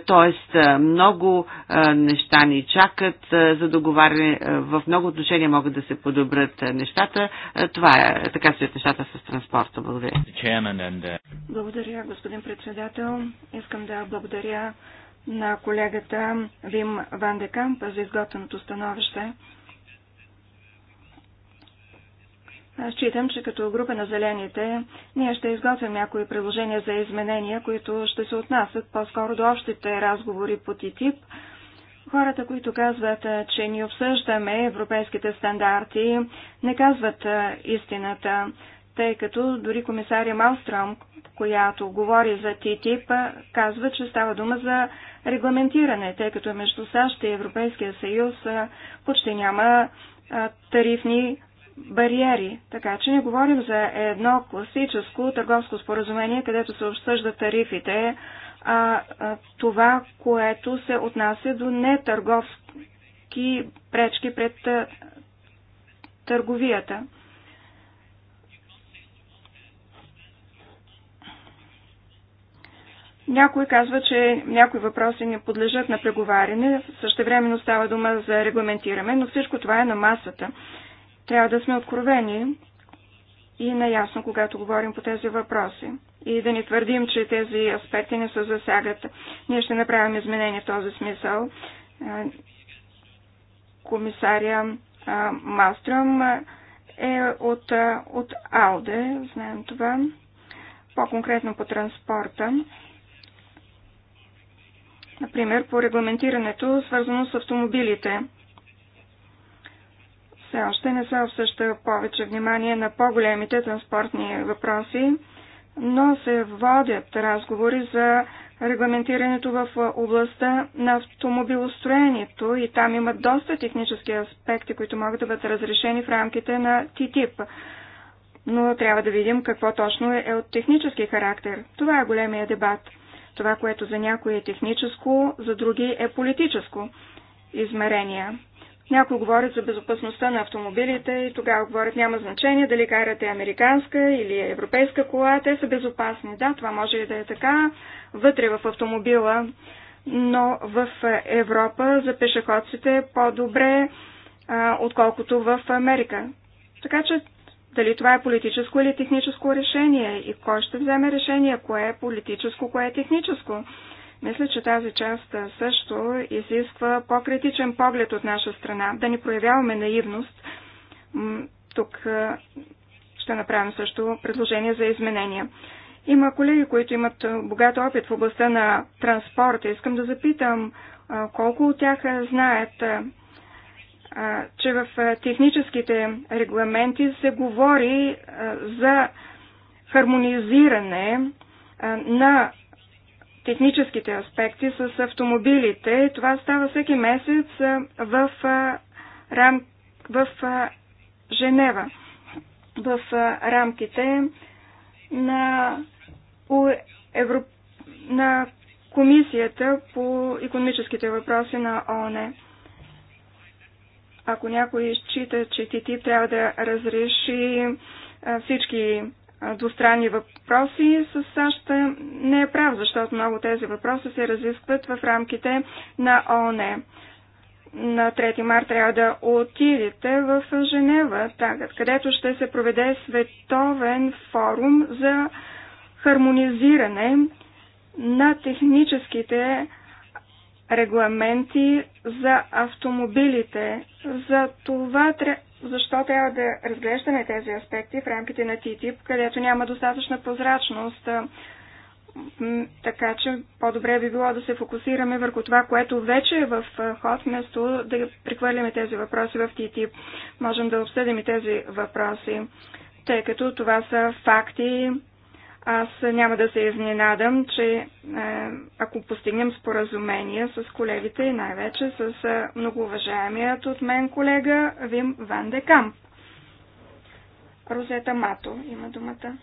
Speaker 1: т.е. Е, много е, неща ни чакат е, за договаряне. В много отношения могат да се подобрят нещата. Това е, така стоят нещата с транспорта. Благодаря. Uh,
Speaker 3: благодаря, господин председател. Искам да благодаря на колегата Вим Ван Декамп за изготвеното становище. Аз читам, че като група на зелените ние ще изготвим някои предложения за изменения, които ще се отнасят по-скоро до общите разговори по ТИТИП. Хората, които казват, че ни обсъждаме европейските стандарти, не казват истината, тъй като дори комисаря Малстром, която говори за ТИТИП, казва, че става дума за регламентиране, тъй като между САЩ и Европейския съюз почти няма тарифни бариери. Така че не говорим за едно класическо търговско споразумение, където се обсъждат тарифите, а, а това, което се отнася до нетърговски пречки пред а, търговията. Някой казва, че някои въпроси не подлежат на преговаряне, същевременно става дума за регламентиране, но всичко това е на масата. Трябва да сме откровени и наясно, когато говорим по тези въпроси. И да не твърдим, че тези аспекти не са засягат. Ние ще направим изменения в този смисъл. Е, комисаря е, Малстрюм е от, е, от АЛДЕ, знаем това. По-конкретно по транспорта. Например, по регламентирането, свързано с автомобилите все още не се обсъща повече внимание на по-големите транспортни въпроси, но се водят разговори за регламентирането в областта на автомобилостроението и там има доста технически аспекти, които могат да бъдат разрешени в рамките на ТТИП. Но трябва да видим какво точно е от технически характер. Това е големия дебат. Това, което за някои е техническо, за други е политическо измерение. Някои говорят за безопасността на автомобилите и тогава говорят няма значение дали карате американска или европейска кола, те са безопасни. Да, това може и да е така вътре в автомобила, но в Европа за пешеходците е по-добре, отколкото в Америка. Така че дали това е политическо или техническо решение и кой ще вземе решение, кое е политическо, кое е техническо. Мисля, че тази част също изисква по-критичен поглед от наша страна, да не проявяваме наивност. Тук ще направим също предложение за изменения. Има колеги, които имат богат опит в областта на транспорта. Искам да запитам колко от тях знаят, че в техническите регламенти се говори за хармонизиране на техническите аспекти с автомобилите. Това става всеки месец в, рам... в Женева, в рамките на, Евро... на Комисията по економическите въпроси на ОНЕ. Ако някой счита, че ТТИП трябва да разреши всички двустранни въпроси с САЩ не е прав, защото много тези въпроси се разискват в рамките на ООН. На 3 марта трябва да отидете в Женева, където ще се проведе световен форум за хармонизиране на техническите регламенти за автомобилите. За това защо трябва да разглеждаме тези аспекти в рамките на ТИТИП, където няма достатъчна прозрачност. Така че по-добре би било да се фокусираме върху това, което вече е в ход, вместо да прехвърляме тези въпроси в ТИТИП. Можем да обсъдим и тези въпроси, тъй като това са факти, аз няма да се изненадам, че е, ако постигнем споразумение с колегите и най-вече с е, многоуважаемият от мен колега Вим Ван де Камп. Розета Мато има думата.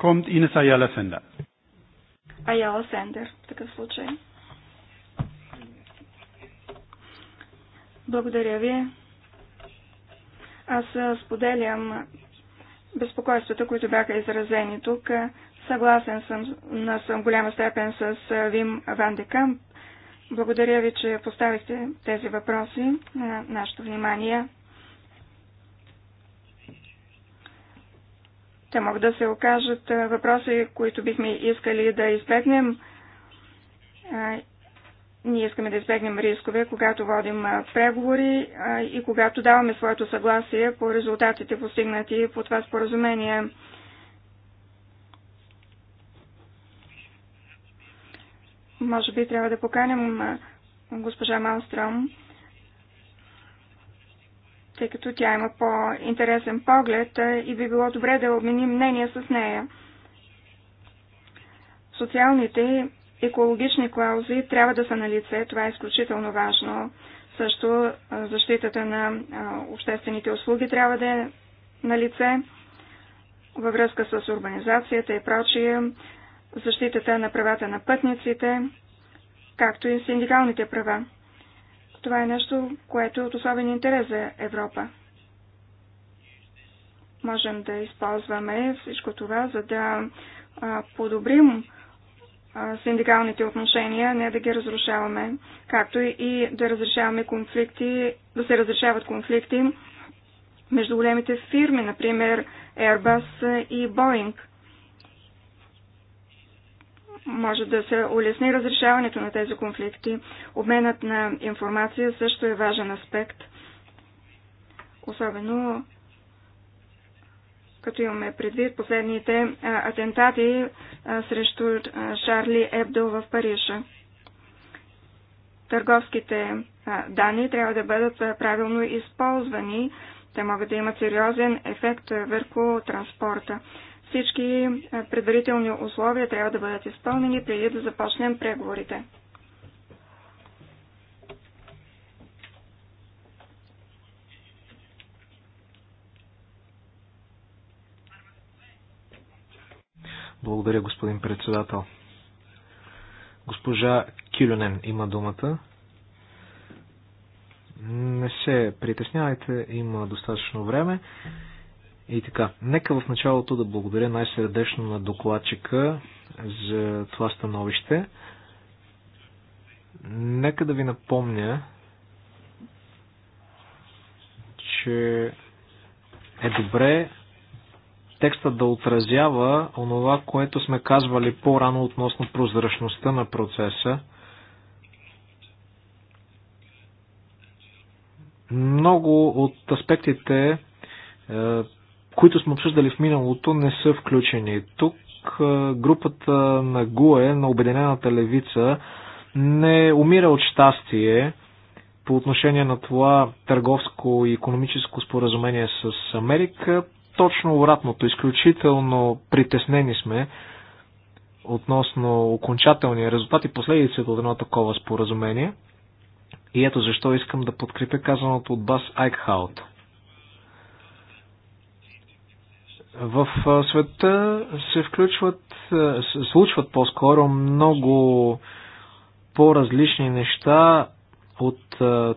Speaker 2: Комт Инес Аяла Сендер.
Speaker 3: Аяла Сендер, в такъв случай. Благодаря ви. Аз споделям безпокойствата, които бяха изразени тук. Съгласен съм на съм голяма степен с Вим Ван Декамп. Благодаря ви, че поставихте тези въпроси на нашето внимание. Те могат да се окажат въпроси, които бихме искали да избегнем ние искаме да избегнем рискове, когато водим преговори и когато даваме своето съгласие по резултатите постигнати по това споразумение. Може би трябва да поканим госпожа Малстром, тъй като тя има по-интересен поглед и би било добре да обменим мнение с нея. Социалните екологични клаузи трябва да са на лице. Това е изключително важно. Също защитата на обществените услуги трябва да е на лице във връзка с урбанизацията и прочие, защитата на правата на пътниците, както и синдикалните права. Това е нещо, което е от особен интерес за Европа. Можем да използваме всичко това, за да подобрим синдикалните отношения, не да ги разрушаваме, както и да разрешаваме конфликти, да се разрешават конфликти между големите фирми, например Airbus и Boeing. Може да се улесни разрешаването на тези конфликти. Обменът на информация също е важен аспект, особено като имаме предвид последните атентати срещу Шарли Ебдо в Париша. Търговските данни трябва да бъдат правилно използвани. Те могат да имат сериозен ефект върху транспорта. Всички предварителни условия трябва да бъдат изпълнени преди да започнем преговорите.
Speaker 2: Благодаря, господин председател. Госпожа Килюнен има думата. Не се притеснявайте, има достатъчно време. И така, нека в началото да благодаря най-сърдечно на докладчика за това становище. Нека да ви напомня, че е добре текста да отразява онова, което сме казвали по-рано относно прозрачността на процеса. Много от аспектите, е, които сме обсъждали в миналото, не са включени. Тук е, групата на ГУЕ, на Обединената левица, не умира от щастие по отношение на това търговско и економическо споразумение с Америка точно обратното. Изключително притеснени сме относно окончателния резултат и последиците от едно такова споразумение. И ето защо искам да подкрепя казаното от Бас Айкхаут. В света се включват, случват по-скоро много по-различни неща от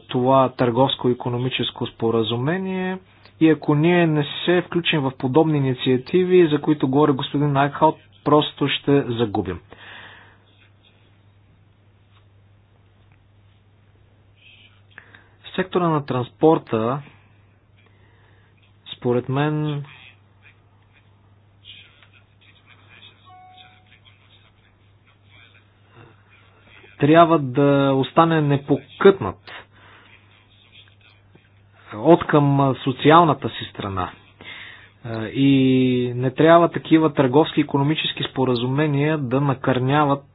Speaker 2: това търговско-економическо споразумение – и ако ние не се включим в подобни инициативи, за които говори господин Айкхалт, просто ще загубим. В сектора на транспорта, според мен, трябва да остане непокътнат от към социалната си страна. И не трябва такива търговски и економически споразумения да накърняват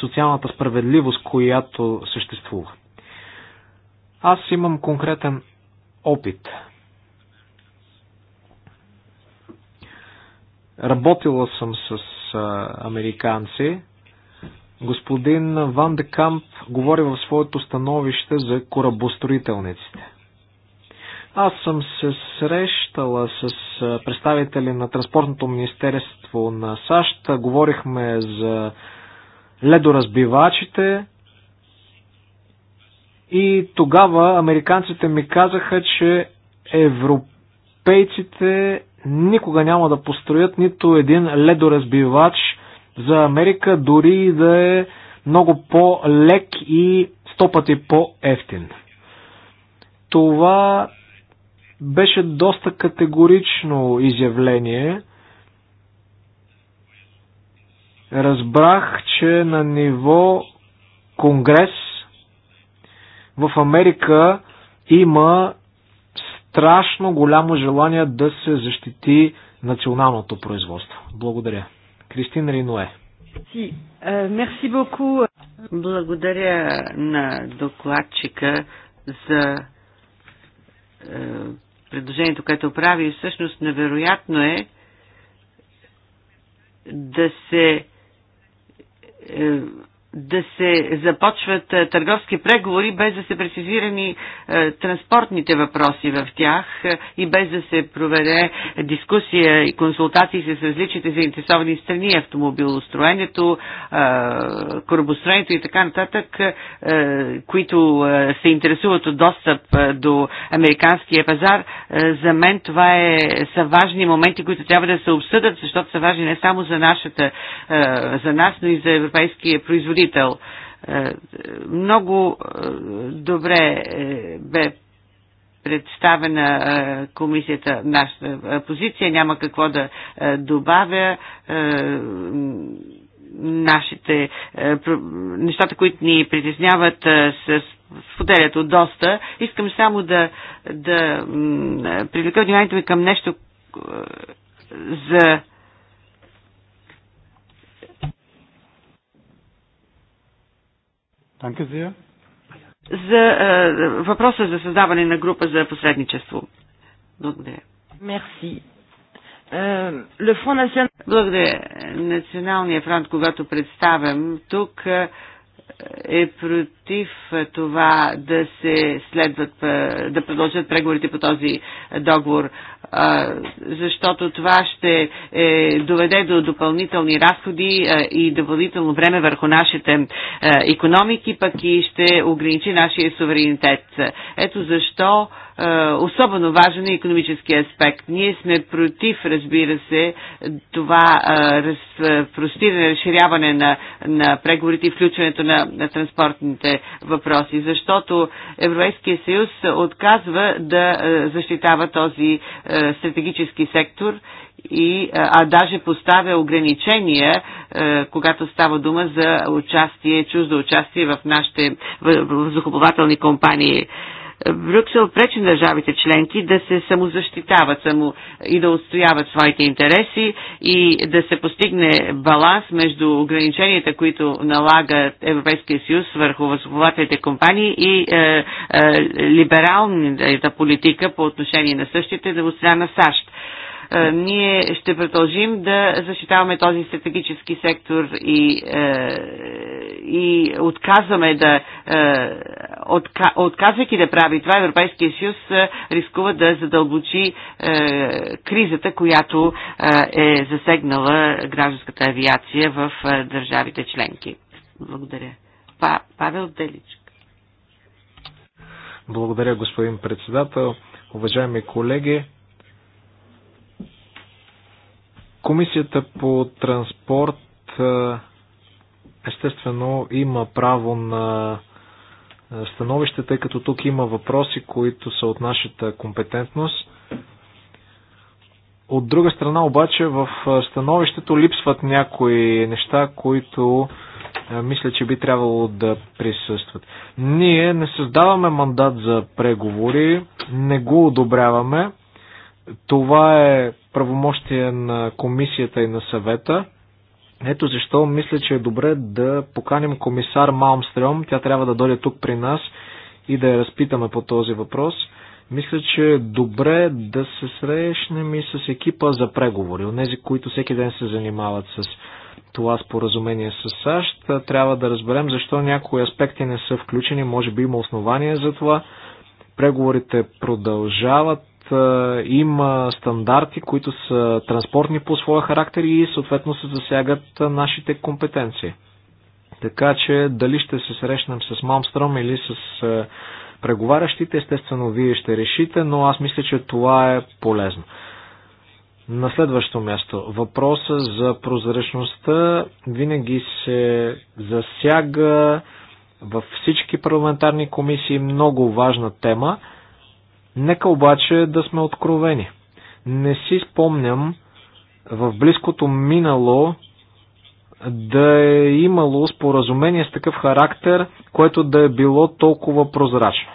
Speaker 2: социалната справедливост, която съществува. Аз имам конкретен опит. Работила съм с американци. Господин Ван де Камп говори в своето становище за корабостроителниците. Аз съм се срещала с представители на Транспортното министерство на САЩ. Говорихме за ледоразбивачите. И тогава американците ми казаха, че европейците никога няма да построят нито един ледоразбивач за Америка, дори да е много по-лек и сто пъти по-ефтин. Това беше доста категорично изявление. Разбрах, че на ниво Конгрес в Америка има страшно голямо желание да се защити националното производство. Благодаря. Кристин Ринуе.
Speaker 1: Е, Благодаря на докладчика за е, предложението, което прави, всъщност невероятно е да се е, да се започват е, търговски преговори без да се прецизирани е, транспортните въпроси в тях е, и без да се проведе дискусия и консултации с различните заинтересовани страни, автомобилостроенето, корабостроенето и така нататък, които се интересуват от достъп до американския пазар. За мен това е, са важни моменти, които трябва да се обсъдят, защото са важни не само за, нашата, за нас, но и за европейския производител учител. Е, много е, добре е, бе представена комисията, нашата позиция, няма какво да добавя нашите нещата, които ни притесняват с споделят от доста. Искам само да, да привлека вниманието ми към нещо за Danke sehr. За е, въпроса за създаване на група за посредничество. Благодаря. Мерси. Благодаря. Националния фронт, когато представям тук, е, е против това да се следват, е, да продължат преговорите по този договор защото това ще е, доведе до допълнителни разходи и допълнително време върху нашите економики, пък и ще ограничи нашия суверенитет. Ето защо е, особено важен е економически аспект. Ние сме против, разбира се, това е, разпростиране, е, разширяване на, на преговорите и включването на, на транспортните въпроси, защото Европейския съюз отказва да защитава този стратегически сектор и, а даже поставя ограничения, когато става дума за участие, чуждо участие в нашите въздухоплавателни компании. Брюксел пречи на държавите членки да се самозащитават само и да отстояват своите интереси и да се постигне баланс между ограниченията, които налага Европейския съюз върху възобнователните компании и е, е, либералната политика по отношение на същите да страна на САЩ. Е, ние ще продължим да защитаваме този стратегически сектор и, е, и отказваме да, е, отказвайки да прави това, Европейския съюз рискува да задълбочи кризата, която е засегнала гражданската авиация в държавите членки. Благодаря. Па, Павел Делич.
Speaker 2: Благодаря, господин председател. Уважаеми колеги, Комисията по транспорт естествено има право на становище, тъй като тук има въпроси, които са от нашата компетентност. От друга страна обаче в становището липсват някои неща, които мисля, че би трябвало да присъстват. Ние не създаваме мандат за преговори, не го одобряваме, това е правомощие на комисията и на съвета. Ето защо мисля, че е добре да поканим комисар Малмстрем. Тя трябва да дойде тук при нас и да я разпитаме по този въпрос. Мисля, че е добре да се срещнем и с екипа за преговори. Онези, които всеки ден се занимават с това споразумение с САЩ, трябва да разберем защо някои аспекти не са включени. Може би има основания за това. Преговорите продължават има стандарти, които са транспортни по своя характер и съответно се засягат нашите компетенции. Така че дали ще се срещнем с Мамстром или с преговарящите, естествено вие ще решите, но аз мисля, че това е полезно. На следващо място, въпроса за прозрачността винаги се засяга във всички парламентарни комисии, много важна тема. Нека обаче да сме откровени. Не си спомням в близкото минало да е имало споразумение с такъв характер, което да е било толкова прозрачно.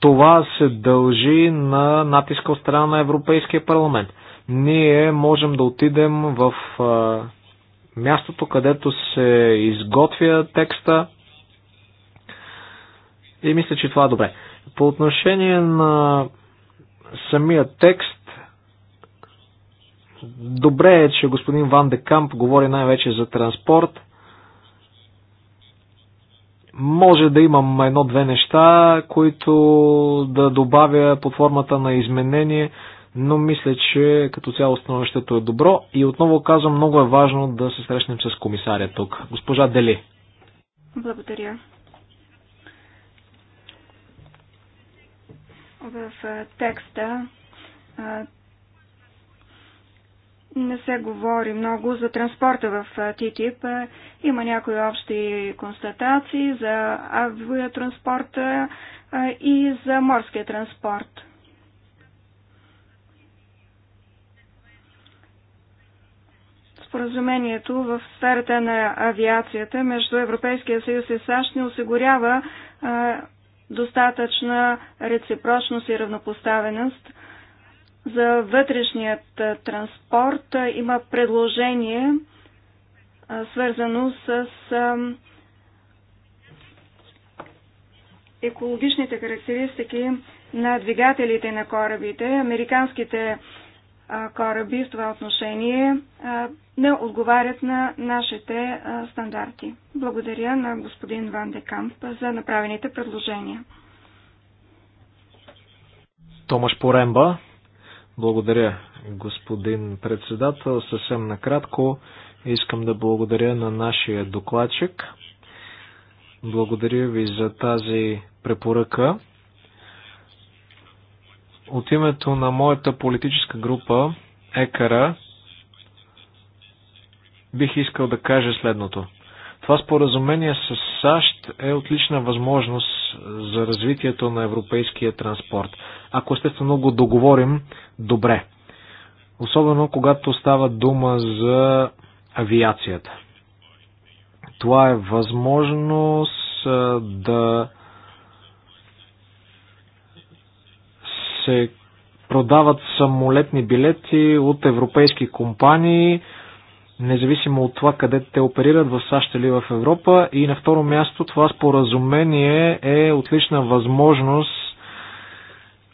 Speaker 2: Това се дължи на натиска от страна на Европейския парламент. Ние можем да отидем в мястото, където се изготвя текста и мисля, че това е добре. По отношение на самия текст, добре е, че господин Ван де Камп говори най-вече за транспорт. Може да имам едно-две неща, които да добавя под формата на изменение, но мисля, че като цяло становището е добро и отново казвам, много е важно да се срещнем с комисаря тук. Госпожа Дели.
Speaker 3: Благодаря. в текста не се говори много за транспорта в ТТИП. Има някои общи констатации за авиатранспорта и за морския транспорт. Споразумението в сферата на авиацията между Европейския съюз и САЩ не осигурява достатъчна реципрочност и равнопоставеност. За вътрешният транспорт има предложение, свързано с екологичните характеристики на двигателите на корабите. Американските кораби в това отношение не отговарят на нашите стандарти. Благодаря на господин Ван Декамп за направените предложения.
Speaker 2: Томаш Поремба. Благодаря, господин председател. Съвсем накратко искам да благодаря на нашия докладчик. Благодаря ви за тази препоръка. От името на моята политическа група, ЕКАРА, бих искал да кажа следното. Това споразумение с САЩ е отлична възможност за развитието на европейския транспорт. Ако естествено го договорим, добре. Особено когато става дума за авиацията. Това е възможност да се продават самолетни билети от европейски компании, независимо от това къде те оперират в САЩ или в Европа. И на второ място това споразумение е отлична възможност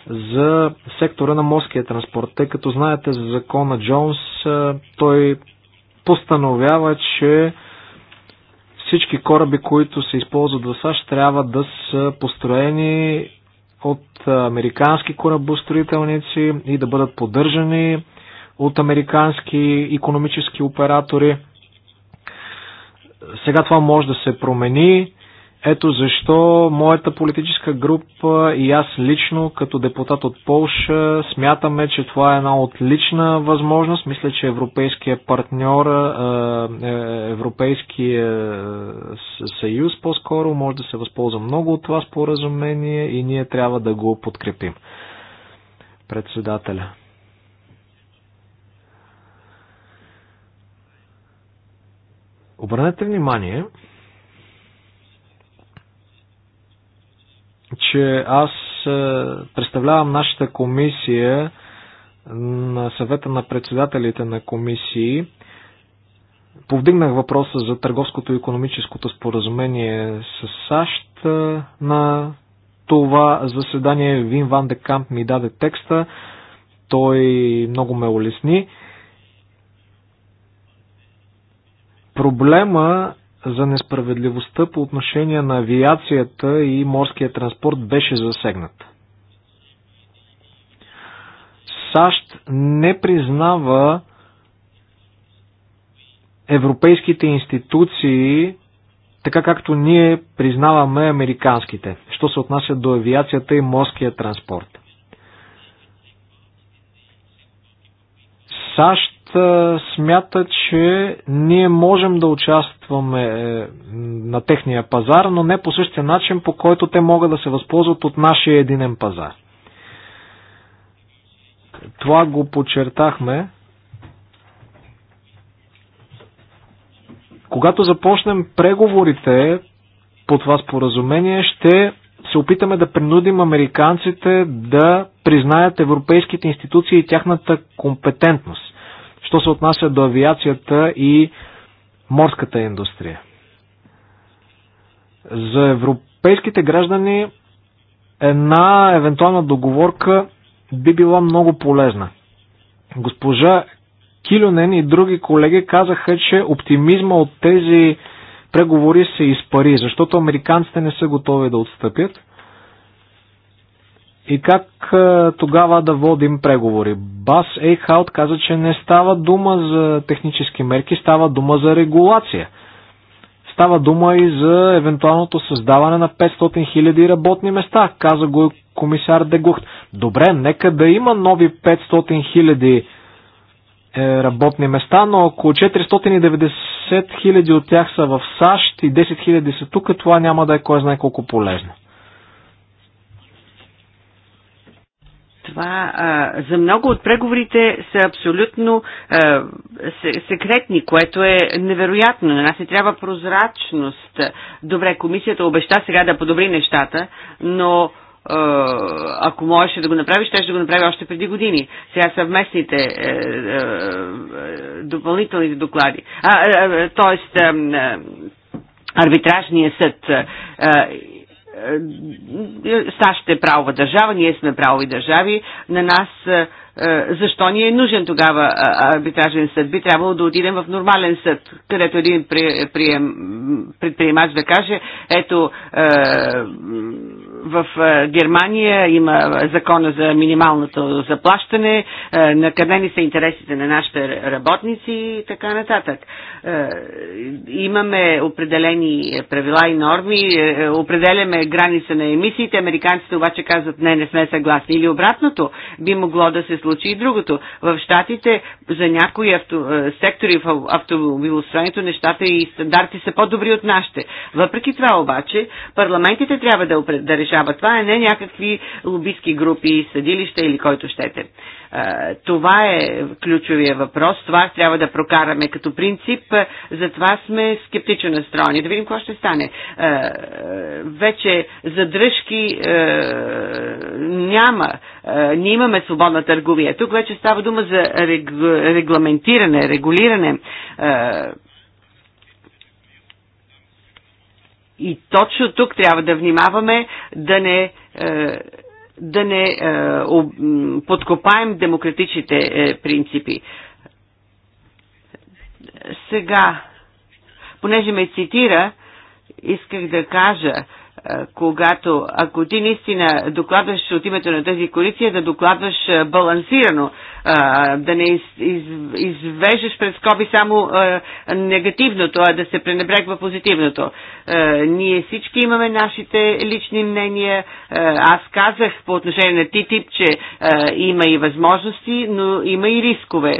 Speaker 2: за сектора на морския транспорт. Тъй като знаете за закона Джонс, той постановява, че всички кораби, които се използват в САЩ, трябва да са построени от американски корабостроителници и да бъдат поддържани от американски економически оператори. Сега това може да се промени. Ето защо моята политическа група и аз лично като депутат от Полша смятаме, че това е една отлична възможност. Мисля, че е, е, европейския партньор, Европейския съюз по-скоро може да се възползва много от това споразумение и ние трябва да го подкрепим. Председателя. Обърнете внимание, че аз е, представлявам нашата комисия на съвета на председателите на комисии. Повдигнах въпроса за търговското и економическото споразумение с САЩ е, на това заседание. Вин Ван де Камп ми даде текста. Той много ме улесни. Проблема за несправедливостта по отношение на авиацията и морския транспорт беше засегнат. САЩ не признава европейските институции, така както ние признаваме американските, що се отнася до авиацията и морския транспорт. САЩ смята, че ние можем да участваме е, на техния пазар, но не по същия начин, по който те могат да се възползват от нашия единен пазар. Това го подчертахме. Когато започнем преговорите по това споразумение, ще се опитаме да принудим американците да признаят европейските институции и тяхната компетентност що се отнася до авиацията и морската индустрия. За европейските граждани една евентуална договорка би била много полезна. Госпожа Килюнен и други колеги казаха, че оптимизма от тези преговори се изпари, защото американците не са готови да отстъпят – и как тогава да водим преговори? Бас Ейхаут каза, че не става дума за технически мерки, става дума за регулация. Става дума и за евентуалното създаване на 500 000 работни места, каза го комисар Дегухт. Добре, нека да има нови 500 000 е, работни места, но ако 490 000 от тях са в САЩ и 10 000 са тук, това няма да е кой знае колко полезно.
Speaker 1: това а, за много от преговорите са абсолютно а, секретни, което е невероятно. На нас не трябва прозрачност. Добре, комисията обеща сега да подобри нещата, но ако можеше да го направи, ще да го направи още преди години. Сега съвместните е, е, е, допълнителните доклади. тоест, арбитражния съд е, е, САЩ е правова държава, ние сме правови държави, на нас е, защо ни е нужен тогава арбитражен съд? Би трябвало да отидем в нормален съд, където един предприемач да каже, ето в е, Германия има е, закона за минималното заплащане, е, накърнени са интересите на нашите работници и така нататък. Имаме определени правила и норми, определяме граница на емисиите, американците обаче казват не, не сме съгласни. Или обратното, би могло да се случи и другото. В Штатите за някои авто, сектори в автомобилостроенето нещата и стандарти са по-добри от нашите. Въпреки това обаче, парламентите трябва да, да решат решава това, е не някакви лобистки групи, съдилища или който щете. Това е ключовия въпрос, това трябва да прокараме като принцип, затова сме скептично настроени. Да видим какво ще стане. Вече задръжки няма. Ние имаме свободна търговия. Тук вече става дума за регламентиране, регулиране И точно тук трябва да внимаваме да не е, да не е, подкопаем демократичните е, принципи. Сега, понеже ме цитира, исках да кажа, когато, ако ти наистина докладваш от името на тази коалиция, да докладваш балансирано, да не из, из, извеждаш пред скоби само негативното, а да се пренебрегва позитивното. Ние всички имаме нашите лични мнения. Аз казах по отношение на ТИТИП, че има и възможности, но има и рискове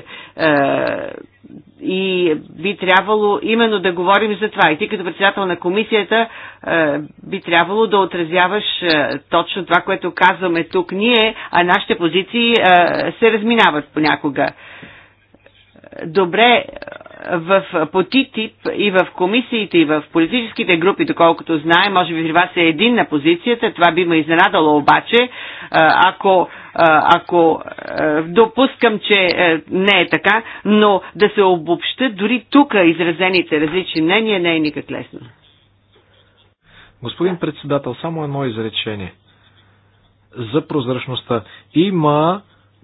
Speaker 1: и би трябвало именно да говорим за това. И ти като председател на комисията би трябвало да отразяваш точно това, което казваме тук ние, а нашите позиции се разминават притесняват понякога. Добре, в, по ТИТИП и в комисиите и в политическите групи, доколкото знае, може би при вас е един на позицията, това би ме изненадало обаче, ако, ако допускам, че не е така, но да се обобщат дори тук изразените различни мнения не е никак лесно.
Speaker 2: Господин председател, само едно изречение. За прозрачността. Има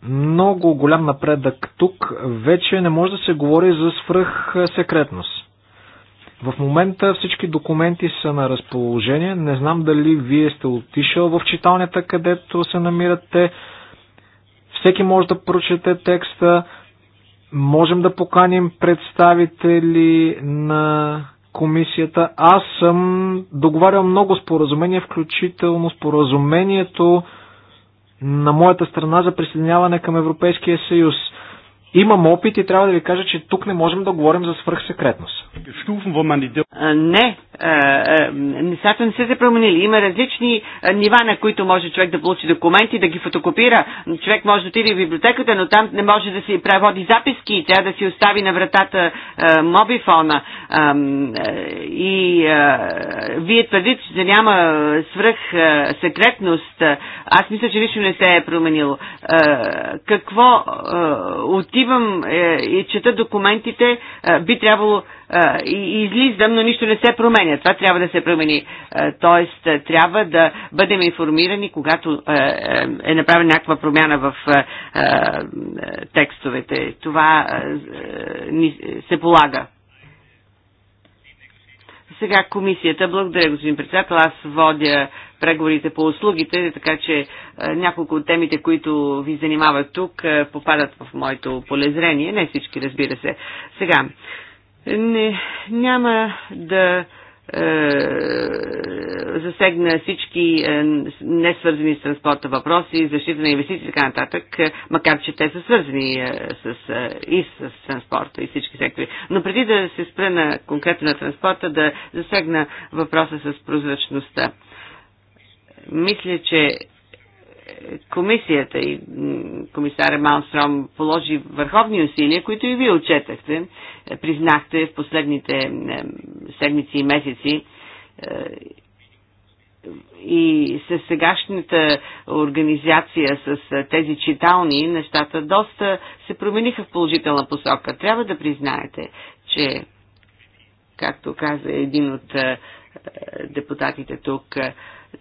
Speaker 2: много голям напредък тук. Вече не може да се говори за свръх секретност. В момента всички документи са на разположение. Не знам дали вие сте отишъл в читалнята, където се намирате. Всеки може да прочете текста. Можем да поканим представители на комисията. Аз съм договарял много споразумения, включително споразумението на моята страна за присъединяване към Европейския съюз. Имам опит и трябва да ви кажа, че тук не можем да говорим за свръхсекретност.
Speaker 1: Не, нещата не са се променили. Има различни нива, на които може човек да получи документи, да ги фотокопира. Човек може да отиде в библиотеката, но там не може да си преводи записки и трябва да си остави на вратата мобифона. И вие твърдите, че няма свръх секретност. Аз мисля, че нищо не се е променило. Какво отивам е, и чета документите, би трябвало и излизам, но нищо не се променя. Това трябва да се промени. Тоест, трябва да бъдем информирани, когато е направена някаква промяна в текстовете. Това се полага. Сега комисията, благодаря господин председател, аз водя преговорите по услугите, така че няколко от темите, които ви занимават тук, попадат в моето полезрение. Не всички, разбира се. Сега, не, няма да е, засегна всички е, несвързани с транспорта въпроси, защита на инвестиции и така нататък, е, макар че те са свързани с, и с транспорта и всички сектори. Но преди да се спра на, конкретно на транспорта, да засегна въпроса с прозрачността. Мисля, че комисията и комисаря Малстром положи върховни усилия, които и вие отчетахте, признахте в последните седмици и месеци е, и с сегашната организация, с е, тези читални, нещата доста се промениха в положителна посока. Трябва да признаете, че, както каза един от е, депутатите тук,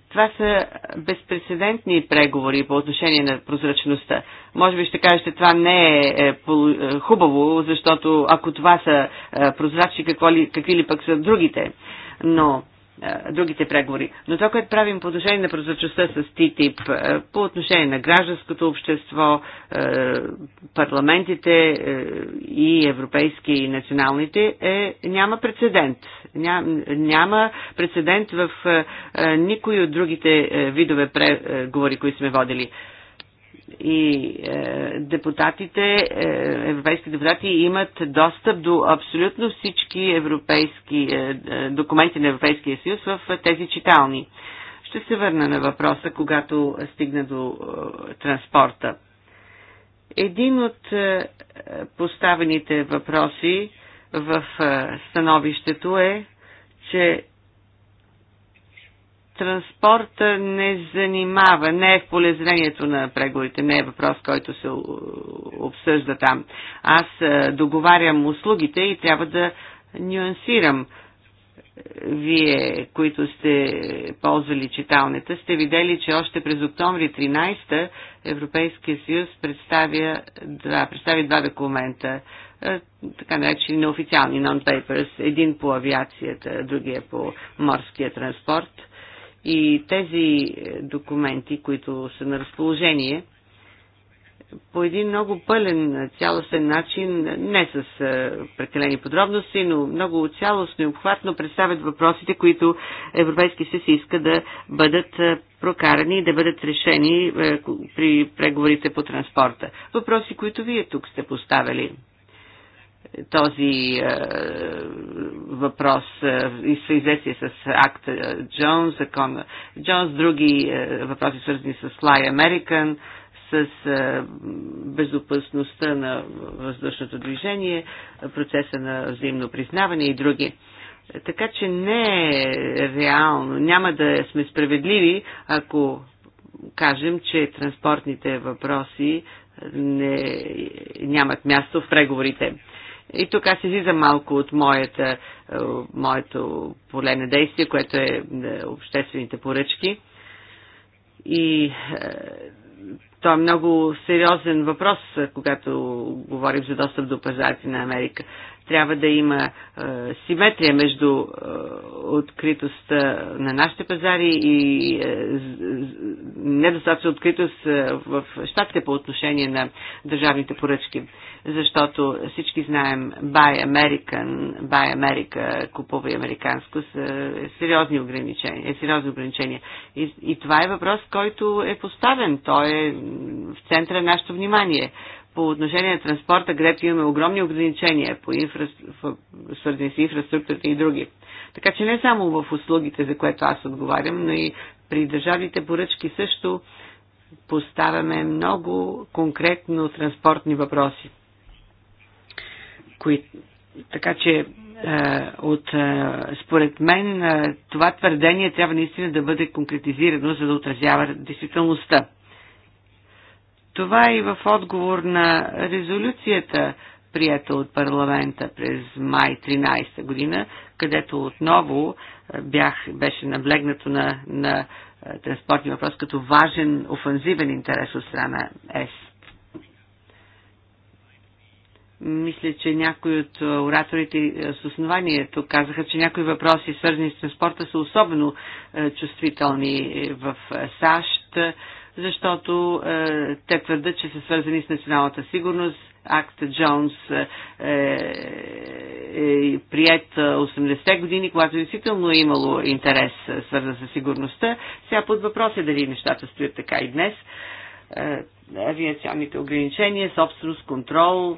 Speaker 1: това са безпредседентни преговори по отношение на прозрачността. Може би ще кажете, това не е, е, е хубаво, защото ако това са е, прозрачни, какви ли пък са другите. Но е, другите преговори. Но това, което правим по отношение на прозрачността с ТИТИП, е, по отношение на гражданското общество, е, парламентите и европейски и националните, е, няма прецедент. Ня, няма прецедент в никой от другите видове преговори, които сме водили и е, депутатите, е, европейски депутати имат достъп до абсолютно всички европейски е, е документи на Европейския съюз в е, тези читални. Ще се върна на въпроса, когато стигна до е, транспорта. Един от е, поставените въпроси в е, становището е, че Транспорта не занимава, не е в полезрението на преговорите, не е въпрос, който се обсъжда там. Аз е, договарям услугите и трябва да нюансирам. Вие, които сте ползвали читалнета, сте видели, че още през октомври 13 Европейския съюз представя два, представи два документа, е, така наречени неофициални non-papers, един по авиацията, другия по морския транспорт – и тези е, документи, които са на разположение, по един много пълен, е, цялостен начин, не с е, прекалени подробности, но много цялостно и обхватно представят въпросите, които Европейски съюз иска да бъдат прокарани и да бъдат решени при преговорите по транспорта. Въпроси, които вие тук сте поставили. Този въпрос е, и съизвестие с акт Джонс, закон Джонс, други е, въпроси свързани с Fly American, с е, безопасността на въздушното движение, процеса на взаимно признаване и други. Така че не е реално, няма да сме справедливи, ако кажем, че транспортните въпроси не, нямат място в преговорите. И тук аз излизам малко от моята, е, моето поле на действие, което е, е обществените поръчки. И е, то е много сериозен въпрос, когато говорим за достъп до пазарите на Америка. Трябва да има е, симетрия между е, откритостта на нашите пазари и е, недостатъчна откритост е, в щатите по отношение на държавните поръчки. Защото всички знаем Buy American, Buy America, купувай американско, са сериозни ограничения, е сериозни ограничения. И, и това е въпрос, който е поставен. Той е в центъра на нашето внимание по отношение на транспорта, където имаме огромни ограничения по инфра... свързани с инфраструктурата и други. Така че не само в услугите, за което аз отговарям, но и при държавните поръчки също поставяме много конкретно транспортни въпроси. Кои... Така че е, от, е, според мен е, това твърдение трябва наистина да бъде конкретизирано, за да отразява действителността. Това е и в отговор на резолюцията, прията от парламента през май 13 година, където отново бях, беше наблегнато на, на транспортния въпрос като важен офанзивен интерес от страна ЕС. Мисля, че някои от ораторите с основанието казаха, че някои въпроси, свързани с транспорта, са особено чувствителни в САЩ защото е, те твърдат, че са свързани с националната сигурност. Акта Джонс е, е, е прият 80-те е, години, когато действително е имало интерес е, свързан с сигурността. Сега под въпрос е дали нещата стоят така и днес. Е, авиационните ограничения, собственост, контрол,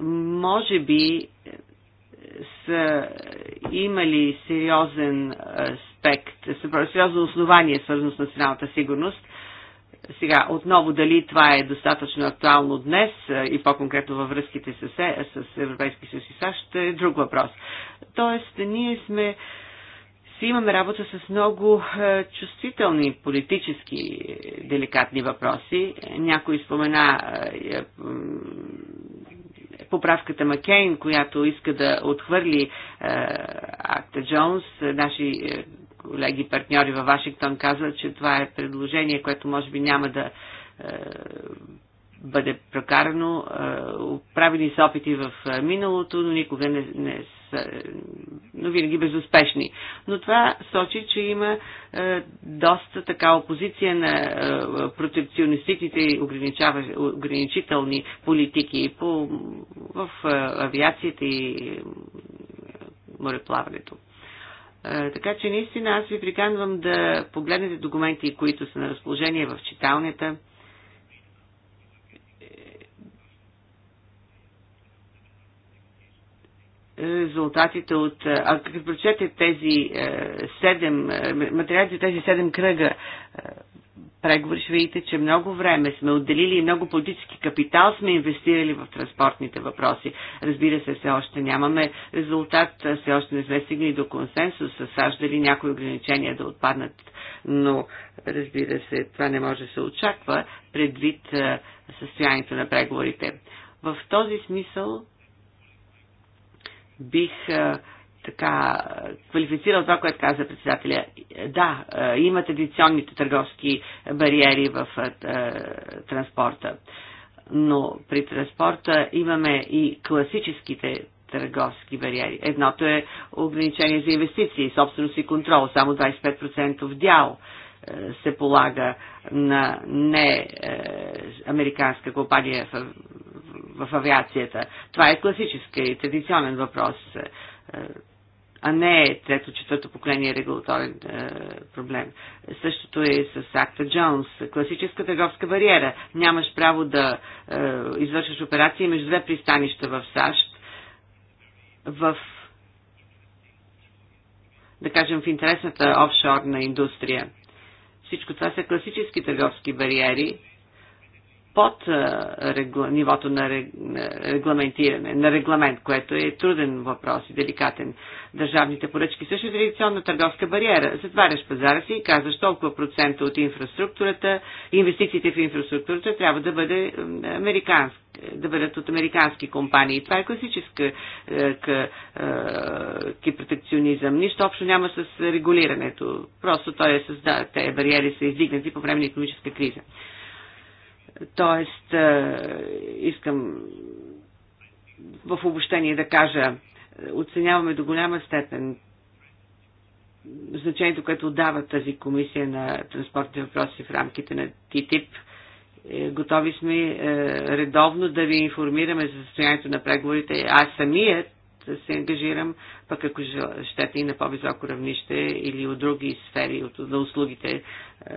Speaker 1: може би са имали сериозен аспект, сериозно основание, свързано с националната сигурност сега, отново, дали това е достатъчно актуално днес и по-конкретно във връзките с, е, с Европейски съюз и САЩ е друг въпрос. Тоест, ние сме си имаме работа с много е, чувствителни политически е, деликатни въпроси. Някой спомена поправката Маккейн, която иска да отхвърли акта Джонс. Наши колеги партньори във Вашингтон казват, че това е предложение, което може би няма да е, бъде прокарано. Е, Правени са опити в е, миналото, но никога не, не са, но винаги безуспешни. Но това сочи, че има е, доста така опозиция на е, и ограничителни политики по, в е, авиацията и мореплаването. Така че наистина аз ви приканвам да погледнете документи, които са на разположение в читалнята. резултатите от... А като прочете тези е, седем... Е, материалите тези седем кръга е, преговори ще видите, че много време сме отделили и много политически капитал сме инвестирали в транспортните въпроси. Разбира се, все още нямаме резултат, все още не сме стигнали до консенсус, САЩ някои ограничения да отпаднат, но разбира се, това не може да се очаква предвид състоянието на преговорите. В този смисъл бих а, така квалифицирал това, което каза председателя. Да, е, има традиционните търговски бариери в е, е, транспорта, но при транспорта имаме и класическите търговски бариери. Едното е ограничение за инвестиции, собственост и контрол, само 25% дял се полага на не американска компания в, в, в авиацията. Това е класически и традиционен въпрос а не трето, четвърто поколение регулаторен е, проблем. Същото е с акта Джонс, класическа търговска бариера. Нямаш право да е, извършваш операции между две пристанища в САЩ, в да кажем, в интересната офшорна индустрия. Всичко това са класически търговски бариери, под регла, нивото на регламентиране, на регламент, което е труден въпрос и деликатен. Държавните поръчки също е традиционна търговска бариера. Затваряш пазара си и казваш толкова процента от инфраструктурата, инвестициите в инфраструктурата трябва да бъде американски да бъдат от американски компании. Това е класическа е, е, кипротекционизъм. Нищо общо няма с регулирането. Просто той е създал. Те бариери са издигнати по време на економическа криза. Тоест, е, искам в обобщение да кажа, оценяваме до голяма степен значението, което дава тази комисия на транспортни въпроси в рамките на ТИТИП. Е, готови сме е, редовно да ви информираме за състоянието на преговорите. Аз самият се ангажирам, пък ако щете и на по-високо равнище или от други сфери, от, за услугите. Е,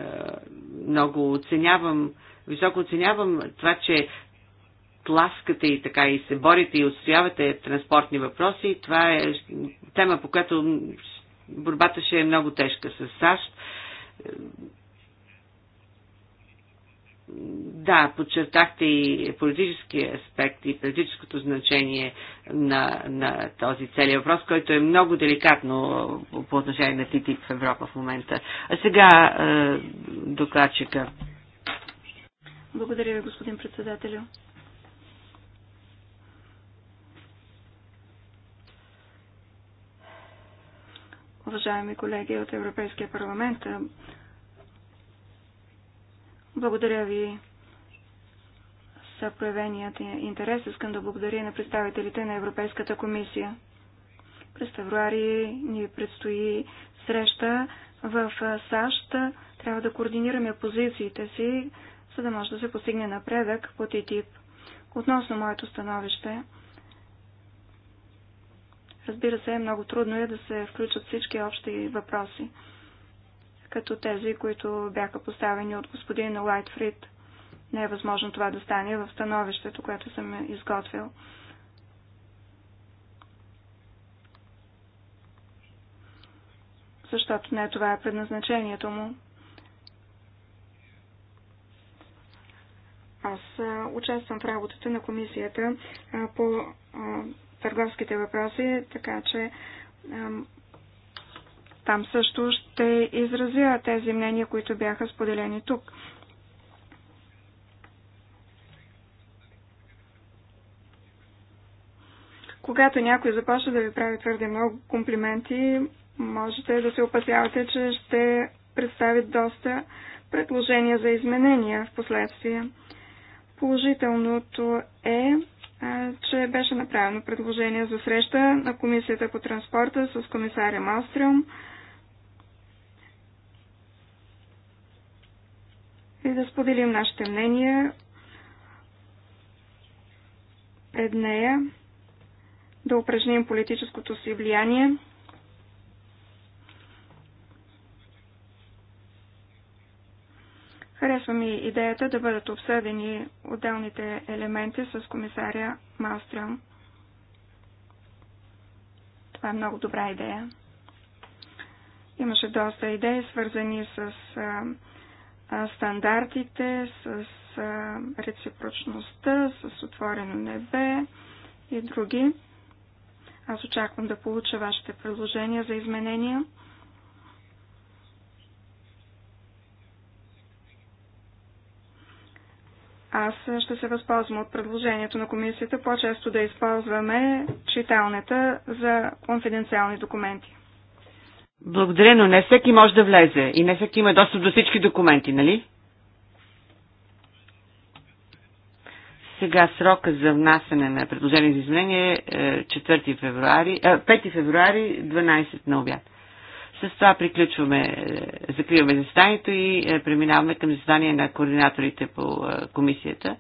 Speaker 1: много оценявам, високо оценявам това, че тласкате и така и се борите и отстоявате транспортни въпроси. Това е тема, по която борбата ще е много тежка с САЩ да, подчертахте и политическия аспект и политическото значение на, на този целият въпрос, който е много деликатно по отношение на ТТИП в Европа в момента. А сега е, докладчика.
Speaker 3: Благодаря ви, господин председателю. Уважаеми колеги от Европейския парламент, благодаря ви за проявеният интерес. Искам да благодаря на представителите на Европейската комисия. През февруари ни предстои среща в САЩ. Трябва да координираме позициите си, за да може да се постигне напредък по ТИТИП. Относно моето становище, разбира се, много трудно е да се включат всички общи въпроси като тези, които бяха поставени от господин Лайтфрид. Не е възможно това да стане в становището, което съм изготвил. Защото не това е предназначението му. Аз участвам в работата на комисията по търговските въпроси, така че там също ще изразя тези мнения, които бяха споделени тук. Когато някой започне да ви прави твърде много комплименти, можете да се опасявате, че ще представят доста предложения за изменения в последствие. Положителното е, че беше направено предложение за среща на Комисията по транспорта с комисаря Малстрюм. и да споделим нашите мнения. нея, да упражним политическото си влияние. Харесва ми идеята да бъдат обсъдени отделните елементи с комисаря Малстрюм. Това е много добра идея. Имаше доста идеи, свързани с стандартите, с реципрочността, с отворено небе и други. Аз очаквам да получа вашите предложения за изменения. Аз ще се възползвам от предложението на комисията по-често да използваме читалнета за конфиденциални документи.
Speaker 1: Благодаря, но не всеки може да влезе и не всеки има достъп до всички документи, нали? Сега срока за внасяне на предложение за изменение е 4 февруари, 5 е, февруари, 12 на обяд. С това приключваме, е, закриваме заседанието и е, преминаваме към заседание на координаторите по комисията.